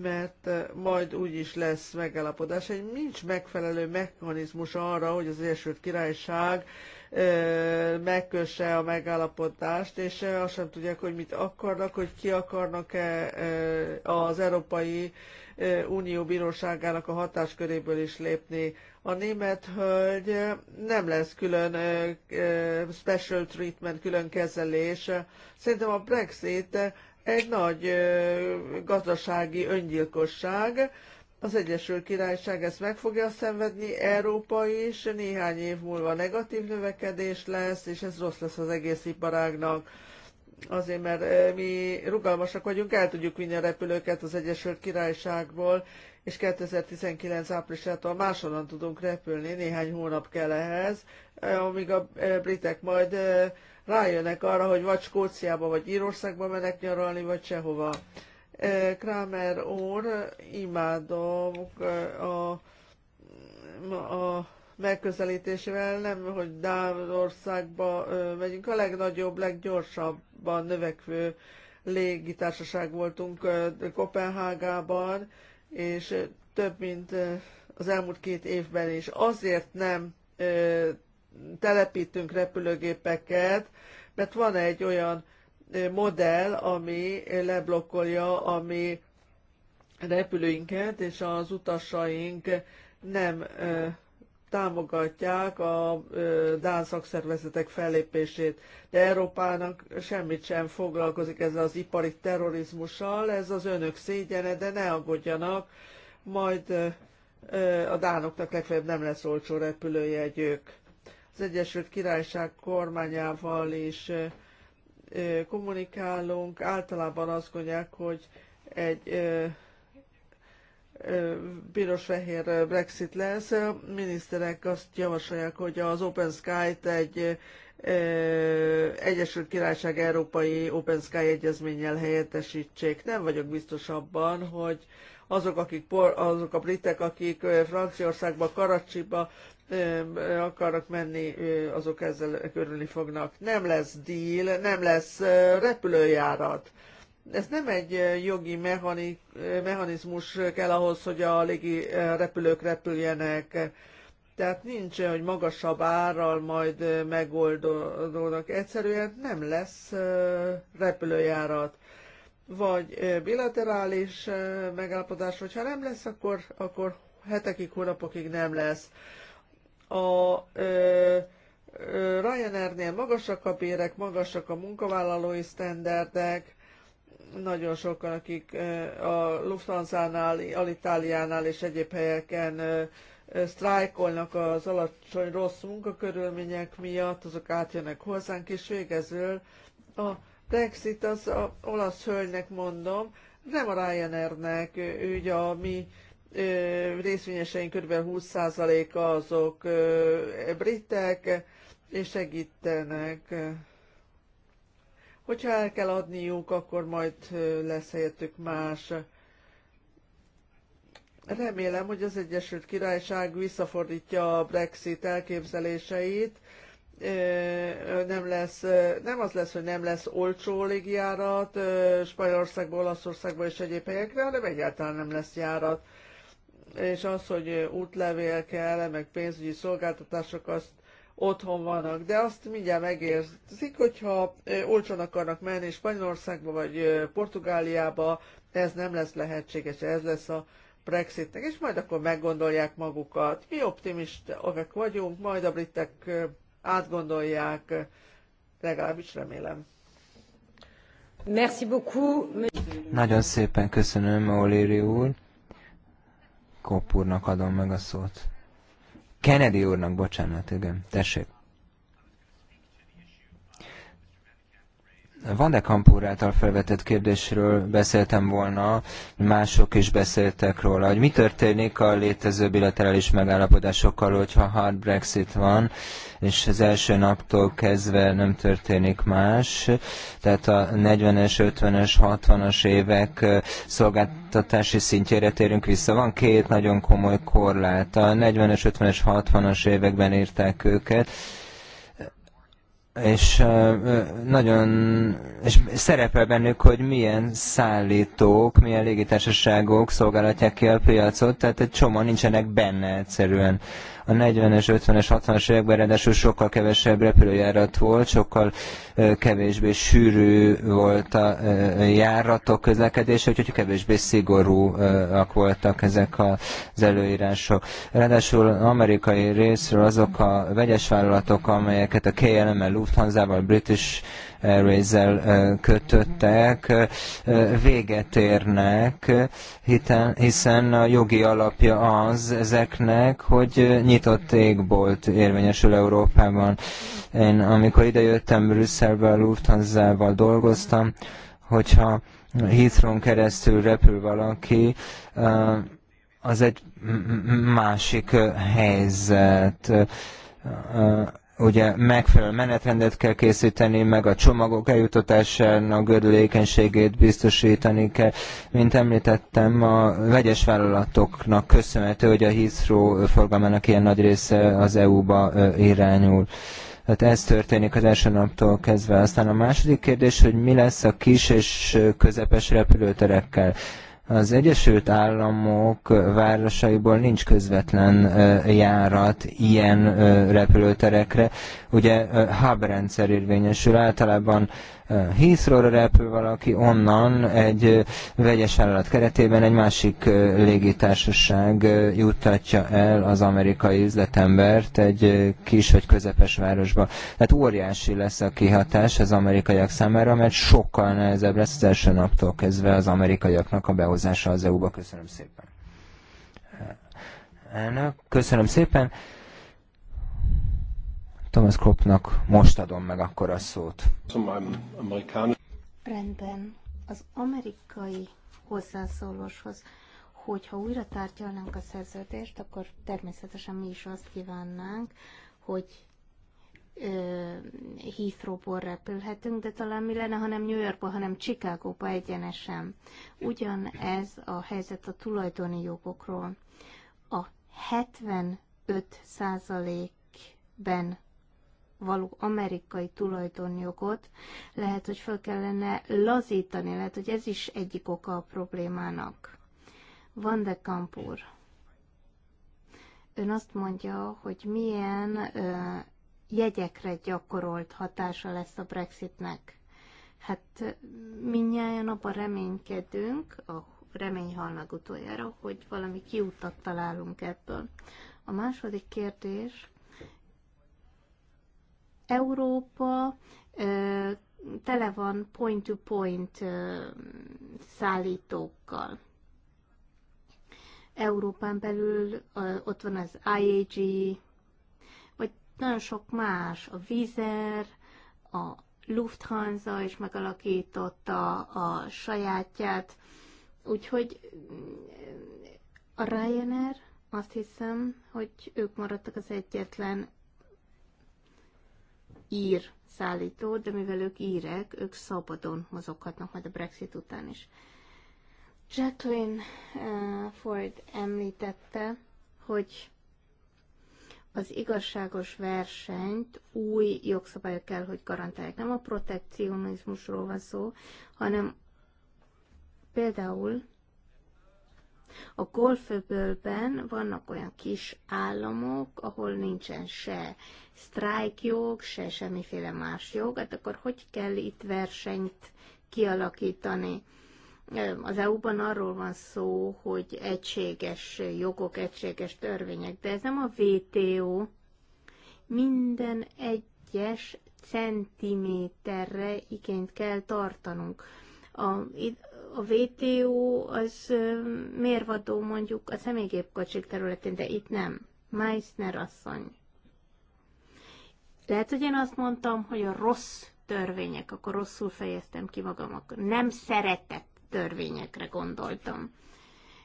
mert majd úgy is lesz megállapodás. Egy nincs megfelelő mechanizmus arra, hogy az Egyesült Királyság megkösse a megállapodást, és azt sem tudják, hogy mit akarnak, hogy ki akarnak-e az Európai Unió Bíróságának a hatásköréből is lépni a német hölgy nem lesz külön special treatment, külön kezelés. Szerintem a Brexit egy nagy gazdasági öngyilkosság. Az Egyesült Királyság ezt meg fogja szenvedni, Európa is, néhány év múlva negatív növekedés lesz, és ez rossz lesz az egész iparágnak. Azért, mert mi rugalmasak vagyunk, el tudjuk vinni a repülőket az Egyesült Királyságból, és 2019 áprilisától máshonnan tudunk repülni, néhány hónap kell ehhez, amíg a britek majd rájönnek arra, hogy vagy Skóciába, vagy Írországba mennek nyaralni, vagy sehova. Kramer úr, imádom a, a megközelítésével, nem, hogy Dánországba megyünk, a legnagyobb, leggyorsabban növekvő légitársaság voltunk Kopenhágában, és több, mint az elmúlt két évben is. Azért nem telepítünk repülőgépeket, mert van egy olyan modell, ami leblokkolja a mi repülőinket, és az utasaink nem támogatják a Dán szakszervezetek fellépését, de Európának semmit sem foglalkozik ezzel az ipari terrorizmussal, ez az önök szégyene, de ne aggódjanak, majd a Dánoknak legfeljebb nem lesz olcsó repülőjegyük. Az Egyesült Királyság kormányával is kommunikálunk, általában azt gondolják, hogy egy piros-fehér Brexit lesz. A miniszterek azt javasolják, hogy az Open Sky-t egy Egyesült Királyság Európai Open Sky egyezménnyel helyettesítsék. Nem vagyok biztos abban, hogy azok, akik, por, azok a britek, akik Franciaországba, Karacsiba akarnak menni, azok ezzel körülni fognak. Nem lesz deal, nem lesz repülőjárat ez nem egy jogi mechanizmus kell ahhoz, hogy a légi repülők repüljenek. Tehát nincs, hogy magasabb árral majd megoldódnak. Egyszerűen nem lesz repülőjárat. Vagy bilaterális megállapodás, hogyha nem lesz, akkor, akkor hetekig, hónapokig nem lesz. A Ryanair-nél magasak a bérek, magasak a munkavállalói sztenderdek, nagyon sokan, akik a Lufthansa-nál, Alitáliánál és egyéb helyeken sztrájkolnak az alacsony rossz munkakörülmények miatt, azok átjönnek hozzánk, és végezül a Brexit az a olasz hölgynek mondom, nem a Ryanairnek, ő ugye a mi részvényeseink kb. 20%-a azok britek, és segítenek. Hogyha el kell adniuk, akkor majd lesz helyettük más. Remélem, hogy az Egyesült Királyság visszafordítja a Brexit elképzeléseit. Nem, lesz, nem az lesz, hogy nem lesz olcsó légjárat Spanyolországból, Olaszországba és egyéb helyekre, hanem egyáltalán nem lesz járat. És az, hogy útlevél kell, meg pénzügyi szolgáltatások, azt otthon vannak, de azt mindjárt megérzik, hogyha olcsón akarnak menni Spanyolországba vagy Portugáliába, ez nem lesz lehetséges, ez lesz a Brexitnek, és majd akkor meggondolják magukat. Mi optimisták vagyunk, majd a britek átgondolják, legalábbis remélem. Merci beaucoup. Nagyon szépen köszönöm, Oléri úr. Kopp úrnak adom meg a szót. Kennedy úrnak, bocsánat, igen, tessék. Van de Kampúr által felvetett kérdésről beszéltem volna, mások is beszéltek róla, hogy mi történik a létező bilaterális megállapodásokkal, hogyha hard Brexit van, és az első naptól kezdve nem történik más. Tehát a 40-es, 50-es, 60-as évek szolgáltatási szintjére térünk vissza. Van két nagyon komoly korlát. A 40-es, 50-es, 60-as években írták őket, és nagyon és szerepel bennük, hogy milyen szállítók, milyen légitársaságok szolgálhatják ki a piacot, tehát egy csomó nincsenek benne egyszerűen. A 40-es, 50-es, 60-as években ráadásul sokkal kevesebb repülőjárat volt, sokkal kevésbé sűrű volt a járatok közlekedése, úgyhogy kevésbé szigorúak voltak ezek az előírások. Ráadásul amerikai részről azok a vegyes vállalatok, amelyeket a KLM-el, Lufthansa-val, British Airways-zel kötöttek, véget érnek, hiszen a jogi alapja az ezeknek, hogy nyitott égbolt érvényesül Európában. Én amikor idejöttem Brüsszelbe, a Lufthansa-val dolgoztam, hogyha Heathrow keresztül repül valaki, az egy másik helyzet ugye megfelelő menetrendet kell készíteni, meg a csomagok eljutatásának gördülékenységét biztosítani kell. Mint említettem, a vegyes vállalatoknak köszönhető, hogy a Heathrow forgalmának ilyen nagy része az EU-ba irányul. Tehát ez történik az első naptól kezdve. Aztán a második kérdés, hogy mi lesz a kis és közepes repülőterekkel. Az Egyesült Államok városaiból nincs közvetlen járat ilyen repülőterekre. Ugye hub rendszer érvényesül, általában heathrow repül valaki, onnan egy vegyes állat keretében egy másik légitársaság juttatja el az amerikai üzletembert egy kis vagy közepes városba. Tehát óriási lesz a kihatás az amerikaiak számára, mert sokkal nehezebb lesz az első naptól kezdve az amerikaiaknak a behozása az EU-ba. Köszönöm szépen. Elnök, köszönöm szépen. Thomas Kroppnak most adom meg akkor a szót. Rendben. Az amerikai hozzászólóshoz, hogyha újra tárgyalnánk a szerződést, akkor természetesen mi is azt kívánnánk, hogy Heathrow-ból repülhetünk, de talán mi lenne, hanem New Yorkba, hanem Chicagóba egyenesen. Ugyanez a helyzet a tulajdoni jogokról. A 75 ben való amerikai tulajdonjogot lehet, hogy fel kellene lazítani, lehet, hogy ez is egyik oka a problémának. Van de Kampur. Ön azt mondja, hogy milyen ö, jegyekre gyakorolt hatása lesz a Brexitnek. Hát minnyáján abban reménykedünk, a remény meg utoljára, hogy valami kiutat találunk ebből. A második kérdés, Európa tele van point-to-point -point szállítókkal. Európán belül ott van az IAG, vagy nagyon sok más, a Vizer, a Lufthansa is megalakította a sajátját, úgyhogy a Ryanair azt hiszem, hogy ők maradtak az egyetlen ír szállító, de mivel ők írek, ők szabadon mozoghatnak majd a Brexit után is. Jacqueline eh, Ford említette, hogy az igazságos versenyt új jogszabályok kell, hogy garantálják. Nem a protekcionizmusról van szó, hanem például a golföbölben vannak olyan kis államok, ahol nincsen se sztrájkjog, se semmiféle más jog, hát akkor hogy kell itt versenyt kialakítani? Az EU-ban arról van szó, hogy egységes jogok, egységes törvények, de ez nem a WTO. Minden egyes centiméterre igényt kell tartanunk. A, a VTO az mérvadó mondjuk a személygépkocsik területén, de itt nem. Meissner asszony. Lehet, hogy én azt mondtam, hogy a rossz törvények, akkor rosszul fejeztem ki magam, akkor nem szeretett törvényekre gondoltam.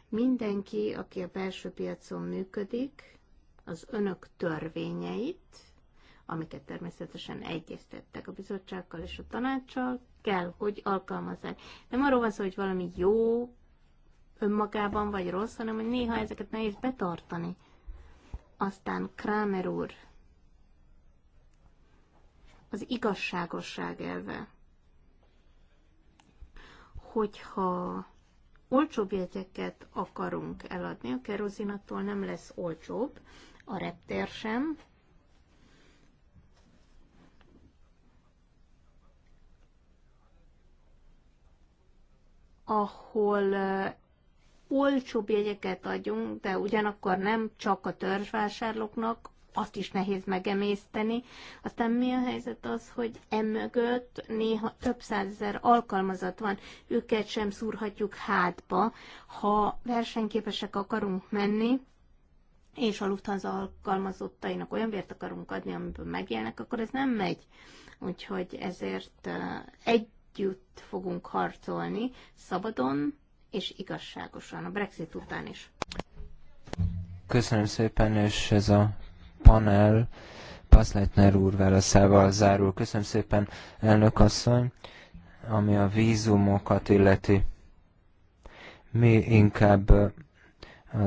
Mindenki, aki a belső piacon működik, az önök törvényeit amiket természetesen egyeztettek a bizottsággal és a tanácssal, kell, hogy alkalmazzák. Nem arról van szó, hogy valami jó önmagában vagy rossz, hanem hogy néha ezeket nehéz betartani. Aztán Kramer úr, az igazságosság elve. Hogyha olcsóbb jegyeket akarunk eladni, a kerozinattól nem lesz olcsóbb, a reptér sem, ahol olcsóbb jegyeket adjunk, de ugyanakkor nem csak a törzsvásárlóknak, azt is nehéz megemészteni. Aztán mi a helyzet az, hogy emögött néha több százezer alkalmazat van, őket sem szúrhatjuk hátba, ha versenyképesek akarunk menni, és a Lufthansa alkalmazottainak olyan vért akarunk adni, amiből megélnek, akkor ez nem megy. Úgyhogy ezért egy együtt fogunk harcolni, szabadon és igazságosan, a Brexit után is. Köszönöm szépen, és ez a panel Paszleitner úr válaszával zárul. Köszönöm szépen, elnök asszony, ami a vízumokat illeti. Mi inkább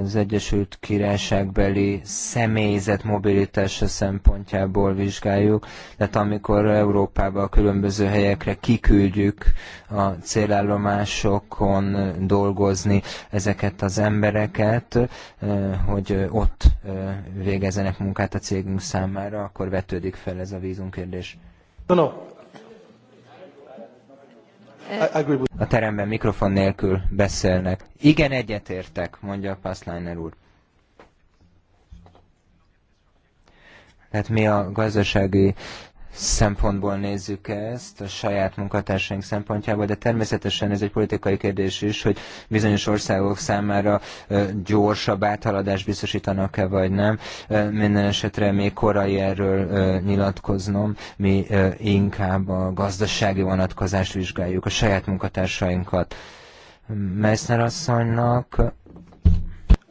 az Egyesült Királyságbeli személyzet mobilitása szempontjából vizsgáljuk. Tehát amikor Európába a különböző helyekre kiküldjük a célállomásokon dolgozni ezeket az embereket, eh, hogy ott eh, végezzenek munkát a cégünk számára, akkor vetődik fel ez a vízumkérdés. No, no. A teremben mikrofon nélkül beszélnek. Igen, egyetértek, mondja a Passliner úr. Tehát mi a gazdasági szempontból nézzük ezt, a saját munkatársaink szempontjából, de természetesen ez egy politikai kérdés is, hogy bizonyos országok számára gyorsabb áthaladást biztosítanak-e vagy nem. Minden esetre még korai erről nyilatkoznom, mi inkább a gazdasági vonatkozást vizsgáljuk, a saját munkatársainkat. Meissner asszonynak...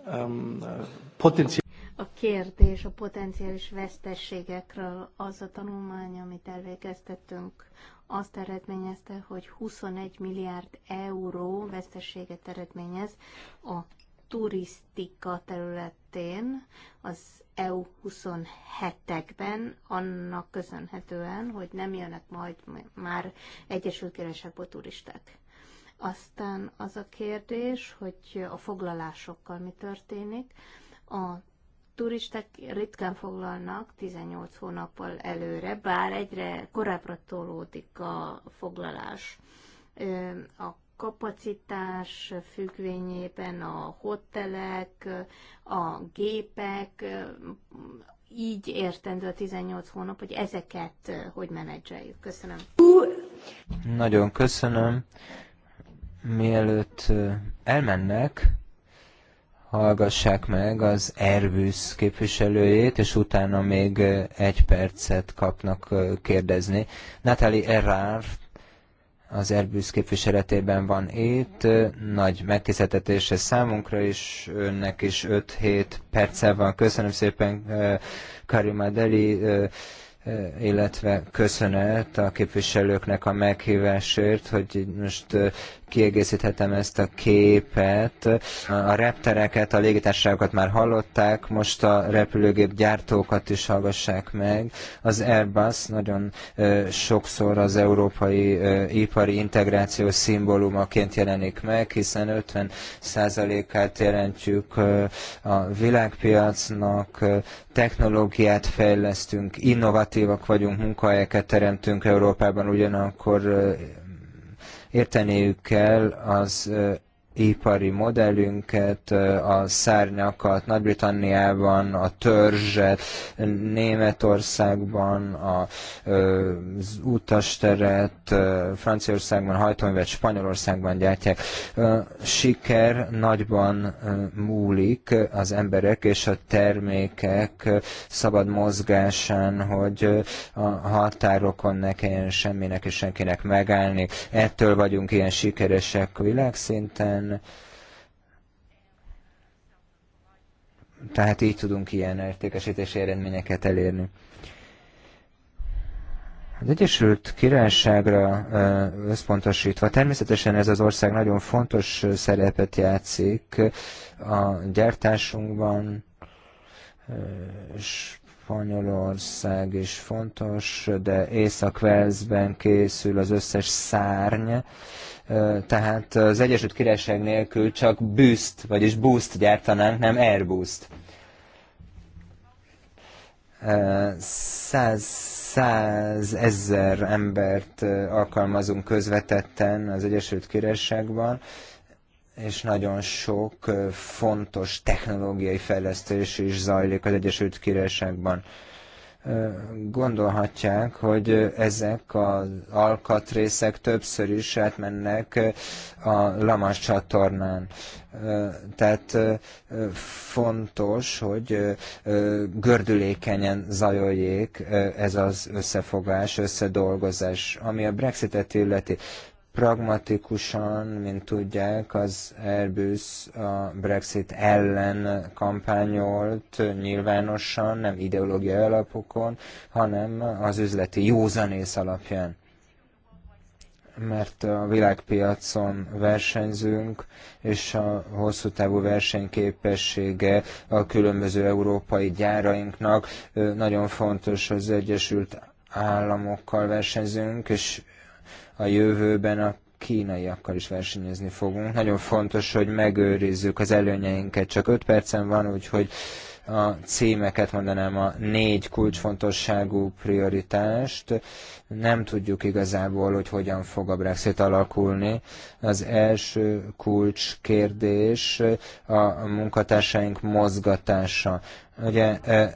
Um, uh, potenciál a kérdés a potenciális vesztességekről az a tanulmány, amit elvégeztettünk, azt eredményezte, hogy 21 milliárd euró veszteséget eredményez a turisztika területén az EU 27-ekben, annak köszönhetően, hogy nem jönnek majd már Egyesült Királyságból turisták. Aztán az a kérdés, hogy a foglalásokkal mi történik. A turisták ritkán foglalnak 18 hónappal előre, bár egyre korábbra tolódik a foglalás. A kapacitás függvényében a hotelek, a gépek, így értendő a 18 hónap, hogy ezeket hogy menedzseljük. Köszönöm. Nagyon köszönöm. Mielőtt elmennek, hallgassák meg az Airbus képviselőjét, és utána még egy percet kapnak kérdezni. Natalie Errár az Airbus képviseletében van itt, nagy megtiszteltetése számunkra is, önnek is 5-7 perce van. Köszönöm szépen Karima Deli, illetve köszönet a képviselőknek a meghívásért, hogy most kiegészíthetem ezt a képet. A reptereket, a légitársaságokat már hallották, most a repülőgép gyártókat is hallgassák meg. Az Airbus nagyon sokszor az európai ipari integráció szimbólumaként jelenik meg, hiszen 50%-át jelentjük a világpiacnak, technológiát fejlesztünk, innovatívak vagyunk, munkahelyeket teremtünk Európában, ugyanakkor Érteniük kell az ipari modellünket, a szárnyakat Nagy-Britanniában, a törzset Németországban, a, az utasteret Franciaországban, hajtóművet Spanyolországban gyártják. Siker nagyban múlik az emberek és a termékek szabad mozgásán, hogy a határokon ne kelljen semminek és senkinek megállni. Ettől vagyunk ilyen sikeresek világszinten, ilyen Tehát így tudunk ilyen értékesítési eredményeket elérni. Az Egyesült Királyságra összpontosítva, természetesen ez az ország nagyon fontos szerepet játszik a gyártásunkban, és Spanyolország is fontos, de észak velszben készül az összes szárny, tehát az Egyesült Királyság nélkül csak bűzt, vagyis boost gyártanánk, nem airbuszt. Száz, száz ezer embert alkalmazunk közvetetten az Egyesült Királyságban, és nagyon sok fontos technológiai fejlesztés is zajlik az Egyesült Királyságban. Gondolhatják, hogy ezek az alkatrészek többször is átmennek a Lamas csatornán. Tehát fontos, hogy gördülékenyen zajoljék ez az összefogás, összedolgozás, ami a Brexitet illeti pragmatikusan, mint tudják, az Airbus a Brexit ellen kampányolt nyilvánosan, nem ideológiai alapokon, hanem az üzleti józanész alapján. Mert a világpiacon versenyzünk, és a hosszú távú versenyképessége a különböző európai gyárainknak nagyon fontos az Egyesült államokkal versenyzünk, és a jövőben a kínaiakkal is versenyezni fogunk. Nagyon fontos, hogy megőrizzük az előnyeinket. Csak 5 percen van, úgyhogy a címeket mondanám, a négy kulcsfontosságú prioritást. Nem tudjuk igazából, hogy hogyan fog a Brexit alakulni. Az első kulcs kérdés a munkatársaink mozgatása. Ugye eh,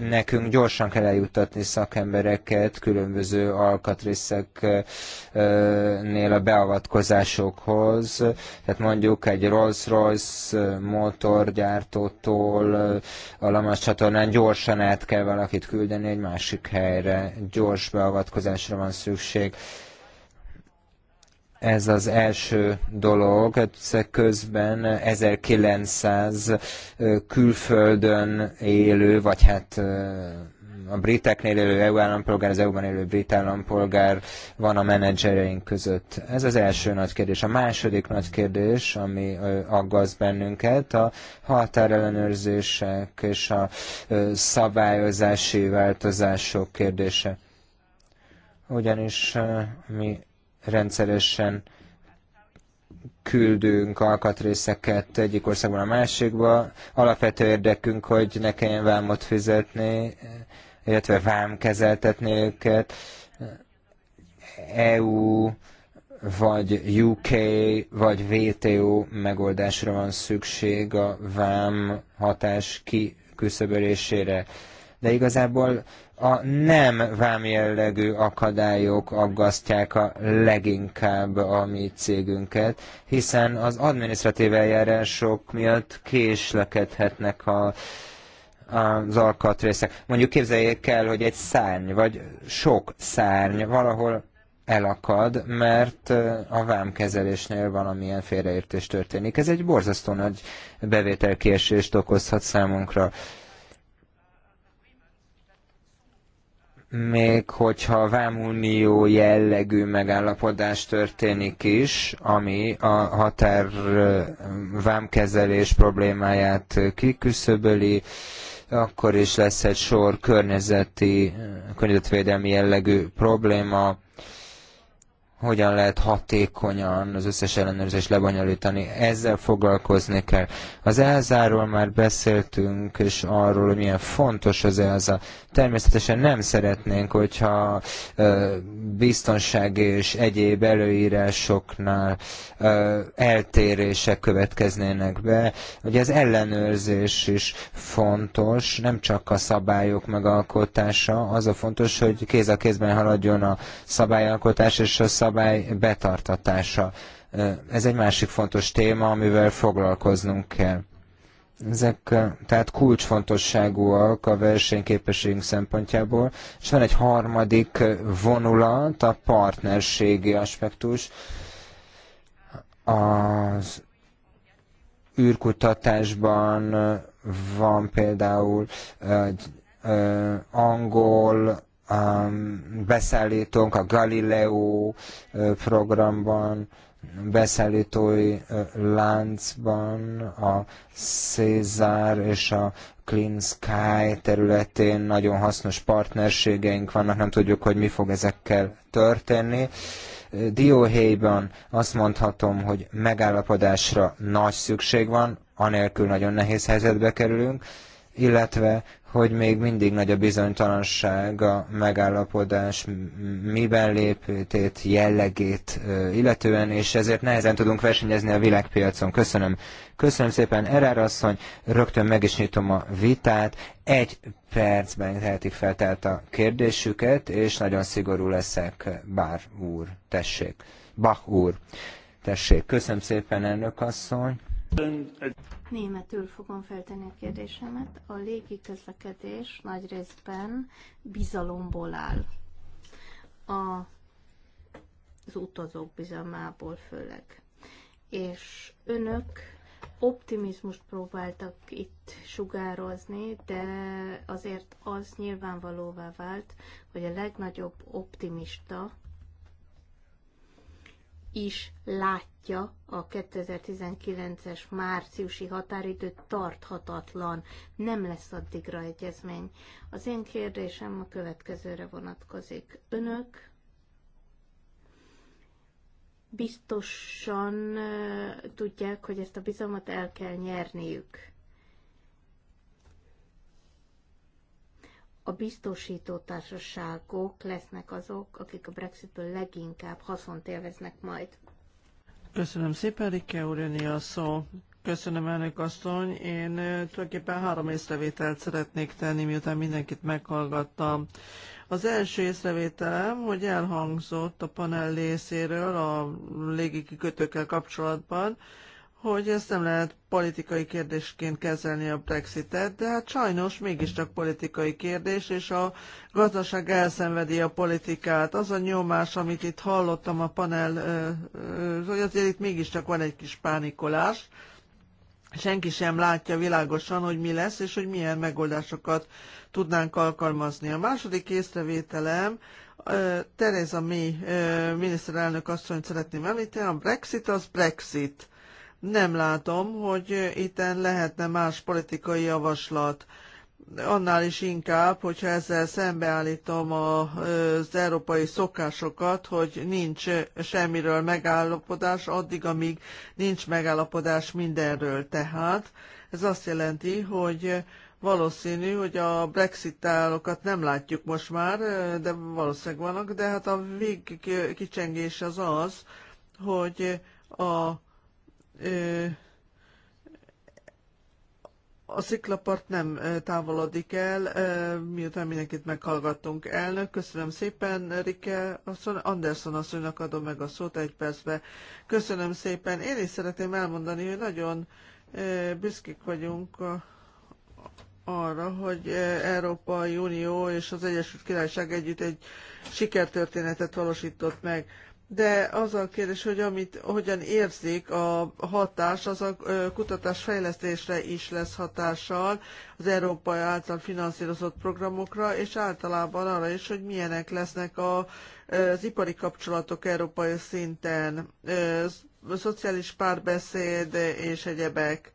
nekünk gyorsan kell eljuttatni szakembereket különböző alkatrészeknél a beavatkozásokhoz. Tehát mondjuk egy Rolls-Royce motorgyártótól a Lamas csatornán gyorsan át kell valakit küldeni egy másik helyre. Gyors beavatkozásra van szükség. Ez az első dolog, közben 1900 külföldön élő, vagy hát a briteknél élő EU állampolgár, az EU-ban élő brit állampolgár van a menedzsereink között. Ez az első nagy kérdés. A második nagy kérdés, ami aggaszt bennünket, a határellenőrzések és a szabályozási változások kérdése. Ugyanis mi rendszeresen küldünk alkatrészeket egyik országban a másikba. Alapvető érdekünk, hogy ne kelljen vámot fizetni, illetve kezeltetni őket. EU vagy UK, vagy WTO megoldásra van szükség a vám hatás kiküszöbölésére. De igazából a nem vámjellegű akadályok aggasztják a leginkább a mi cégünket, hiszen az adminisztratív eljárások miatt késlekedhetnek a, az alkatrészek. Mondjuk képzeljék el, hogy egy szárny, vagy sok szárny valahol elakad, mert a vámkezelésnél valamilyen félreértés történik. Ez egy borzasztó nagy bevételkiesést okozhat számunkra. még hogyha vámunió jellegű megállapodás történik is, ami a határ vámkezelés problémáját kiküszöböli, akkor is lesz egy sor környezeti, környezetvédelmi jellegű probléma, hogyan lehet hatékonyan az összes ellenőrzést lebonyolítani, ezzel foglalkozni kell. Az elzáról már beszéltünk, és arról, hogy milyen fontos az elza. Természetesen nem szeretnénk, hogyha biztonság és egyéb előírásoknál eltérések következnének be. Ugye az ellenőrzés is fontos, nem csak a szabályok megalkotása, az a fontos, hogy kéz a kézben haladjon a szabályalkotás és a szabályok jogszabály betartatása. Ez egy másik fontos téma, amivel foglalkoznunk kell. Ezek tehát kulcsfontosságúak a versenyképességünk szempontjából, és van egy harmadik vonulat, a partnerségi aspektus. Az űrkutatásban van például egy angol Um, beszállítónk a Galileo programban, beszállítói láncban, a Cézár és a Clean Sky területén nagyon hasznos partnerségeink vannak, nem tudjuk, hogy mi fog ezekkel történni. Dióhéjban azt mondhatom, hogy megállapodásra nagy szükség van, anélkül nagyon nehéz helyzetbe kerülünk, illetve hogy még mindig nagy a bizonytalanság a megállapodás miben léptét jellegét illetően, és ezért nehezen tudunk versenyezni a világpiacon. Köszönöm. Köszönöm szépen, Erár asszony. Rögtön meg is nyitom a vitát. Egy percben tehetik fel tehát a kérdésüket, és nagyon szigorú leszek, Bár úr, tessék. Bach úr, tessék. Köszönöm szépen, elnök asszony Németül fogom feltenni a kérdésemet. A légi közlekedés nagy részben bizalomból áll. A, az utazók bizalmából főleg. És önök optimizmust próbáltak itt sugározni, de azért az nyilvánvalóvá vált, hogy a legnagyobb optimista is látja a 2019-es márciusi határidőt tarthatatlan. Nem lesz addigra egyezmény. Az én kérdésem a következőre vonatkozik. Önök biztosan tudják, hogy ezt a bizalmat el kell nyerniük. a biztosító társaságok lesznek azok, akik a Brexitből leginkább haszont élveznek majd. Köszönöm szépen, Rike Uréni a szó. Köszönöm, elnök asszony. Én tulajdonképpen három észrevételt szeretnék tenni, miután mindenkit meghallgattam. Az első észrevételem, hogy elhangzott a panel részéről a légi kikötőkkel kapcsolatban, hogy ezt nem lehet politikai kérdésként kezelni a Brexitet, de hát sajnos mégiscsak politikai kérdés, és a gazdaság elszenvedi a politikát. Az a nyomás, amit itt hallottam a panel, hogy azért itt mégiscsak van egy kis pánikolás, senki sem látja világosan, hogy mi lesz, és hogy milyen megoldásokat tudnánk alkalmazni. A második észrevételem, Tereza May miniszterelnök asszonyt szeretném említeni, a Brexit az Brexit nem látom, hogy itten lehetne más politikai javaslat. Annál is inkább, hogyha ezzel szembeállítom az európai szokásokat, hogy nincs semmiről megállapodás, addig, amíg nincs megállapodás mindenről. Tehát ez azt jelenti, hogy valószínű, hogy a Brexit tálokat nem látjuk most már, de valószínűleg vannak, de hát a vég kicsengés az az, hogy a a sziklapart nem távolodik el, miután mindenkit meghallgattunk. Elnök, köszönöm szépen, Rike, Anderson asszonynak adom meg a szót egy percbe. Köszönöm szépen. Én is szeretném elmondani, hogy nagyon büszkék vagyunk arra, hogy Európai Unió és az Egyesült Királyság együtt egy sikertörténetet valósított meg de az a kérdés, hogy amit, hogyan érzik a hatás, az a kutatás fejlesztésre is lesz hatással az Európai által finanszírozott programokra, és általában arra is, hogy milyenek lesznek a, az ipari kapcsolatok európai szinten, szociális párbeszéd és egyebek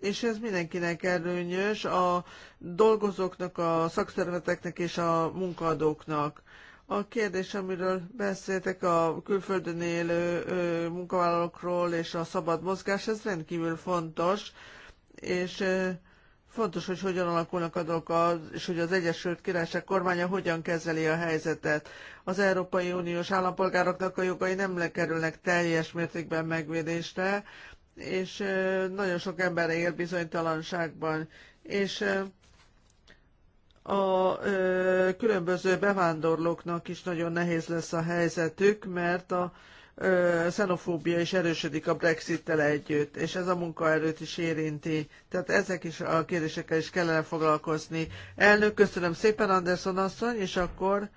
és ez mindenkinek előnyös, a dolgozóknak, a szakszervezeteknek és a munkaadóknak. A kérdés, amiről beszéltek a külföldön élő munkavállalókról és a szabad mozgás, ez rendkívül fontos, és fontos, hogy hogyan alakulnak a dolgok, és hogy az Egyesült Királyság kormánya hogyan kezeli a helyzetet. Az Európai Uniós állampolgároknak a jogai nem lekerülnek teljes mértékben megvédésre, és nagyon sok ember él bizonytalanságban. És a ö, különböző bevándorlóknak is nagyon nehéz lesz a helyzetük, mert a ö, xenofóbia is erősödik a Brexit-tel együtt, és ez a munkaerőt is érinti. Tehát ezek is a kérdésekkel is kellene foglalkozni. Elnök, köszönöm szépen, Anderson asszony, és akkor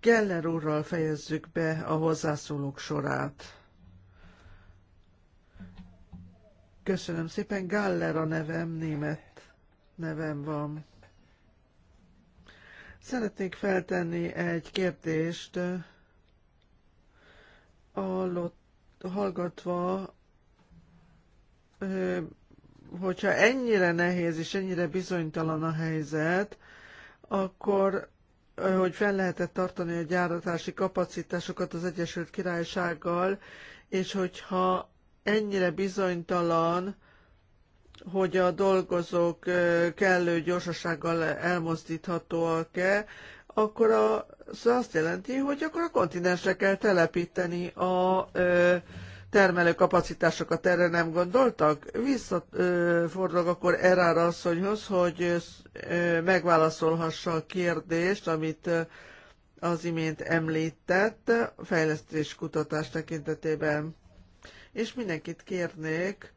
Geller úrral fejezzük be a hozzászólók sorát. Köszönöm szépen, Galler a nevem, német nevem van. Szeretnék feltenni egy kérdést, eh, hallott, hallgatva, eh, hogyha ennyire nehéz és ennyire bizonytalan a helyzet, akkor eh, hogy fel lehetett tartani a gyáratási kapacitásokat az Egyesült Királysággal, és hogyha ennyire bizonytalan hogy a dolgozók kellő gyorsasággal elmozdíthatóak-e, akkor az azt jelenti, hogy akkor a kontinensre kell telepíteni a termelő kapacitásokat Erre nem gondoltak? Visszafordulok akkor Erára asszonyhoz, hogy megválaszolhassa a kérdést, amit az imént említett fejlesztés kutatás tekintetében. És mindenkit kérnék,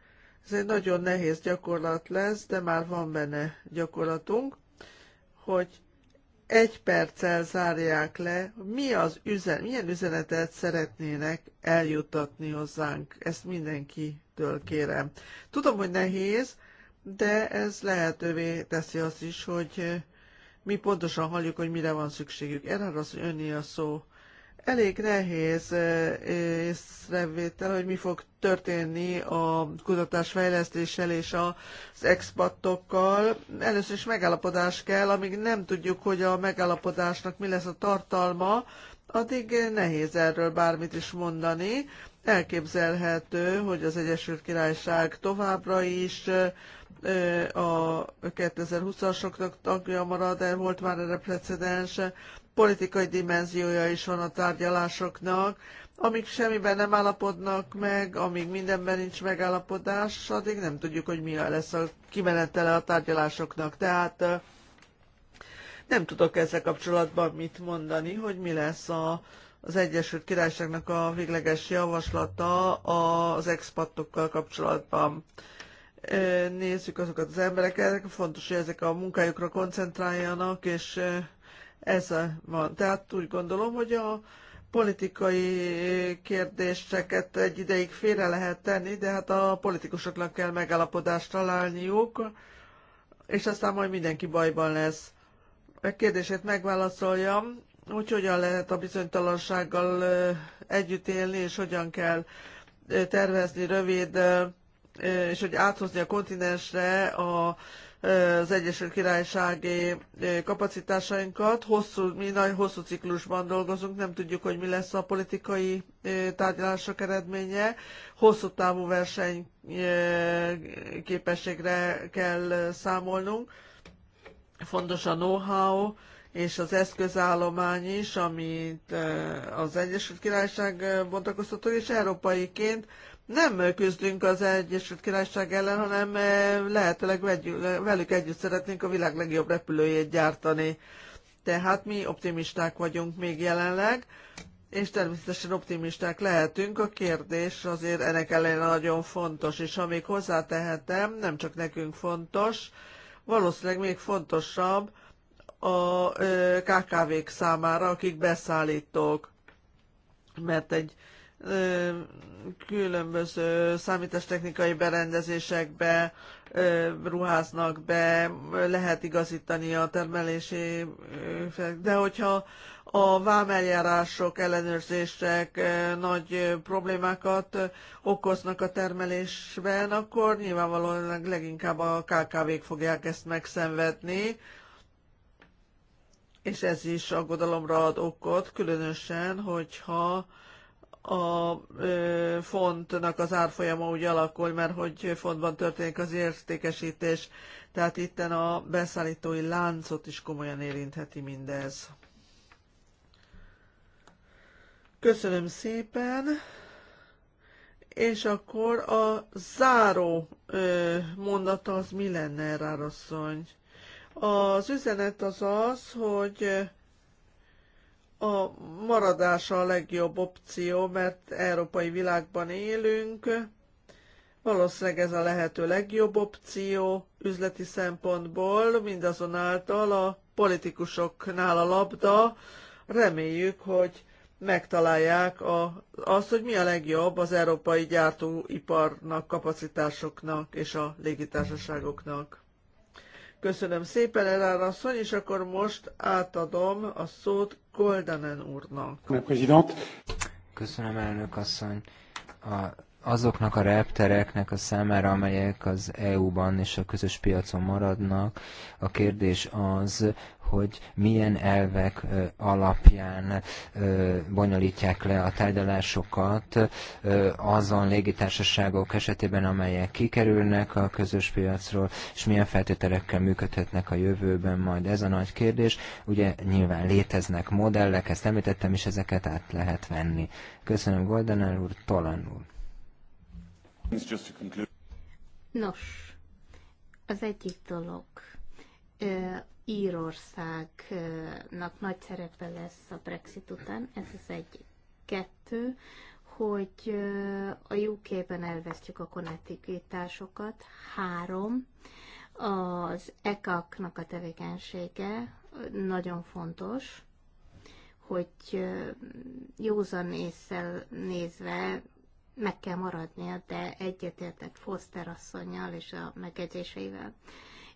ez egy nagyon nehéz gyakorlat lesz, de már van benne gyakorlatunk, hogy egy perccel zárják le, mi az üzen, milyen üzenetet szeretnének eljuttatni hozzánk. Ezt mindenkitől kérem. Tudom, hogy nehéz, de ez lehetővé teszi azt is, hogy mi pontosan halljuk, hogy mire van szükségük. Erre az, hogy önné a szó elég nehéz észrevétel, hogy mi fog történni a kutatás fejlesztéssel és az expatokkal. Először is megállapodás kell, amíg nem tudjuk, hogy a megállapodásnak mi lesz a tartalma, addig nehéz erről bármit is mondani. Elképzelhető, hogy az Egyesült Királyság továbbra is a 2020-asoknak tagja marad, de volt már erre precedens, politikai dimenziója is van a tárgyalásoknak, amíg semmiben nem állapodnak meg, amíg mindenben nincs megállapodás, addig nem tudjuk, hogy mi lesz a kimenetele a tárgyalásoknak. Tehát nem tudok ezzel kapcsolatban mit mondani, hogy mi lesz a, az Egyesült Királyságnak a végleges javaslata az expatokkal kapcsolatban. Nézzük azokat az embereket, fontos, hogy ezek a munkájukra koncentráljanak, és ez van. Tehát úgy gondolom, hogy a politikai kérdéseket egy ideig félre lehet tenni, de hát a politikusoknak kell megállapodást találniuk, és aztán majd mindenki bajban lesz. A e kérdését megválaszoljam, hogy hogyan lehet a bizonytalansággal együtt élni, és hogyan kell tervezni rövid, és hogy áthozni a kontinensre a az Egyesült Királysági kapacitásainkat. Hosszú, mi nagy hosszú ciklusban dolgozunk, nem tudjuk, hogy mi lesz a politikai tárgyalások eredménye. Hosszú távú képességre kell számolnunk. Fontos a know-how, és az eszközállomány is, amit az Egyesült Királyság bontakoztató, és európaiként nem küzdünk az Egyesült Királyság ellen, hanem eh, lehetőleg velük együtt szeretnénk a világ legjobb repülőjét gyártani. Tehát mi optimisták vagyunk még jelenleg, és természetesen optimisták lehetünk. A kérdés azért ennek ellenére nagyon fontos, és amíg hozzátehetem, nem csak nekünk fontos, valószínűleg még fontosabb a eh, KKV-k számára, akik beszállítók. Mert egy eh, különböző számítástechnikai berendezésekbe ruháznak be, lehet igazítani a termelési, de hogyha a vámeljárások, ellenőrzések nagy problémákat okoznak a termelésben, akkor nyilvánvalóan leginkább a KKV-k fogják ezt megszenvedni, és ez is aggodalomra ad okot, különösen, hogyha a ö, fontnak az árfolyama úgy alakul, mert hogy fontban történik az értékesítés, tehát itten a beszállítói láncot is komolyan érintheti mindez. Köszönöm szépen! És akkor a záró ö, mondata az mi lenne, Rárasszony? Az üzenet az az, hogy a maradása a legjobb opció, mert európai világban élünk, valószínűleg ez a lehető legjobb opció üzleti szempontból, mindazonáltal a politikusoknál a labda, reméljük, hogy megtalálják a, azt, hogy mi a legjobb az európai gyártóiparnak, kapacitásoknak és a légitársaságoknak. Köszönöm szépen, Elán asszony, és akkor most átadom a szót Koldanen úrnak. Köszönöm, elnök asszony. A azoknak a reptereknek a számára, amelyek az EU-ban és a közös piacon maradnak, a kérdés az, hogy milyen elvek alapján bonyolítják le a tárgyalásokat azon légitársaságok esetében, amelyek kikerülnek a közös piacról, és milyen feltételekkel működhetnek a jövőben majd. Ez a nagy kérdés. Ugye nyilván léteznek modellek, ezt említettem, és ezeket át lehet venni. Köszönöm Goldener úr, Tolan úr. Nos, az egyik dolog, Írországnak nagy szerepe lesz a Brexit után, ez az egyik. Kettő, hogy a UK-ben elvesztjük a konetikításokat. Három, az ECAC-nak a tevékenysége nagyon fontos, hogy józan észre nézve meg kell maradnia, de egyetértek Foster asszonynal és a megjegyzéseivel.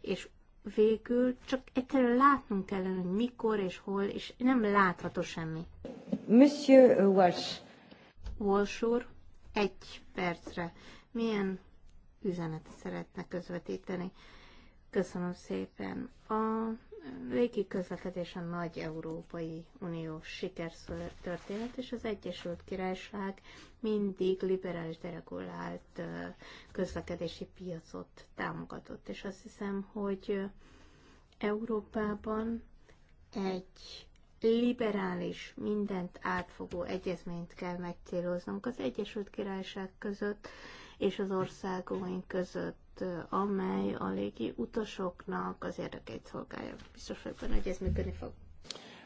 És végül csak egyszerűen látnunk kellene, hogy mikor és hol, és nem látható semmi. Monsieur Walsh. Walsh úr, egy percre. Milyen üzenet szeretne közvetíteni? Köszönöm szépen. A végig közlekedésen a nagy Európai Uniós sikertörténet, és az Egyesült Királyság mindig liberális deregulált közlekedési piacot támogatott, és azt hiszem, hogy Európában egy liberális, mindent átfogó egyezményt kell megcéloznunk az Egyesült Királyság között és az országaink között amely a légi utasoknak az érdekeit szolgálja. Biztos vagyok benne, hogy ez működni fog.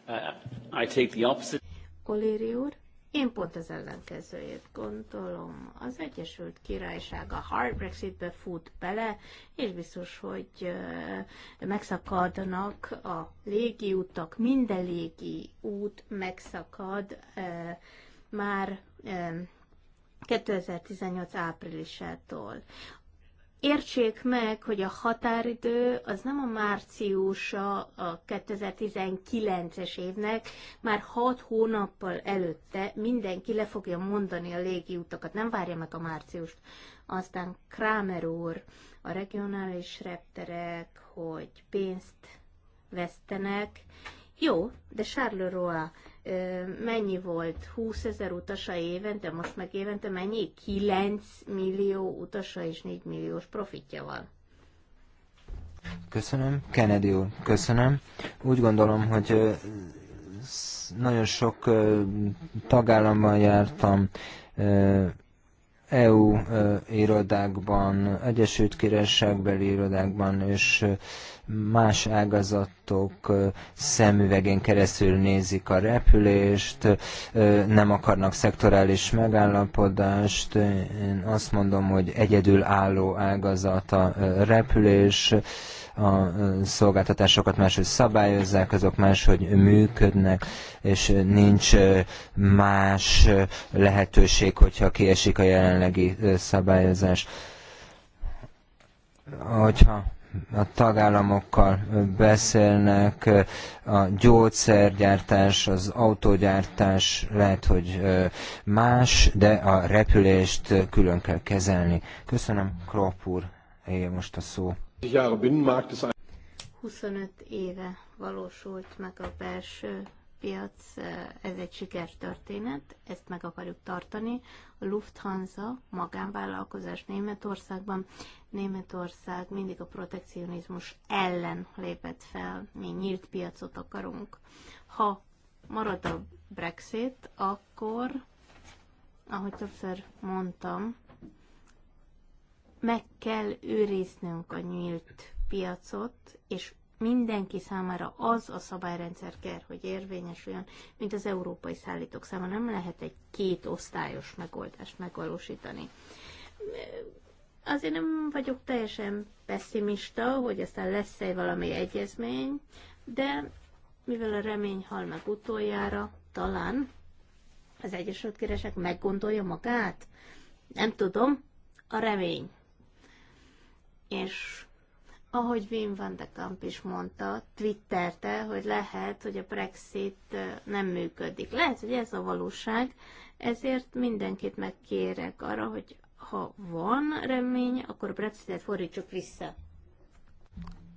Uh, I take the opposite. Oléri úr, én pont az ellenkezőjét gondolom. Az Egyesült Királyság a hard Brexitbe fut bele, és biztos, hogy megszakadnak a légiutak, minden légi út megszakad már 2018 áprilisától értsék meg, hogy a határidő az nem a márciusa a 2019-es évnek, már hat hónappal előtte mindenki le fogja mondani a utakat, nem várja meg a márciust. Aztán Kramer úr, a regionális repterek, hogy pénzt vesztenek. Jó, de Charleroi mennyi volt 20 ezer utasa évente, most meg évente mennyi? 9 millió utasa és 4 milliós profitja van. Köszönöm, Kennedy úr, köszönöm. Úgy gondolom, hogy nagyon sok tagállamban jártam, EU irodákban, Egyesült Királyságbeli irodákban, és más ágazatok szemüvegén keresztül nézik a repülést, nem akarnak szektorális megállapodást. Én azt mondom, hogy egyedülálló ágazat a repülés, a szolgáltatásokat máshogy szabályozzák, azok máshogy működnek, és nincs más lehetőség, hogyha kiesik a jelenlegi szabályozás. Hogyha a tagállamokkal beszélnek, a gyógyszergyártás, az autógyártás lehet, hogy más, de a repülést külön kell kezelni. Köszönöm, Kropp úr, élje most a szó. 25 éve valósult meg a belső piac, eh, ez egy sikertörténet, ezt meg akarjuk tartani. A Lufthansa magánvállalkozás Németországban. Németország mindig a protekcionizmus ellen lépett fel, mi nyílt piacot akarunk. Ha marad a Brexit, akkor, ahogy többször mondtam, meg kell őriznünk a nyílt piacot, és mindenki számára az a szabályrendszer kell, hogy érvényesüljön, mint az európai szállítók számára. Nem lehet egy két osztályos megoldást megvalósítani. Azért nem vagyok teljesen pessimista, hogy aztán lesz egy valami egyezmény, de mivel a remény hal meg utoljára, talán az Egyesült Királyság meggondolja magát. Nem tudom, a remény. És ahogy Wim van de Kamp is mondta, Twitterte, hogy lehet, hogy a Brexit nem működik. Lehet, hogy ez a valóság, ezért mindenkit megkérek arra, hogy ha van remény, akkor a Brexitet fordítsuk vissza.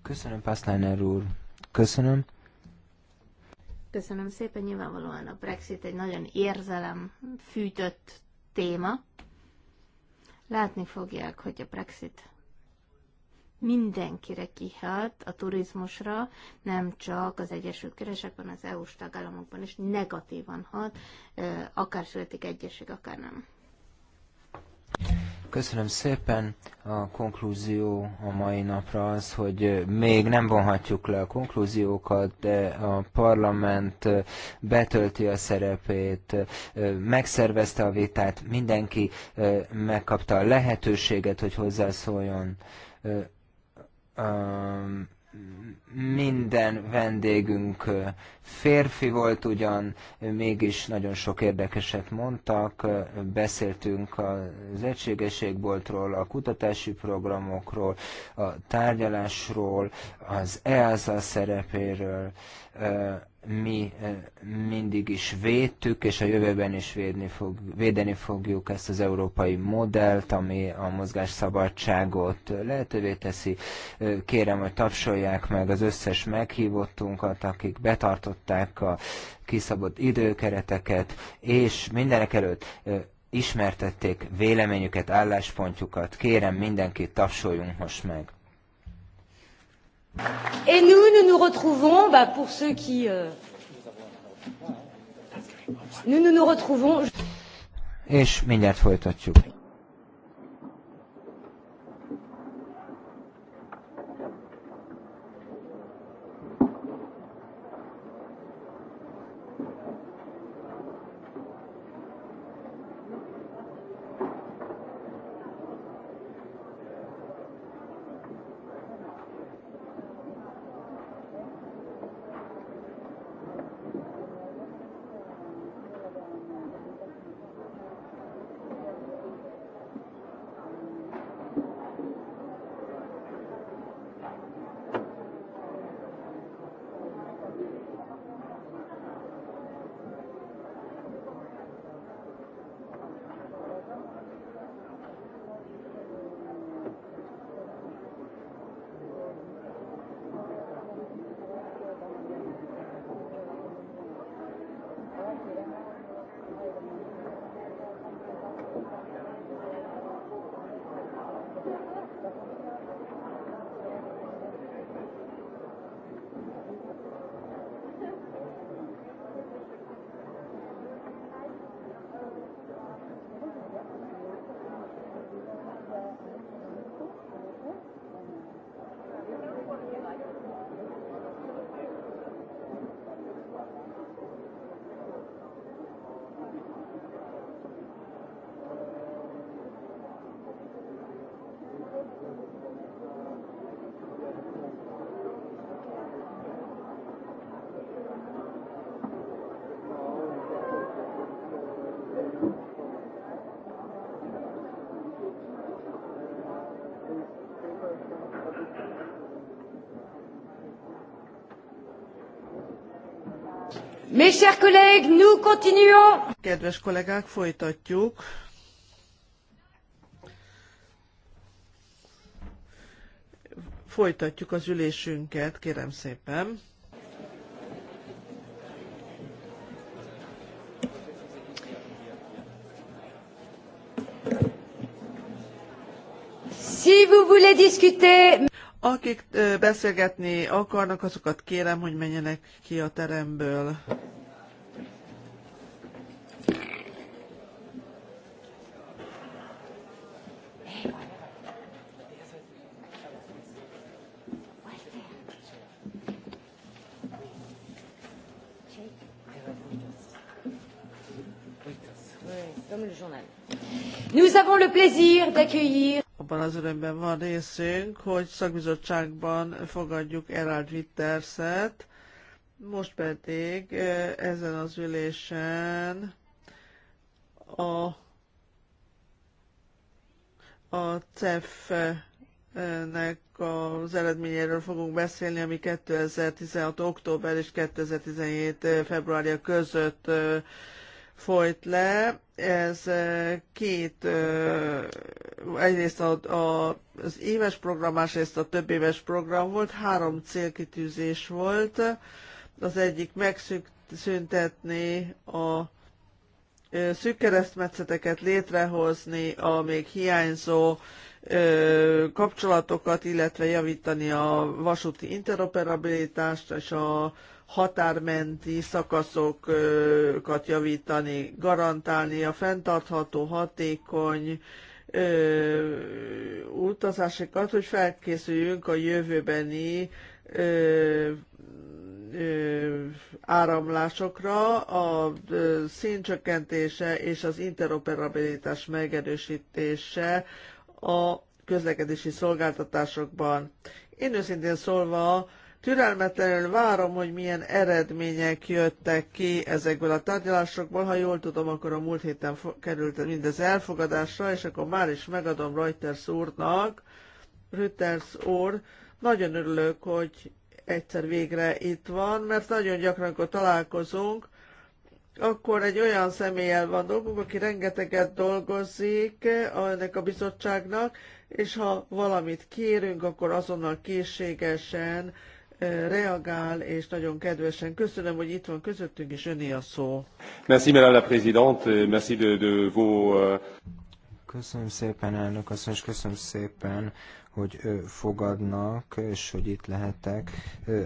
Köszönöm, Pászlányer úr. Köszönöm. Köszönöm szépen. Nyilvánvalóan a Brexit egy nagyon érzelem fűtött téma. Látni fogják, hogy a Brexit mindenkire kihat a turizmusra, nem csak az Egyesült Keresekben, az EU-s tagállamokban is negatívan hat, akár születik egyesség, akár nem. Köszönöm szépen. A konklúzió a mai napra az, hogy még nem vonhatjuk le a konklúziókat, de a parlament betölti a szerepét, megszervezte a vitát, mindenki megkapta a lehetőséget, hogy hozzászóljon minden vendégünk férfi volt ugyan, mégis nagyon sok érdekeset mondtak, beszéltünk az egységességboltról, a kutatási programokról, a tárgyalásról, az EASA szerepéről, mi eh, mindig is védtük, és a jövőben is védeni, fog, védeni fogjuk ezt az európai modellt, ami a mozgásszabadságot lehetővé teszi. Kérem, hogy tapsolják meg az összes meghívottunkat, akik betartották a kiszabott időkereteket, és mindenek előtt ismertették véleményüket, álláspontjukat. Kérem, mindenkit tapsoljunk most meg. Et nous, nous nous retrouvons, bah, pour ceux qui... Euh... Nous, nous nous retrouvons... És mindjárt folytatjuk. chers collègues, nous continuons. Kedves kollégák, folytatjuk. Folytatjuk az ülésünket, kérem szépen. Si vous voulez discuter... Akik beszélgetni akarnak, azokat kérem, hogy menjenek ki a teremből. Abban az örömben van részünk, hogy szakbizottságban fogadjuk Erald Witterset, most pedig ezen az ülésen a, a CEF nek az eredményéről fogunk beszélni, ami 2016. október és 2017. februárja között folyt le ez két, egyrészt a, az éves program, másrészt a több éves program volt, három célkitűzés volt. Az egyik megszüntetni a szűk keresztmetszeteket létrehozni, a még hiányzó kapcsolatokat, illetve javítani a vasúti interoperabilitást és a határmenti szakaszokat javítani, garantálni a fenntartható, hatékony utazásokat, hogy felkészüljünk a jövőbeni áramlásokra, a színcsökkentése és az interoperabilitás megerősítése a közlekedési szolgáltatásokban. Én őszintén szólva Türelmetlenül várom, hogy milyen eredmények jöttek ki ezekből a tárgyalásokból. Ha jól tudom, akkor a múlt héten került mindez elfogadásra, és akkor már is megadom Reuters úrnak, Reuters úr, nagyon örülök, hogy egyszer végre itt van, mert nagyon gyakran, amikor találkozunk, akkor egy olyan személlyel van dolgunk, aki rengeteget dolgozik eh, ennek a bizottságnak, és ha valamit kérünk, akkor azonnal készségesen reagál, és nagyon kedvesen köszönöm, hogy itt van közöttünk, és öné a szó. Merci, Madame la Présidente, merci de, de vos... Euh, Köszönöm szépen, elnök asszony, és köszönöm szépen, hogy fogadnak, és hogy itt lehetek.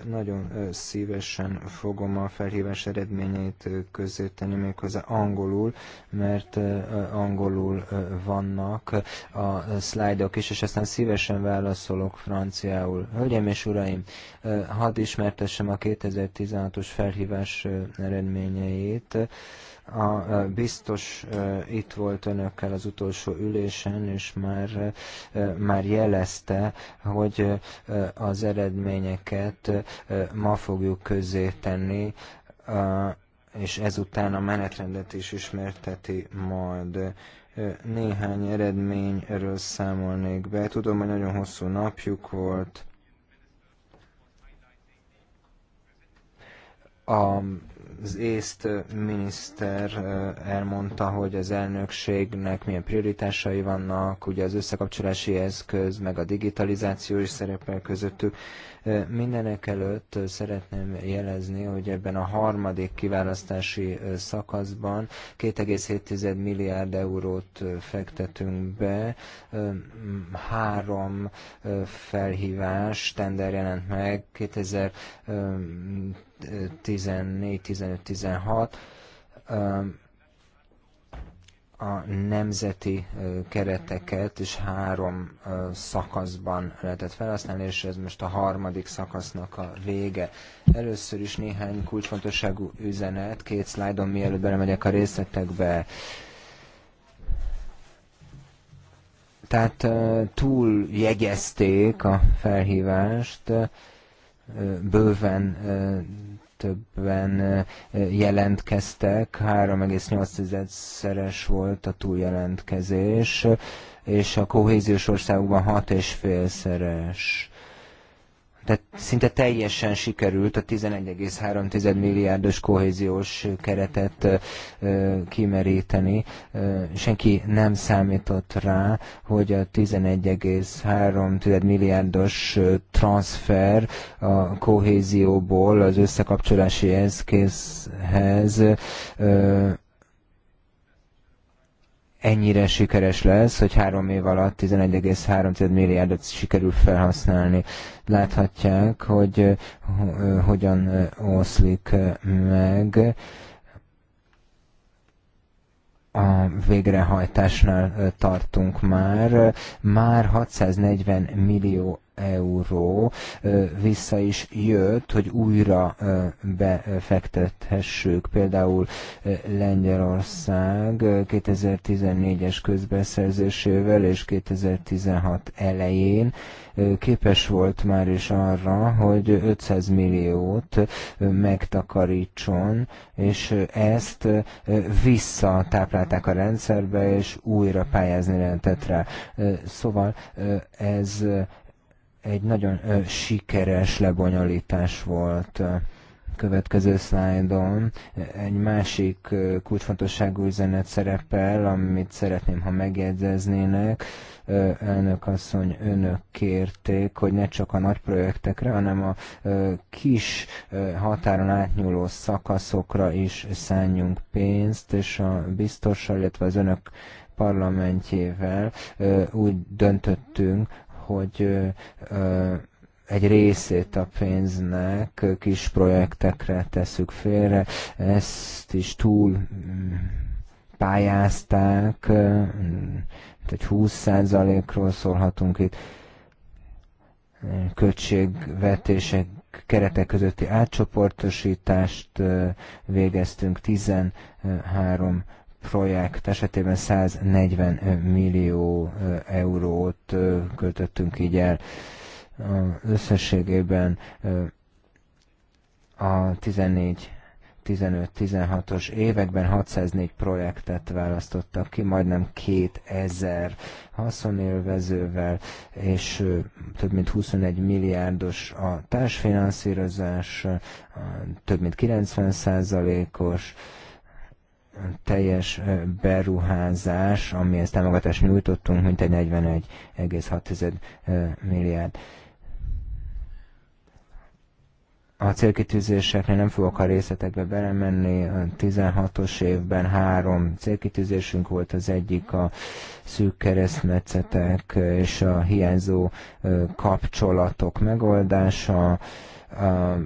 Nagyon szívesen fogom a felhívás eredményeit közé tenni, méghozzá angolul, mert angolul vannak a szlájdok is, és aztán szívesen válaszolok franciául. Hölgyeim és uraim, hadd ismertessem a 2016-os felhívás eredményeit. A e, biztos e, itt volt önökkel az utolsó ülésen, és már, e, már jelezte, hogy az eredményeket ma fogjuk közzé tenni, és ezután a menetrendet is ismerteti majd néhány eredményről számolnék be. Tudom, hogy nagyon hosszú napjuk volt. A az észt miniszter elmondta, hogy az elnökségnek milyen prioritásai vannak, ugye az összekapcsolási eszköz, meg a digitalizáció is szerepel közöttük. Mindenek előtt szeretném jelezni, hogy ebben a harmadik kiválasztási szakaszban 2,7 milliárd eurót fektetünk be, három felhívás, tender jelent meg 2014-15-16, a nemzeti kereteket is három szakaszban lehetett felhasználni, és ez most a harmadik szakasznak a vége. Először is néhány kulcsfontosságú üzenet, két szlájdon mielőtt belemegyek a részletekbe. Tehát túl jegyezték a felhívást, bőven legtöbben jelentkeztek, 3,8-szeres volt a túljelentkezés, és a kohéziós országokban 6,5-szeres tehát szinte teljesen sikerült a 11,3 milliárdos kohéziós keretet kimeríteni. Senki nem számított rá, hogy a 11,3 milliárdos transfer a kohézióból az összekapcsolási eszközhez ennyire sikeres lesz, hogy három év alatt 11,3 milliárdot sikerül felhasználni. Láthatják, hogy eh, eh, hogyan eh, oszlik meg a végrehajtásnál tartunk már. Már 640 millió euró vissza is jött, hogy újra befektethessük. Például Lengyelország 2014-es közbeszerzésével és 2016 elején képes volt már is arra, hogy 500 milliót megtakarítson, és ezt visszatáplálták a rendszerbe, és újra pályázni lehetett rá. Szóval ez egy nagyon ö, sikeres lebonyolítás volt. Következő szlájdon egy másik ö, kulcsfontosságú üzenet szerepel, amit szeretném, ha megjegyzeznének. Ö, elnök asszony, önök kérték, hogy ne csak a nagy projektekre, hanem a ö, kis ö, határon átnyúló szakaszokra is szálljunk pénzt, és a biztossal, illetve az önök parlamentjével úgy döntöttünk, hogy egy részét a pénznek kis projektekre teszük félre, ezt is túl mm, pályázták, egy 20%-ról szólhatunk itt, költségvetések keretek közötti átcsoportosítást végeztünk 13 projekt esetében 140 millió eurót költöttünk így el. Összességében a 14 15-16-os években 604 projektet választottak ki, majdnem 2000 haszonélvezővel, és több mint 21 milliárdos a társfinanszírozás, több mint 90 százalékos, teljes beruházás, amihez támogatást nyújtottunk, egy 41,6 milliárd. A célkitűzéseknél nem fogok a részletekbe belemenni, a 16-os évben három célkitűzésünk volt, az egyik a szűk keresztmetszetek és a hiányzó kapcsolatok megoldása,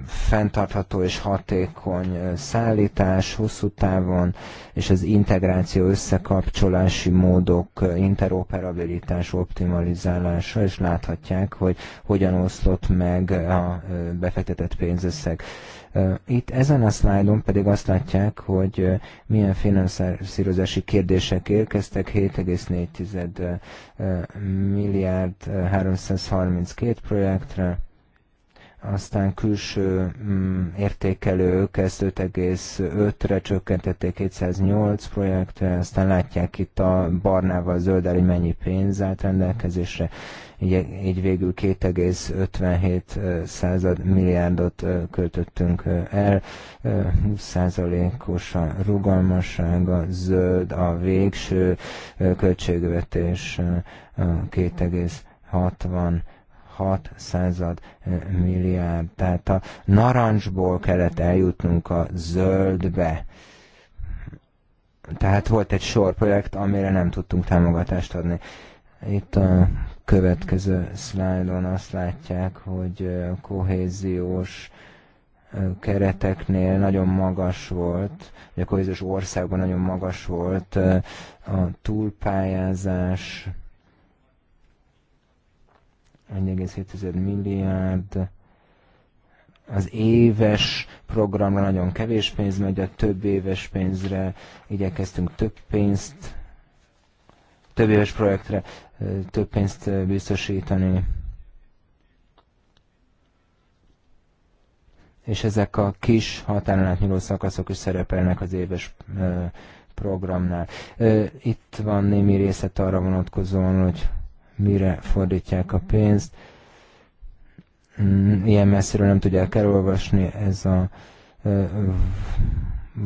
fenntartható és hatékony szállítás hosszú távon, és az integráció összekapcsolási módok, interoperabilitás optimalizálása, és láthatják, hogy hogyan oszlott meg a befektetett pénzösszeg. Itt ezen a szlájdon pedig azt látják, hogy milyen finanszírozási kérdések érkeztek, 7,4 milliárd 332 projektre, aztán külső mm, értékelők ezt 5,5-re csökkentették 208 projektre, aztán látják itt a barnával, zöldel, hogy mennyi pénz állt rendelkezésre, így, így végül 2,57 század milliárdot költöttünk el, 20 os a rugalmasság, a zöld, a végső költségvetés 2,60 6 milliárd. Tehát a narancsból kellett eljutnunk a zöldbe. Tehát volt egy sor projekt, amire nem tudtunk támogatást adni. Itt a következő szlájdon azt látják, hogy kohéziós kereteknél nagyon magas volt, vagy a kohéziós országban nagyon magas volt a túlpályázás, 1,7 milliárd, az éves programra nagyon kevés pénz megy, a több éves pénzre igyekeztünk több pénzt, több éves projektre több pénzt biztosítani. És ezek a kis határon átnyúló szakaszok is szerepelnek az éves programnál. Itt van némi részlet arra vonatkozóan, hogy mire fordítják a pénzt. Mm, ilyen messziről nem tudják elolvasni, ez a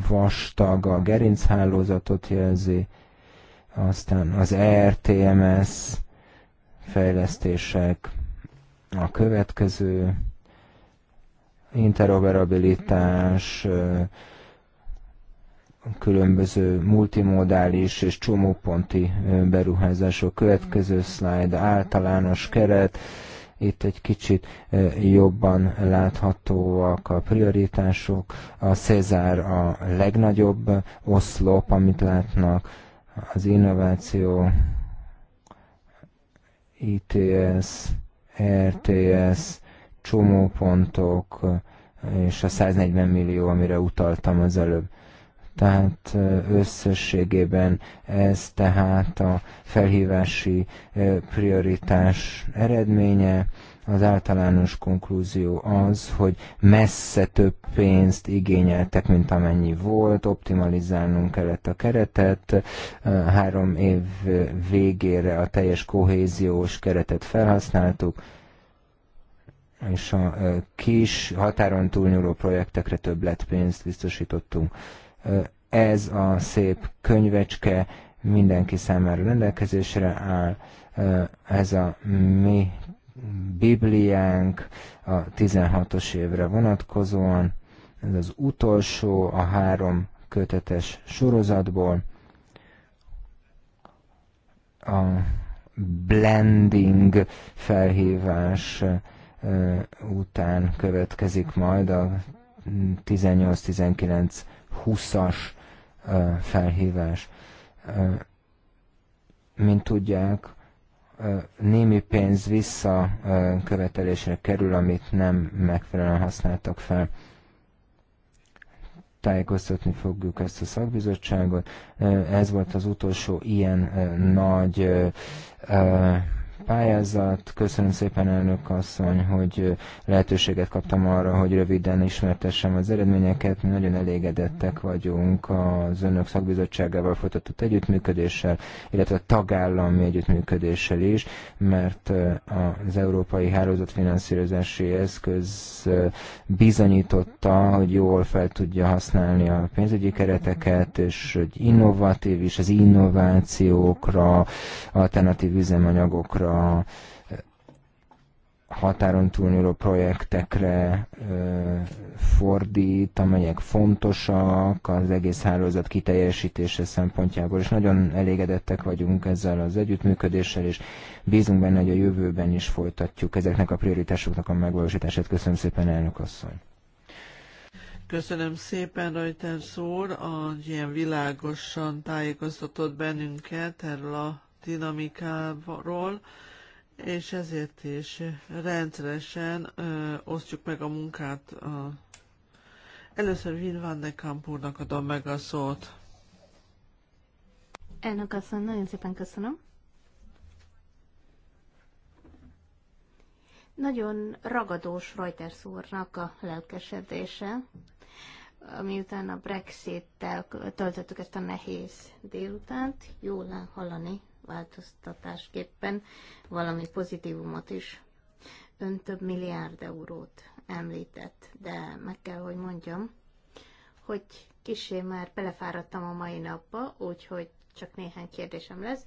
vastag a gerinchálózatot jelzi, aztán az ERTMS fejlesztések, a következő interoperabilitás, különböző multimodális és csomóponti beruházások. Következő szlájd, általános keret, itt egy kicsit jobban láthatóak a prioritások. A Cezár a legnagyobb oszlop, amit látnak, az innováció, ITS, RTS, csomópontok, és a 140 millió, amire utaltam az előbb. Tehát összességében ez tehát a felhívási prioritás eredménye. Az általános konklúzió az, hogy messze több pénzt igényeltek, mint amennyi volt, optimalizálnunk kellett a keretet, három év végére a teljes kohéziós keretet felhasználtuk, és a kis határon túlnyúló projektekre több lett pénzt biztosítottunk. Ez a szép könyvecske mindenki számára rendelkezésre áll. Ez a mi Bibliánk a 16-os évre vonatkozóan. Ez az utolsó a három kötetes sorozatból. A blending felhívás után következik majd a 18-19 20-as felhívás. Mint tudják, némi pénz vissza követelésre kerül, amit nem megfelelően használtak fel. Tájékoztatni fogjuk ezt a szakbizottságot. Ez volt az utolsó ilyen nagy pályázat. Köszönöm szépen, elnök asszony, hogy lehetőséget kaptam arra, hogy röviden ismertessem az eredményeket. Mi nagyon elégedettek vagyunk az önök szakbizottságával folytatott együttműködéssel, illetve a tagállami együttműködéssel is, mert az Európai Hálózatfinanszírozási Eszköz bizonyította, hogy jól fel tudja használni a pénzügyi kereteket, és hogy innovatív is az innovációkra, alternatív üzemanyagokra a határon túlnyúló projektekre ö, fordít, amelyek fontosak az egész hálózat kiteljesítése szempontjából, és nagyon elégedettek vagyunk ezzel az együttműködéssel, és bízunk benne, hogy a jövőben is folytatjuk ezeknek a prioritásoknak a megvalósítását. Köszönöm szépen, elnök asszony! Köszönöm szépen, Reuters úr, hogy ilyen világosan tájékoztatott bennünket erről a dinamikáról, és ezért is rendszeresen ö, osztjuk meg a munkát. A... Először Vin van de Kampurnak adom meg a szót. Elnök asszony, nagyon szépen köszönöm. Nagyon ragadós Reuters úrnak a lelkesedése, miután a Brexit-tel töltöttük ezt a nehéz délutánt, jól hallani változtatásképpen valami pozitívumot is. Ön több milliárd eurót említett, de meg kell, hogy mondjam, hogy kisé már belefáradtam a mai napba, úgyhogy csak néhány kérdésem lesz.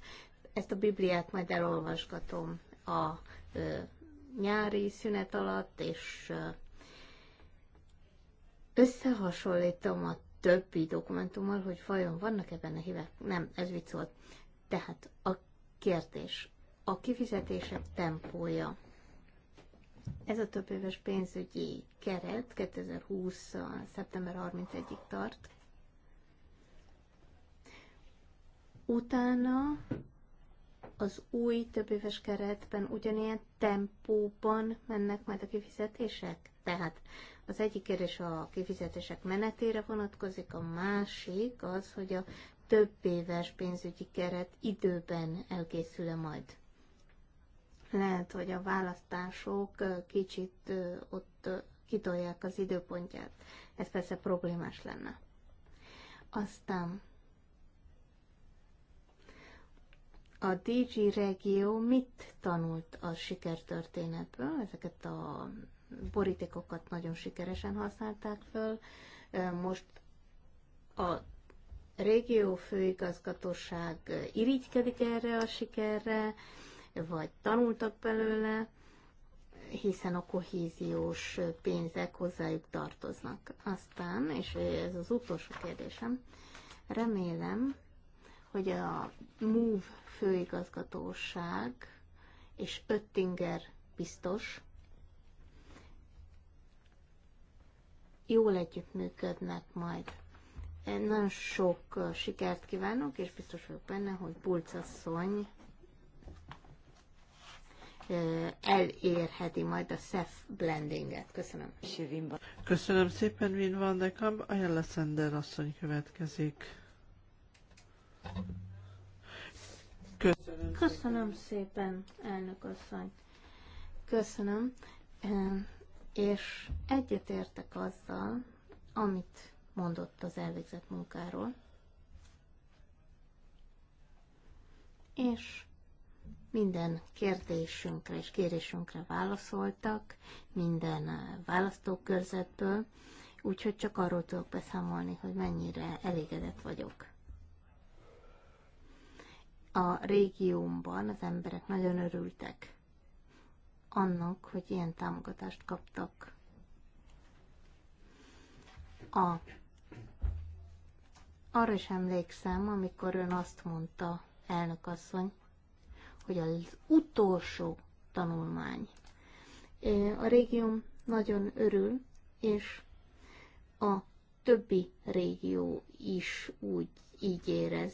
Ezt a Bibliát majd elolvasgatom a ö, nyári szünet alatt, és ö, összehasonlítom a többi dokumentummal, hogy vajon vannak ebben a hívek. Nem, ez vicc volt. Tehát a kérdés, a kifizetések tempója. Ez a több éves pénzügyi keret 2020. szeptember 31-ig tart. Utána az új több éves keretben ugyanilyen tempóban mennek majd a kifizetések? Tehát az egyik kérdés a kifizetések menetére vonatkozik, a másik az, hogy a több éves pénzügyi keret időben elkészül majd. Lehet, hogy a választások kicsit ott kitolják az időpontját. Ez persze problémás lenne. Aztán a DG Regió mit tanult a sikertörténetből? Ezeket a borítékokat nagyon sikeresen használták föl. Most a régió főigazgatóság irigykedik erre a sikerre, vagy tanultak belőle, hiszen a kohéziós pénzek hozzájuk tartoznak. Aztán, és ez az utolsó kérdésem, remélem, hogy a MOVE főigazgatóság és Öttinger biztos jól együttműködnek majd nagyon sok sikert kívánok, és biztos vagyok benne, hogy Bulcasszony elérheti majd a SEF blendinget. Köszönöm. Köszönöm szépen, Vin van de Kamp. Ajánl Szender asszony következik. Köszönöm, Köszönöm szépen. szépen, elnök asszony. Köszönöm. És egyetértek azzal, amit mondott az elvégzett munkáról. És minden kérdésünkre és kérésünkre válaszoltak, minden választókörzetből, úgyhogy csak arról tudok beszámolni, hogy mennyire elégedett vagyok. A régiómban az emberek nagyon örültek annak, hogy ilyen támogatást kaptak. A arra is emlékszem, amikor ön azt mondta, elnökasszony, hogy az utolsó tanulmány. A régióm nagyon örül, és a többi régió is úgy így érez.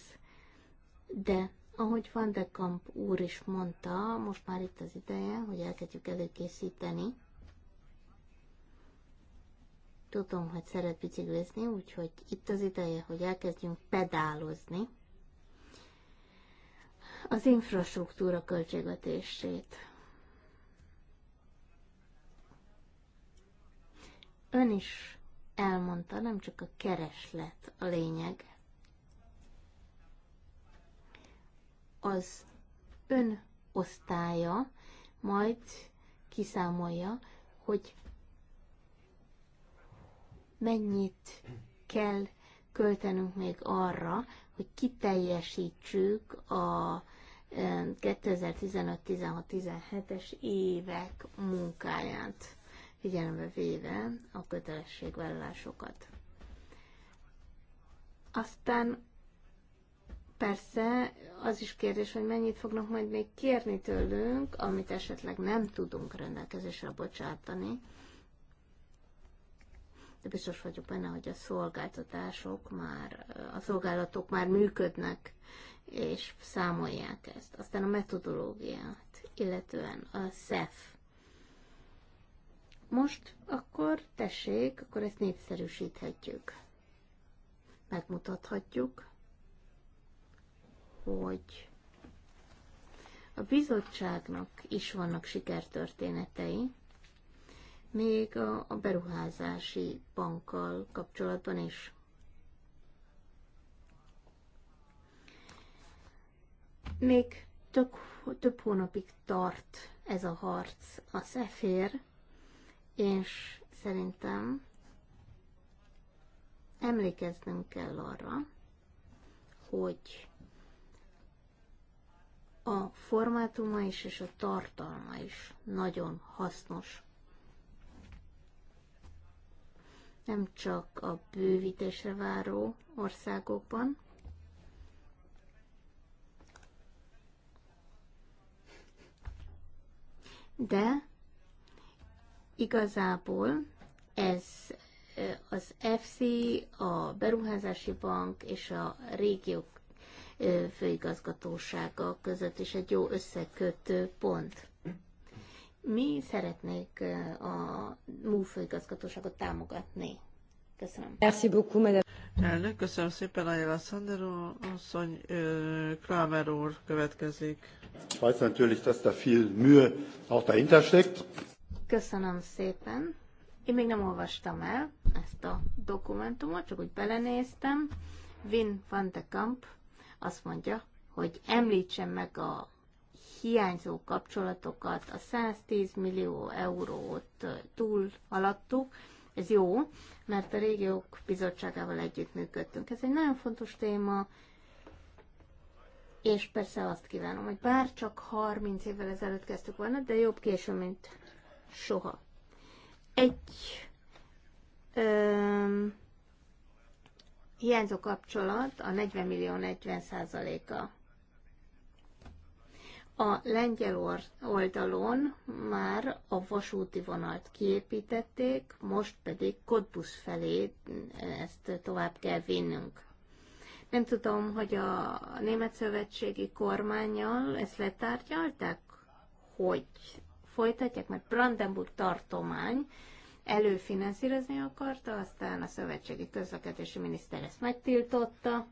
De ahogy Van de Kamp úr is mondta, most már itt az ideje, hogy elkezdjük előkészíteni Tudom, hogy szeret biciklizni, úgyhogy itt az ideje, hogy elkezdjünk pedálozni az infrastruktúra költségvetését. Ön is elmondta, nem csak a kereslet a lényeg. Az ön osztálya majd kiszámolja, hogy mennyit kell költenünk még arra, hogy kiteljesítsük a 2015-16-17-es évek munkáját, figyelembe véve a kötelességvállalásokat. Aztán persze az is kérdés, hogy mennyit fognak majd még kérni tőlünk, amit esetleg nem tudunk rendelkezésre bocsátani, de biztos vagyok benne, hogy a szolgáltatások már, a szolgálatok már működnek, és számolják ezt. Aztán a metodológiát, illetően a SEF. Most akkor tessék, akkor ezt népszerűsíthetjük. Megmutathatjuk, hogy a bizottságnak is vannak sikertörténetei, még a, a beruházási bankkal kapcsolatban is. Még tök, több hónapig tart ez a harc a szefér, és szerintem emlékeznünk kell arra, hogy a formátuma is és a tartalma is nagyon hasznos nem csak a bővítésre váró országokban, de igazából ez az FC, a Beruházási Bank és a régiók főigazgatósága között is egy jó összekötő pont. Mi szeretnék a MU főigazgatóságot támogatni. Köszönöm. Merci beaucoup, madame. Elnök, köszönöm szépen, Ajala Sander asszony, Kramer úr következik. Köszönöm szépen. Én még nem olvastam el ezt a dokumentumot, csak úgy belenéztem. Vin van de Kamp azt mondja, hogy említsen meg a hiányzó kapcsolatokat, a 110 millió eurót túl haladtuk, ez jó, mert a régiók bizottságával együttműködtünk. Ez egy nagyon fontos téma, és persze azt kívánom, hogy bár csak 30 évvel ezelőtt kezdtük volna, de jobb késő, mint soha. Egy öm, hiányzó kapcsolat a 40 millió 40 százaléka a lengyel oldalon már a vasúti vonalt kiépítették, most pedig Kodbusz felé e, ezt tovább kell vinnünk. Nem tudom, hogy a német szövetségi kormányjal ezt letárgyalták, hogy folytatják, mert Brandenburg tartomány előfinanszírozni akarta, aztán a szövetségi közlekedési miniszter ezt megtiltotta,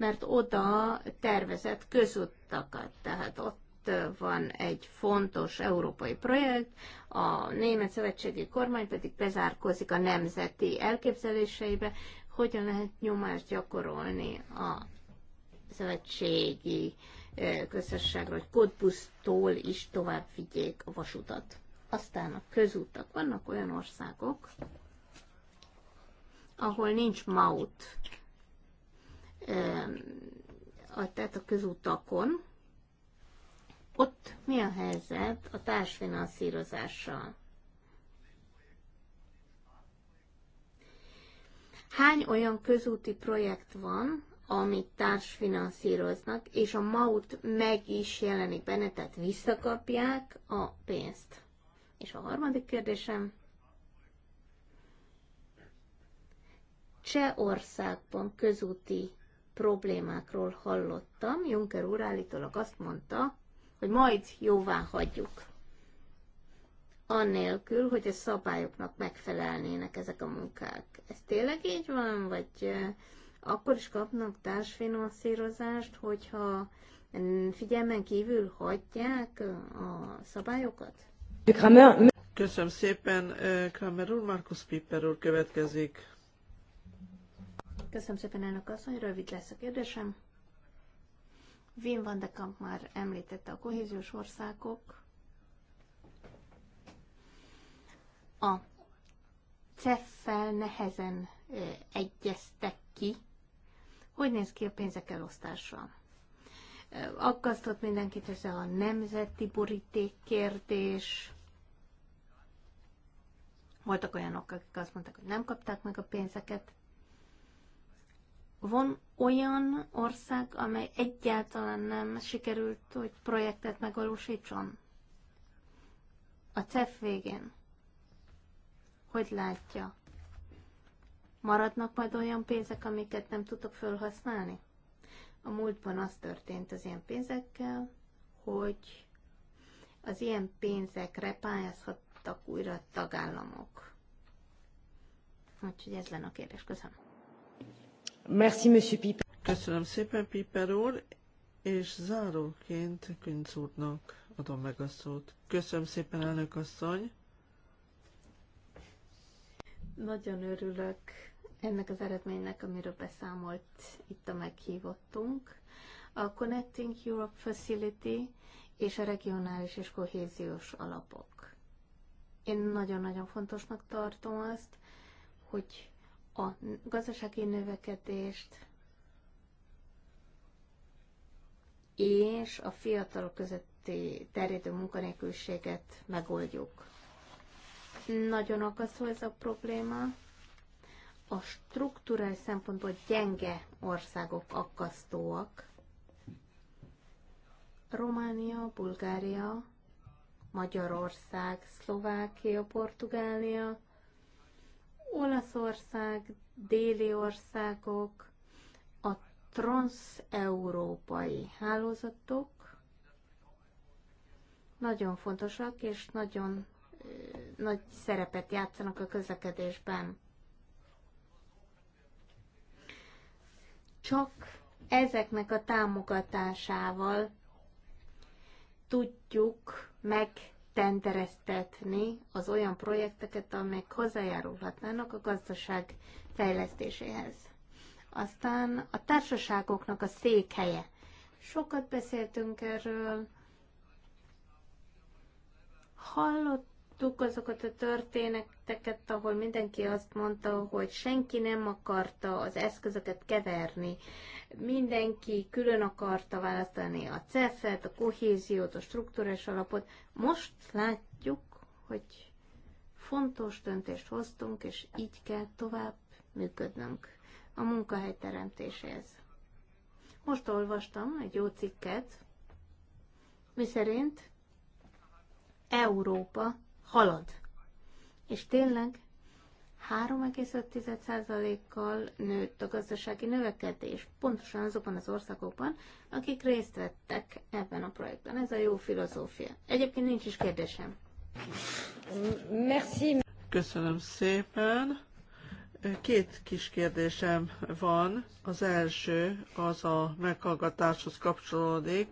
mert oda tervezett közuttakat, tehát ott van egy fontos európai projekt, a Német Szövetségi Kormány pedig bezárkozik a nemzeti elképzeléseibe, hogyan lehet nyomást gyakorolni a szövetségi közösségre, hogy Kodbusztól is tovább vigyék a vasutat. Aztán a közútak. Vannak olyan országok, ahol nincs maut, a, tehát a közutakon, ott mi a helyzet a társfinanszírozással? Hány olyan közúti projekt van, amit társfinanszíroznak, és a MAUT meg is jelenik benne, tehát visszakapják a pénzt? És a harmadik kérdésem, Csehországban közúti problémákról hallottam. Juncker úr állítólag azt mondta, hogy majd jóvá hagyjuk. Annélkül, hogy a szabályoknak megfelelnének ezek a munkák. Ez tényleg így van, vagy akkor is kapnak társfinanszírozást, hogyha figyelmen kívül hagyják a szabályokat? Köszönöm szépen, Kramer úr, Markus Piper úr következik. Köszönöm szépen, elnök asszony, rövid lesz a kérdésem. Wim van de Kamp már említette a kohéziós országok. A CEF-fel nehezen egyeztek ki. Hogy néz ki a pénzek elosztása? Akasztott mindenkit ez a nemzeti boríték kérdés. Voltak olyanok, akik azt mondták, hogy nem kapták meg a pénzeket van olyan ország, amely egyáltalán nem sikerült, hogy projektet megvalósítson? A CEF végén. Hogy látja? Maradnak majd olyan pénzek, amiket nem tudok felhasználni? A múltban az történt az ilyen pénzekkel, hogy az ilyen pénzekre pályázhattak újra tagállamok. Úgyhogy ez lenne a kérdés. Köszönöm. Merci, Monsieur Piper. Köszönöm szépen, Piper úr, és záróként Künc úrnak adom meg a szót. Köszönöm szépen, elnök asszony. Nagyon örülök ennek az eredménynek, amiről beszámolt itt a meghívottunk. A Connecting Europe Facility és a regionális és kohéziós alapok. Én nagyon-nagyon fontosnak tartom azt, hogy a gazdasági növekedést és a fiatalok közötti terjedő munkanélküliséget megoldjuk. Nagyon akaszó ez a probléma. A struktúrai szempontból gyenge országok akasztóak: Románia, Bulgária, Magyarország, Szlovákia, Portugália, Olaszország, déli országok, a transeurópai hálózatok nagyon fontosak, és nagyon nagy szerepet játszanak a közlekedésben. Csak ezeknek a támogatásával tudjuk meg tendereztetni az olyan projekteket, amelyek hozzájárulhatnának a gazdaság fejlesztéséhez. Aztán a társaságoknak a székhelye. Sokat beszéltünk erről, hallottuk azokat a történeteket, ahol mindenki azt mondta, hogy senki nem akarta az eszközöket keverni, mindenki külön akarta választani a CEF-et, a kohéziót, a struktúrás alapot. Most látjuk, hogy fontos döntést hoztunk, és így kell tovább működnünk a munkahely teremtéséhez. Most olvastam egy jó cikket, miszerint Európa halad. És tényleg 3,5%-kal nőtt a gazdasági növekedés, pontosan azokban az országokban, akik részt vettek ebben a projektben. Ez a jó filozófia. Egyébként nincs is kérdésem. Merci. Köszönöm szépen. Két kis kérdésem van. Az első az a meghallgatáshoz kapcsolódik.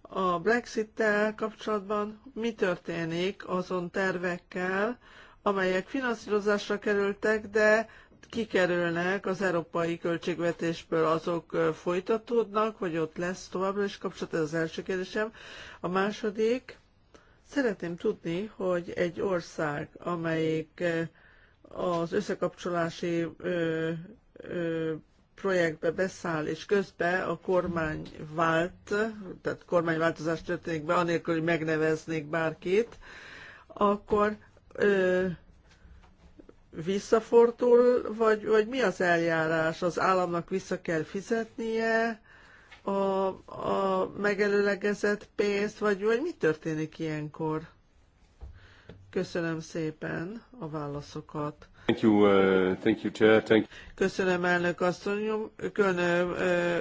A Brexit-tel kapcsolatban mi történik azon tervekkel, amelyek finanszírozásra kerültek, de kikerülnek az európai költségvetésből, azok folytatódnak, vagy ott lesz továbbra is kapcsolat, ez az első kérdésem. A második, szeretném tudni, hogy egy ország, amelyik az összekapcsolási ö, ö, projektbe beszáll, és közben a kormány vált, tehát kormányváltozás történik be, anélkül, hogy megneveznék bárkit, akkor ö, visszafordul, vagy, vagy mi az eljárás? Az államnak vissza kell fizetnie a, a megelőlegezett pénzt, vagy, vagy mi történik ilyenkor? Köszönöm szépen a válaszokat. Uh, köszönöm, elnök asszony. Köszönöm,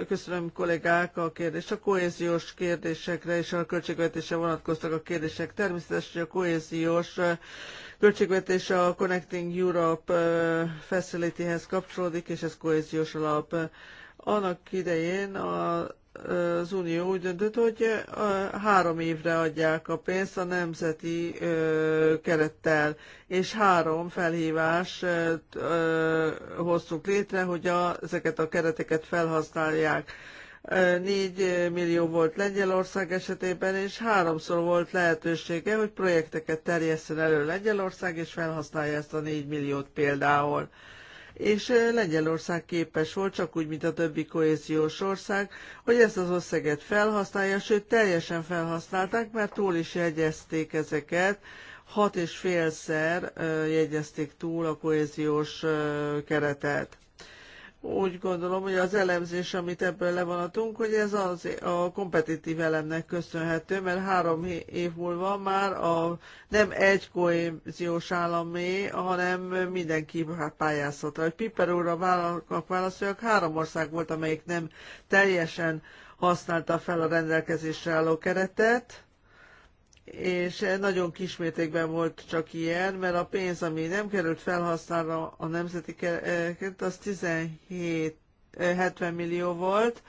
köszönöm kollégák a kérdést. A kohéziós kérdésekre és a költségvetésre vonatkoztak a kérdések. Természetesen a kohéziós költségvetés a Connecting Europe Facilityhez kapcsolódik, és ez kohéziós alap. Annak idején a az Unió úgy döntött, hogy három évre adják a pénzt a nemzeti kerettel, és három felhívás hoztuk létre, hogy a, ezeket a kereteket felhasználják. 4 millió volt Lengyelország esetében, és háromszor volt lehetősége, hogy projekteket terjesszen elő Lengyelország, és felhasználja ezt a 4 milliót például és Lengyelország képes volt, csak úgy, mint a többi kohéziós ország, hogy ezt az összeget felhasználja, sőt teljesen felhasználták, mert túl is jegyezték ezeket, hat és félszer jegyezték túl a kohéziós keretet úgy gondolom, hogy az elemzés, amit ebből levonatunk, hogy ez az a kompetitív elemnek köszönhető, mert három év múlva már a, nem egy kohéziós államé, hanem mindenki hát pályázhat. Hogy Piper úrra vállalkak válaszoljak, három ország volt, amelyik nem teljesen használta fel a rendelkezésre álló keretet, és nagyon kismértékben volt csak ilyen, mert a pénz, ami nem került felhasználva a nemzeti eh, keret, az 17, 70 eh, millió volt,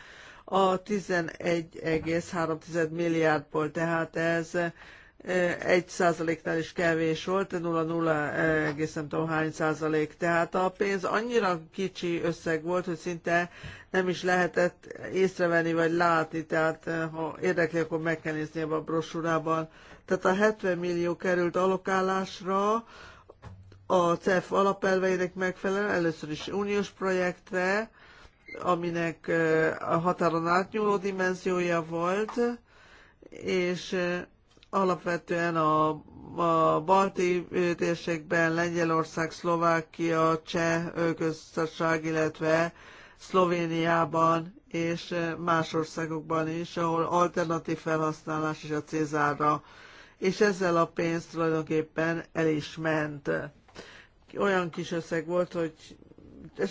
a 11,3 milliárdból, tehát ez egy százaléknál is kevés volt, 0,0 egész nem tudom hány százalék. Tehát a pénz annyira kicsi összeg volt, hogy szinte nem is lehetett észrevenni vagy látni, tehát eh, ha érdekli, akkor meg kell nézni ebben a brosúrában. Tehát a 70 millió került alokálásra, a CEF alapelveinek megfelelően, először is uniós projektre, aminek eh, a határon átnyúló dimenziója volt, és eh, alapvetően a, a balti térségben Lengyelország, Szlovákia, Cseh köztársaság, illetve Szlovéniában és más országokban is, ahol alternatív felhasználás is a Cézárra, és ezzel a pénz tulajdonképpen el is ment. Olyan kis összeg volt, hogy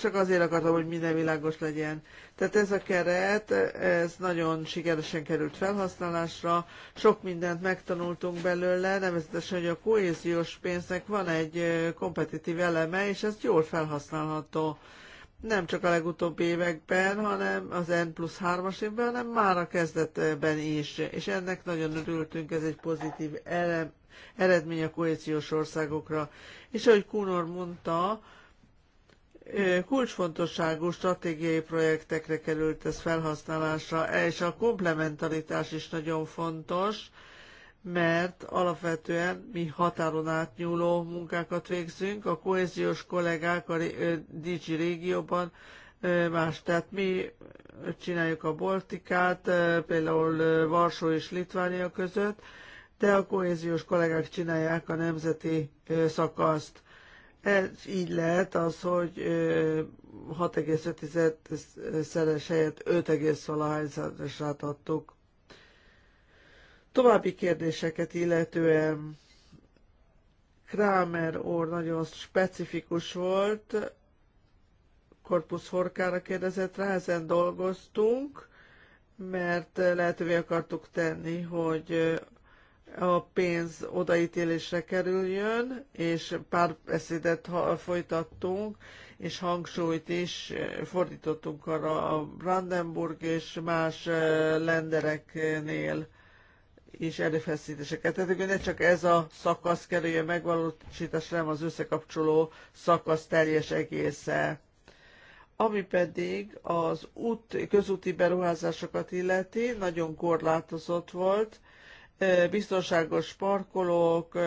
csak azért akartam, hogy minden világos legyen. Tehát ez a keret, ez nagyon sikeresen került felhasználásra, sok mindent megtanultunk belőle, nevezetesen, hogy a kohéziós pénznek van egy kompetitív eleme, és ez jól felhasználható. Nem csak a legutóbbi években, hanem az N plusz 3-as évben, hanem már a kezdetben is. És ennek nagyon örültünk, ez egy pozitív elem, eredmény a kohéziós országokra. És ahogy Kunor mondta, kulcsfontosságú stratégiai projektekre került ez felhasználásra, és a komplementaritás is nagyon fontos, mert alapvetően mi határon átnyúló munkákat végzünk, a kohéziós kollégák a DG régióban más, tehát mi csináljuk a Baltikát, például Varsó és Litvánia között, de a kohéziós kollégák csinálják a nemzeti szakaszt. Ez így lehet az, hogy 6,5-szeres helyett 5,5-szeresát adtuk. További kérdéseket illetően Kramer orr nagyon specifikus volt, korpusz horkára kérdezett rá, ezen dolgoztunk, mert lehetővé akartuk tenni, hogy a pénz odaítélésre kerüljön, és pár beszédet folytattunk, és hangsúlyt is fordítottunk arra a Brandenburg és más eh, lendereknél is erőfeszítéseket. Tehát hogy ne csak ez a szakasz kerüljön megvalósításra, hanem az összekapcsoló szakasz teljes egésze. Ami pedig az út, közúti beruházásokat illeti, nagyon korlátozott volt, biztonságos parkolók,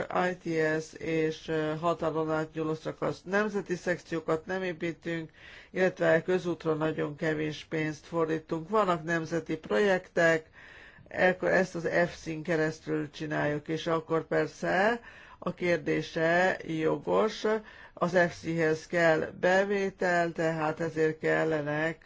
ITS és határon átnyúló szakasz. Nemzeti szekciókat nem építünk, illetve közútra nagyon kevés pénzt fordítunk. Vannak nemzeti projektek, ezt az F szín keresztül csináljuk, és akkor persze a kérdése jogos, az FC-hez kell bevétel, tehát ezért kellenek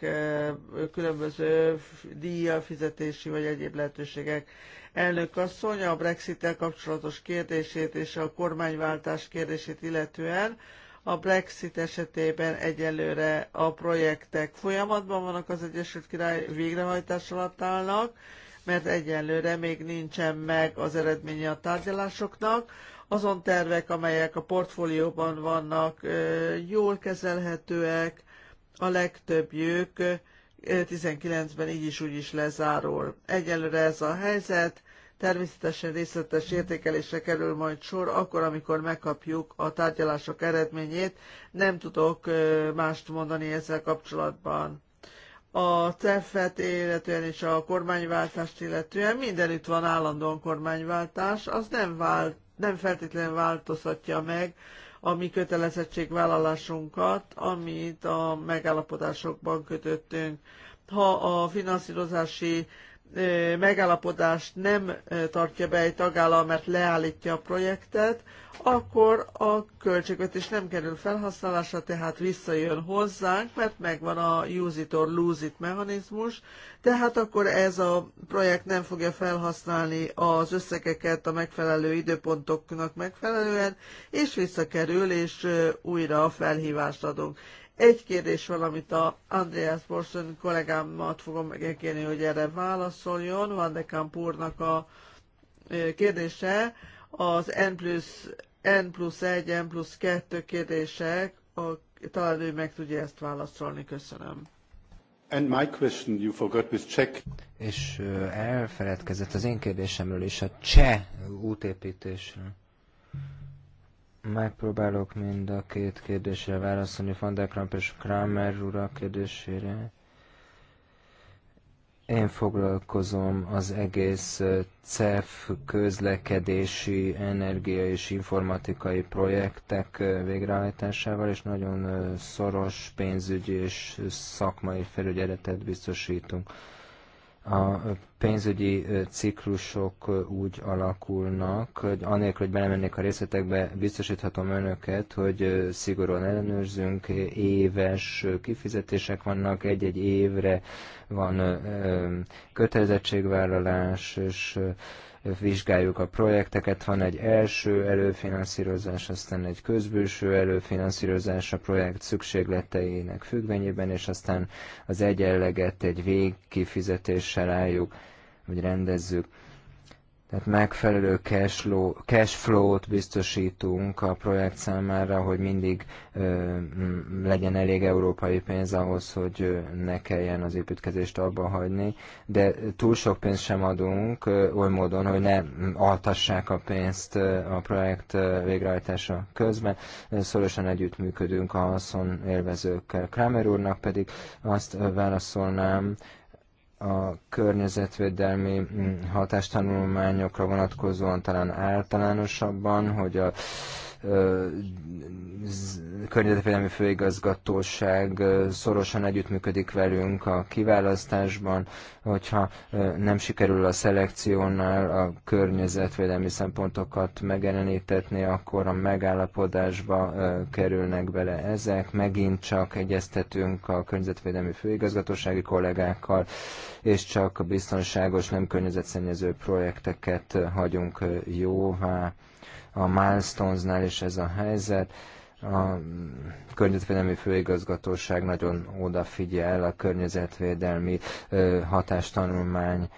különböző díja, fizetési vagy egyéb lehetőségek. Elnök asszony a Brexit-tel kapcsolatos kérdését és a kormányváltás kérdését illetően a Brexit esetében egyelőre a projektek folyamatban vannak, az Egyesült Király végrehajtás alatt állnak, mert egyelőre még nincsen meg az eredménye a tárgyalásoknak. Azon tervek, amelyek a portfólióban vannak, jól kezelhetőek, a legtöbbjük 19-ben így is úgy is lezárul. Egyelőre ez a helyzet, természetesen részletes értékelésre kerül majd sor, akkor, amikor megkapjuk a tárgyalások eredményét, nem tudok mást mondani ezzel kapcsolatban. A CEF-et illetően és a kormányváltást illetően mindenütt van állandóan kormányváltás, az nem vált nem feltétlenül változtatja meg a mi kötelezettségvállalásunkat, amit a megállapodásokban kötöttünk. Ha a finanszírozási megállapodást nem tartja be egy tagállam, mert leállítja a projektet, akkor a költségvetés nem kerül felhasználásra, tehát visszajön hozzánk, mert megvan a use it or lose it mechanizmus, tehát akkor ez a projekt nem fogja felhasználni az összegeket a megfelelő időpontoknak megfelelően, és visszakerül, és újra felhívást adunk. Egy kérdés van, amit a Andreas Borson kollégámat fogom megkérni, hogy erre válaszoljon. Van de Kampurnak a kérdése. Az N plusz, N plusz 1, N plusz 2 kérdések, a, talán ő meg tudja ezt válaszolni. Köszönöm. And my question, you forgot with Czech. És elfeledkezett az én kérdésemről is a cseh útépítésről. Megpróbálok mind a két kérdésre válaszolni, Van der Kramp és Kramer urak kérdésére. Én foglalkozom az egész CEF közlekedési, energia és informatikai projektek végrehajtásával, és nagyon szoros pénzügyi és szakmai felügyeletet biztosítunk a pénzügyi ciklusok úgy alakulnak, hogy anélkül, hogy belemennék a részletekbe, biztosíthatom önöket, hogy szigorúan ellenőrzünk, éves kifizetések vannak, egy-egy évre van kötelezettségvállalás, és vizsgáljuk a projekteket, van egy első előfinanszírozás, aztán egy közbőső előfinanszírozás a projekt szükségleteinek függvényében, és aztán az egyenleget egy végkifizetéssel álljuk, vagy rendezzük. Tehát megfelelő cash flow, t biztosítunk a projekt számára, hogy mindig ö, legyen elég európai pénz ahhoz, hogy ne kelljen az építkezést abba hagyni, de túl sok pénzt sem adunk ö, oly módon, hogy ne altassák a pénzt a projekt végrehajtása közben. Szorosan együttműködünk a haszon élvezőkkel. Kramer úrnak pedig azt válaszolnám, a környezetvédelmi mm, hatástanulmányokra vonatkozóan talán általánosabban, hogy a környezetvédelmi főigazgatóság szorosan együttműködik velünk a kiválasztásban, hogyha nem sikerül a szelekciónál a környezetvédelmi szempontokat megjelenítetni, akkor a megállapodásba kerülnek bele ezek. Megint csak egyeztetünk a környezetvédelmi főigazgatósági kollégákkal, és csak a biztonságos, nem környezetszennyező projekteket hagyunk jóvá a Milestones-nál is ez a helyzet. A környezetvédelmi főigazgatóság nagyon odafigyel a környezetvédelmi hatástanulmány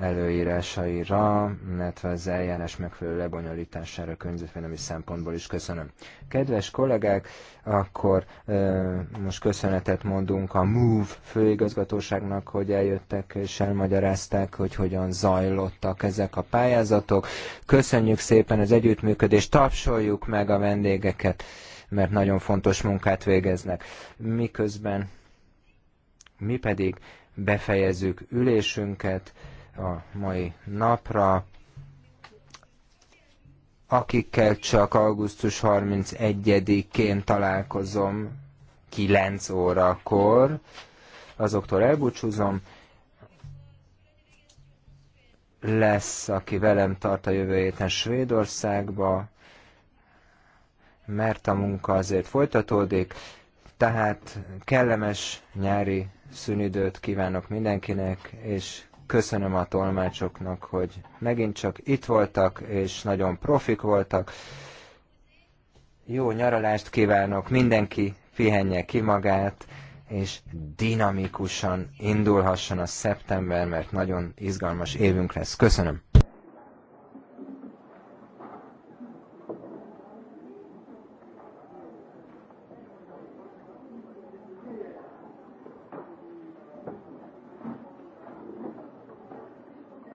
előírásaira, illetve az eljárás megfelelő lebonyolítására környezetvédelmi szempontból is köszönöm. Kedves kollégák, akkor most köszönetet mondunk a MOVE főigazgatóságnak, hogy eljöttek és elmagyarázták, hogy hogyan zajlottak ezek a pályázatok. Köszönjük szépen az együttműködést, tapsoljuk meg a vendégeket, mert nagyon fontos munkát végeznek. Miközben mi pedig befejezzük ülésünket a mai napra. Akikkel csak augusztus 31-én találkozom 9 órakor, azoktól elbúcsúzom. Lesz, aki velem tart a jövő héten Svédországba, mert a munka azért folytatódik, tehát kellemes nyári szünidőt kívánok mindenkinek, és köszönöm a tolmácsoknak, hogy megint csak itt voltak, és nagyon profik voltak. Jó nyaralást kívánok, mindenki pihenje ki magát, és dinamikusan indulhasson a szeptember, mert nagyon izgalmas évünk lesz. Köszönöm!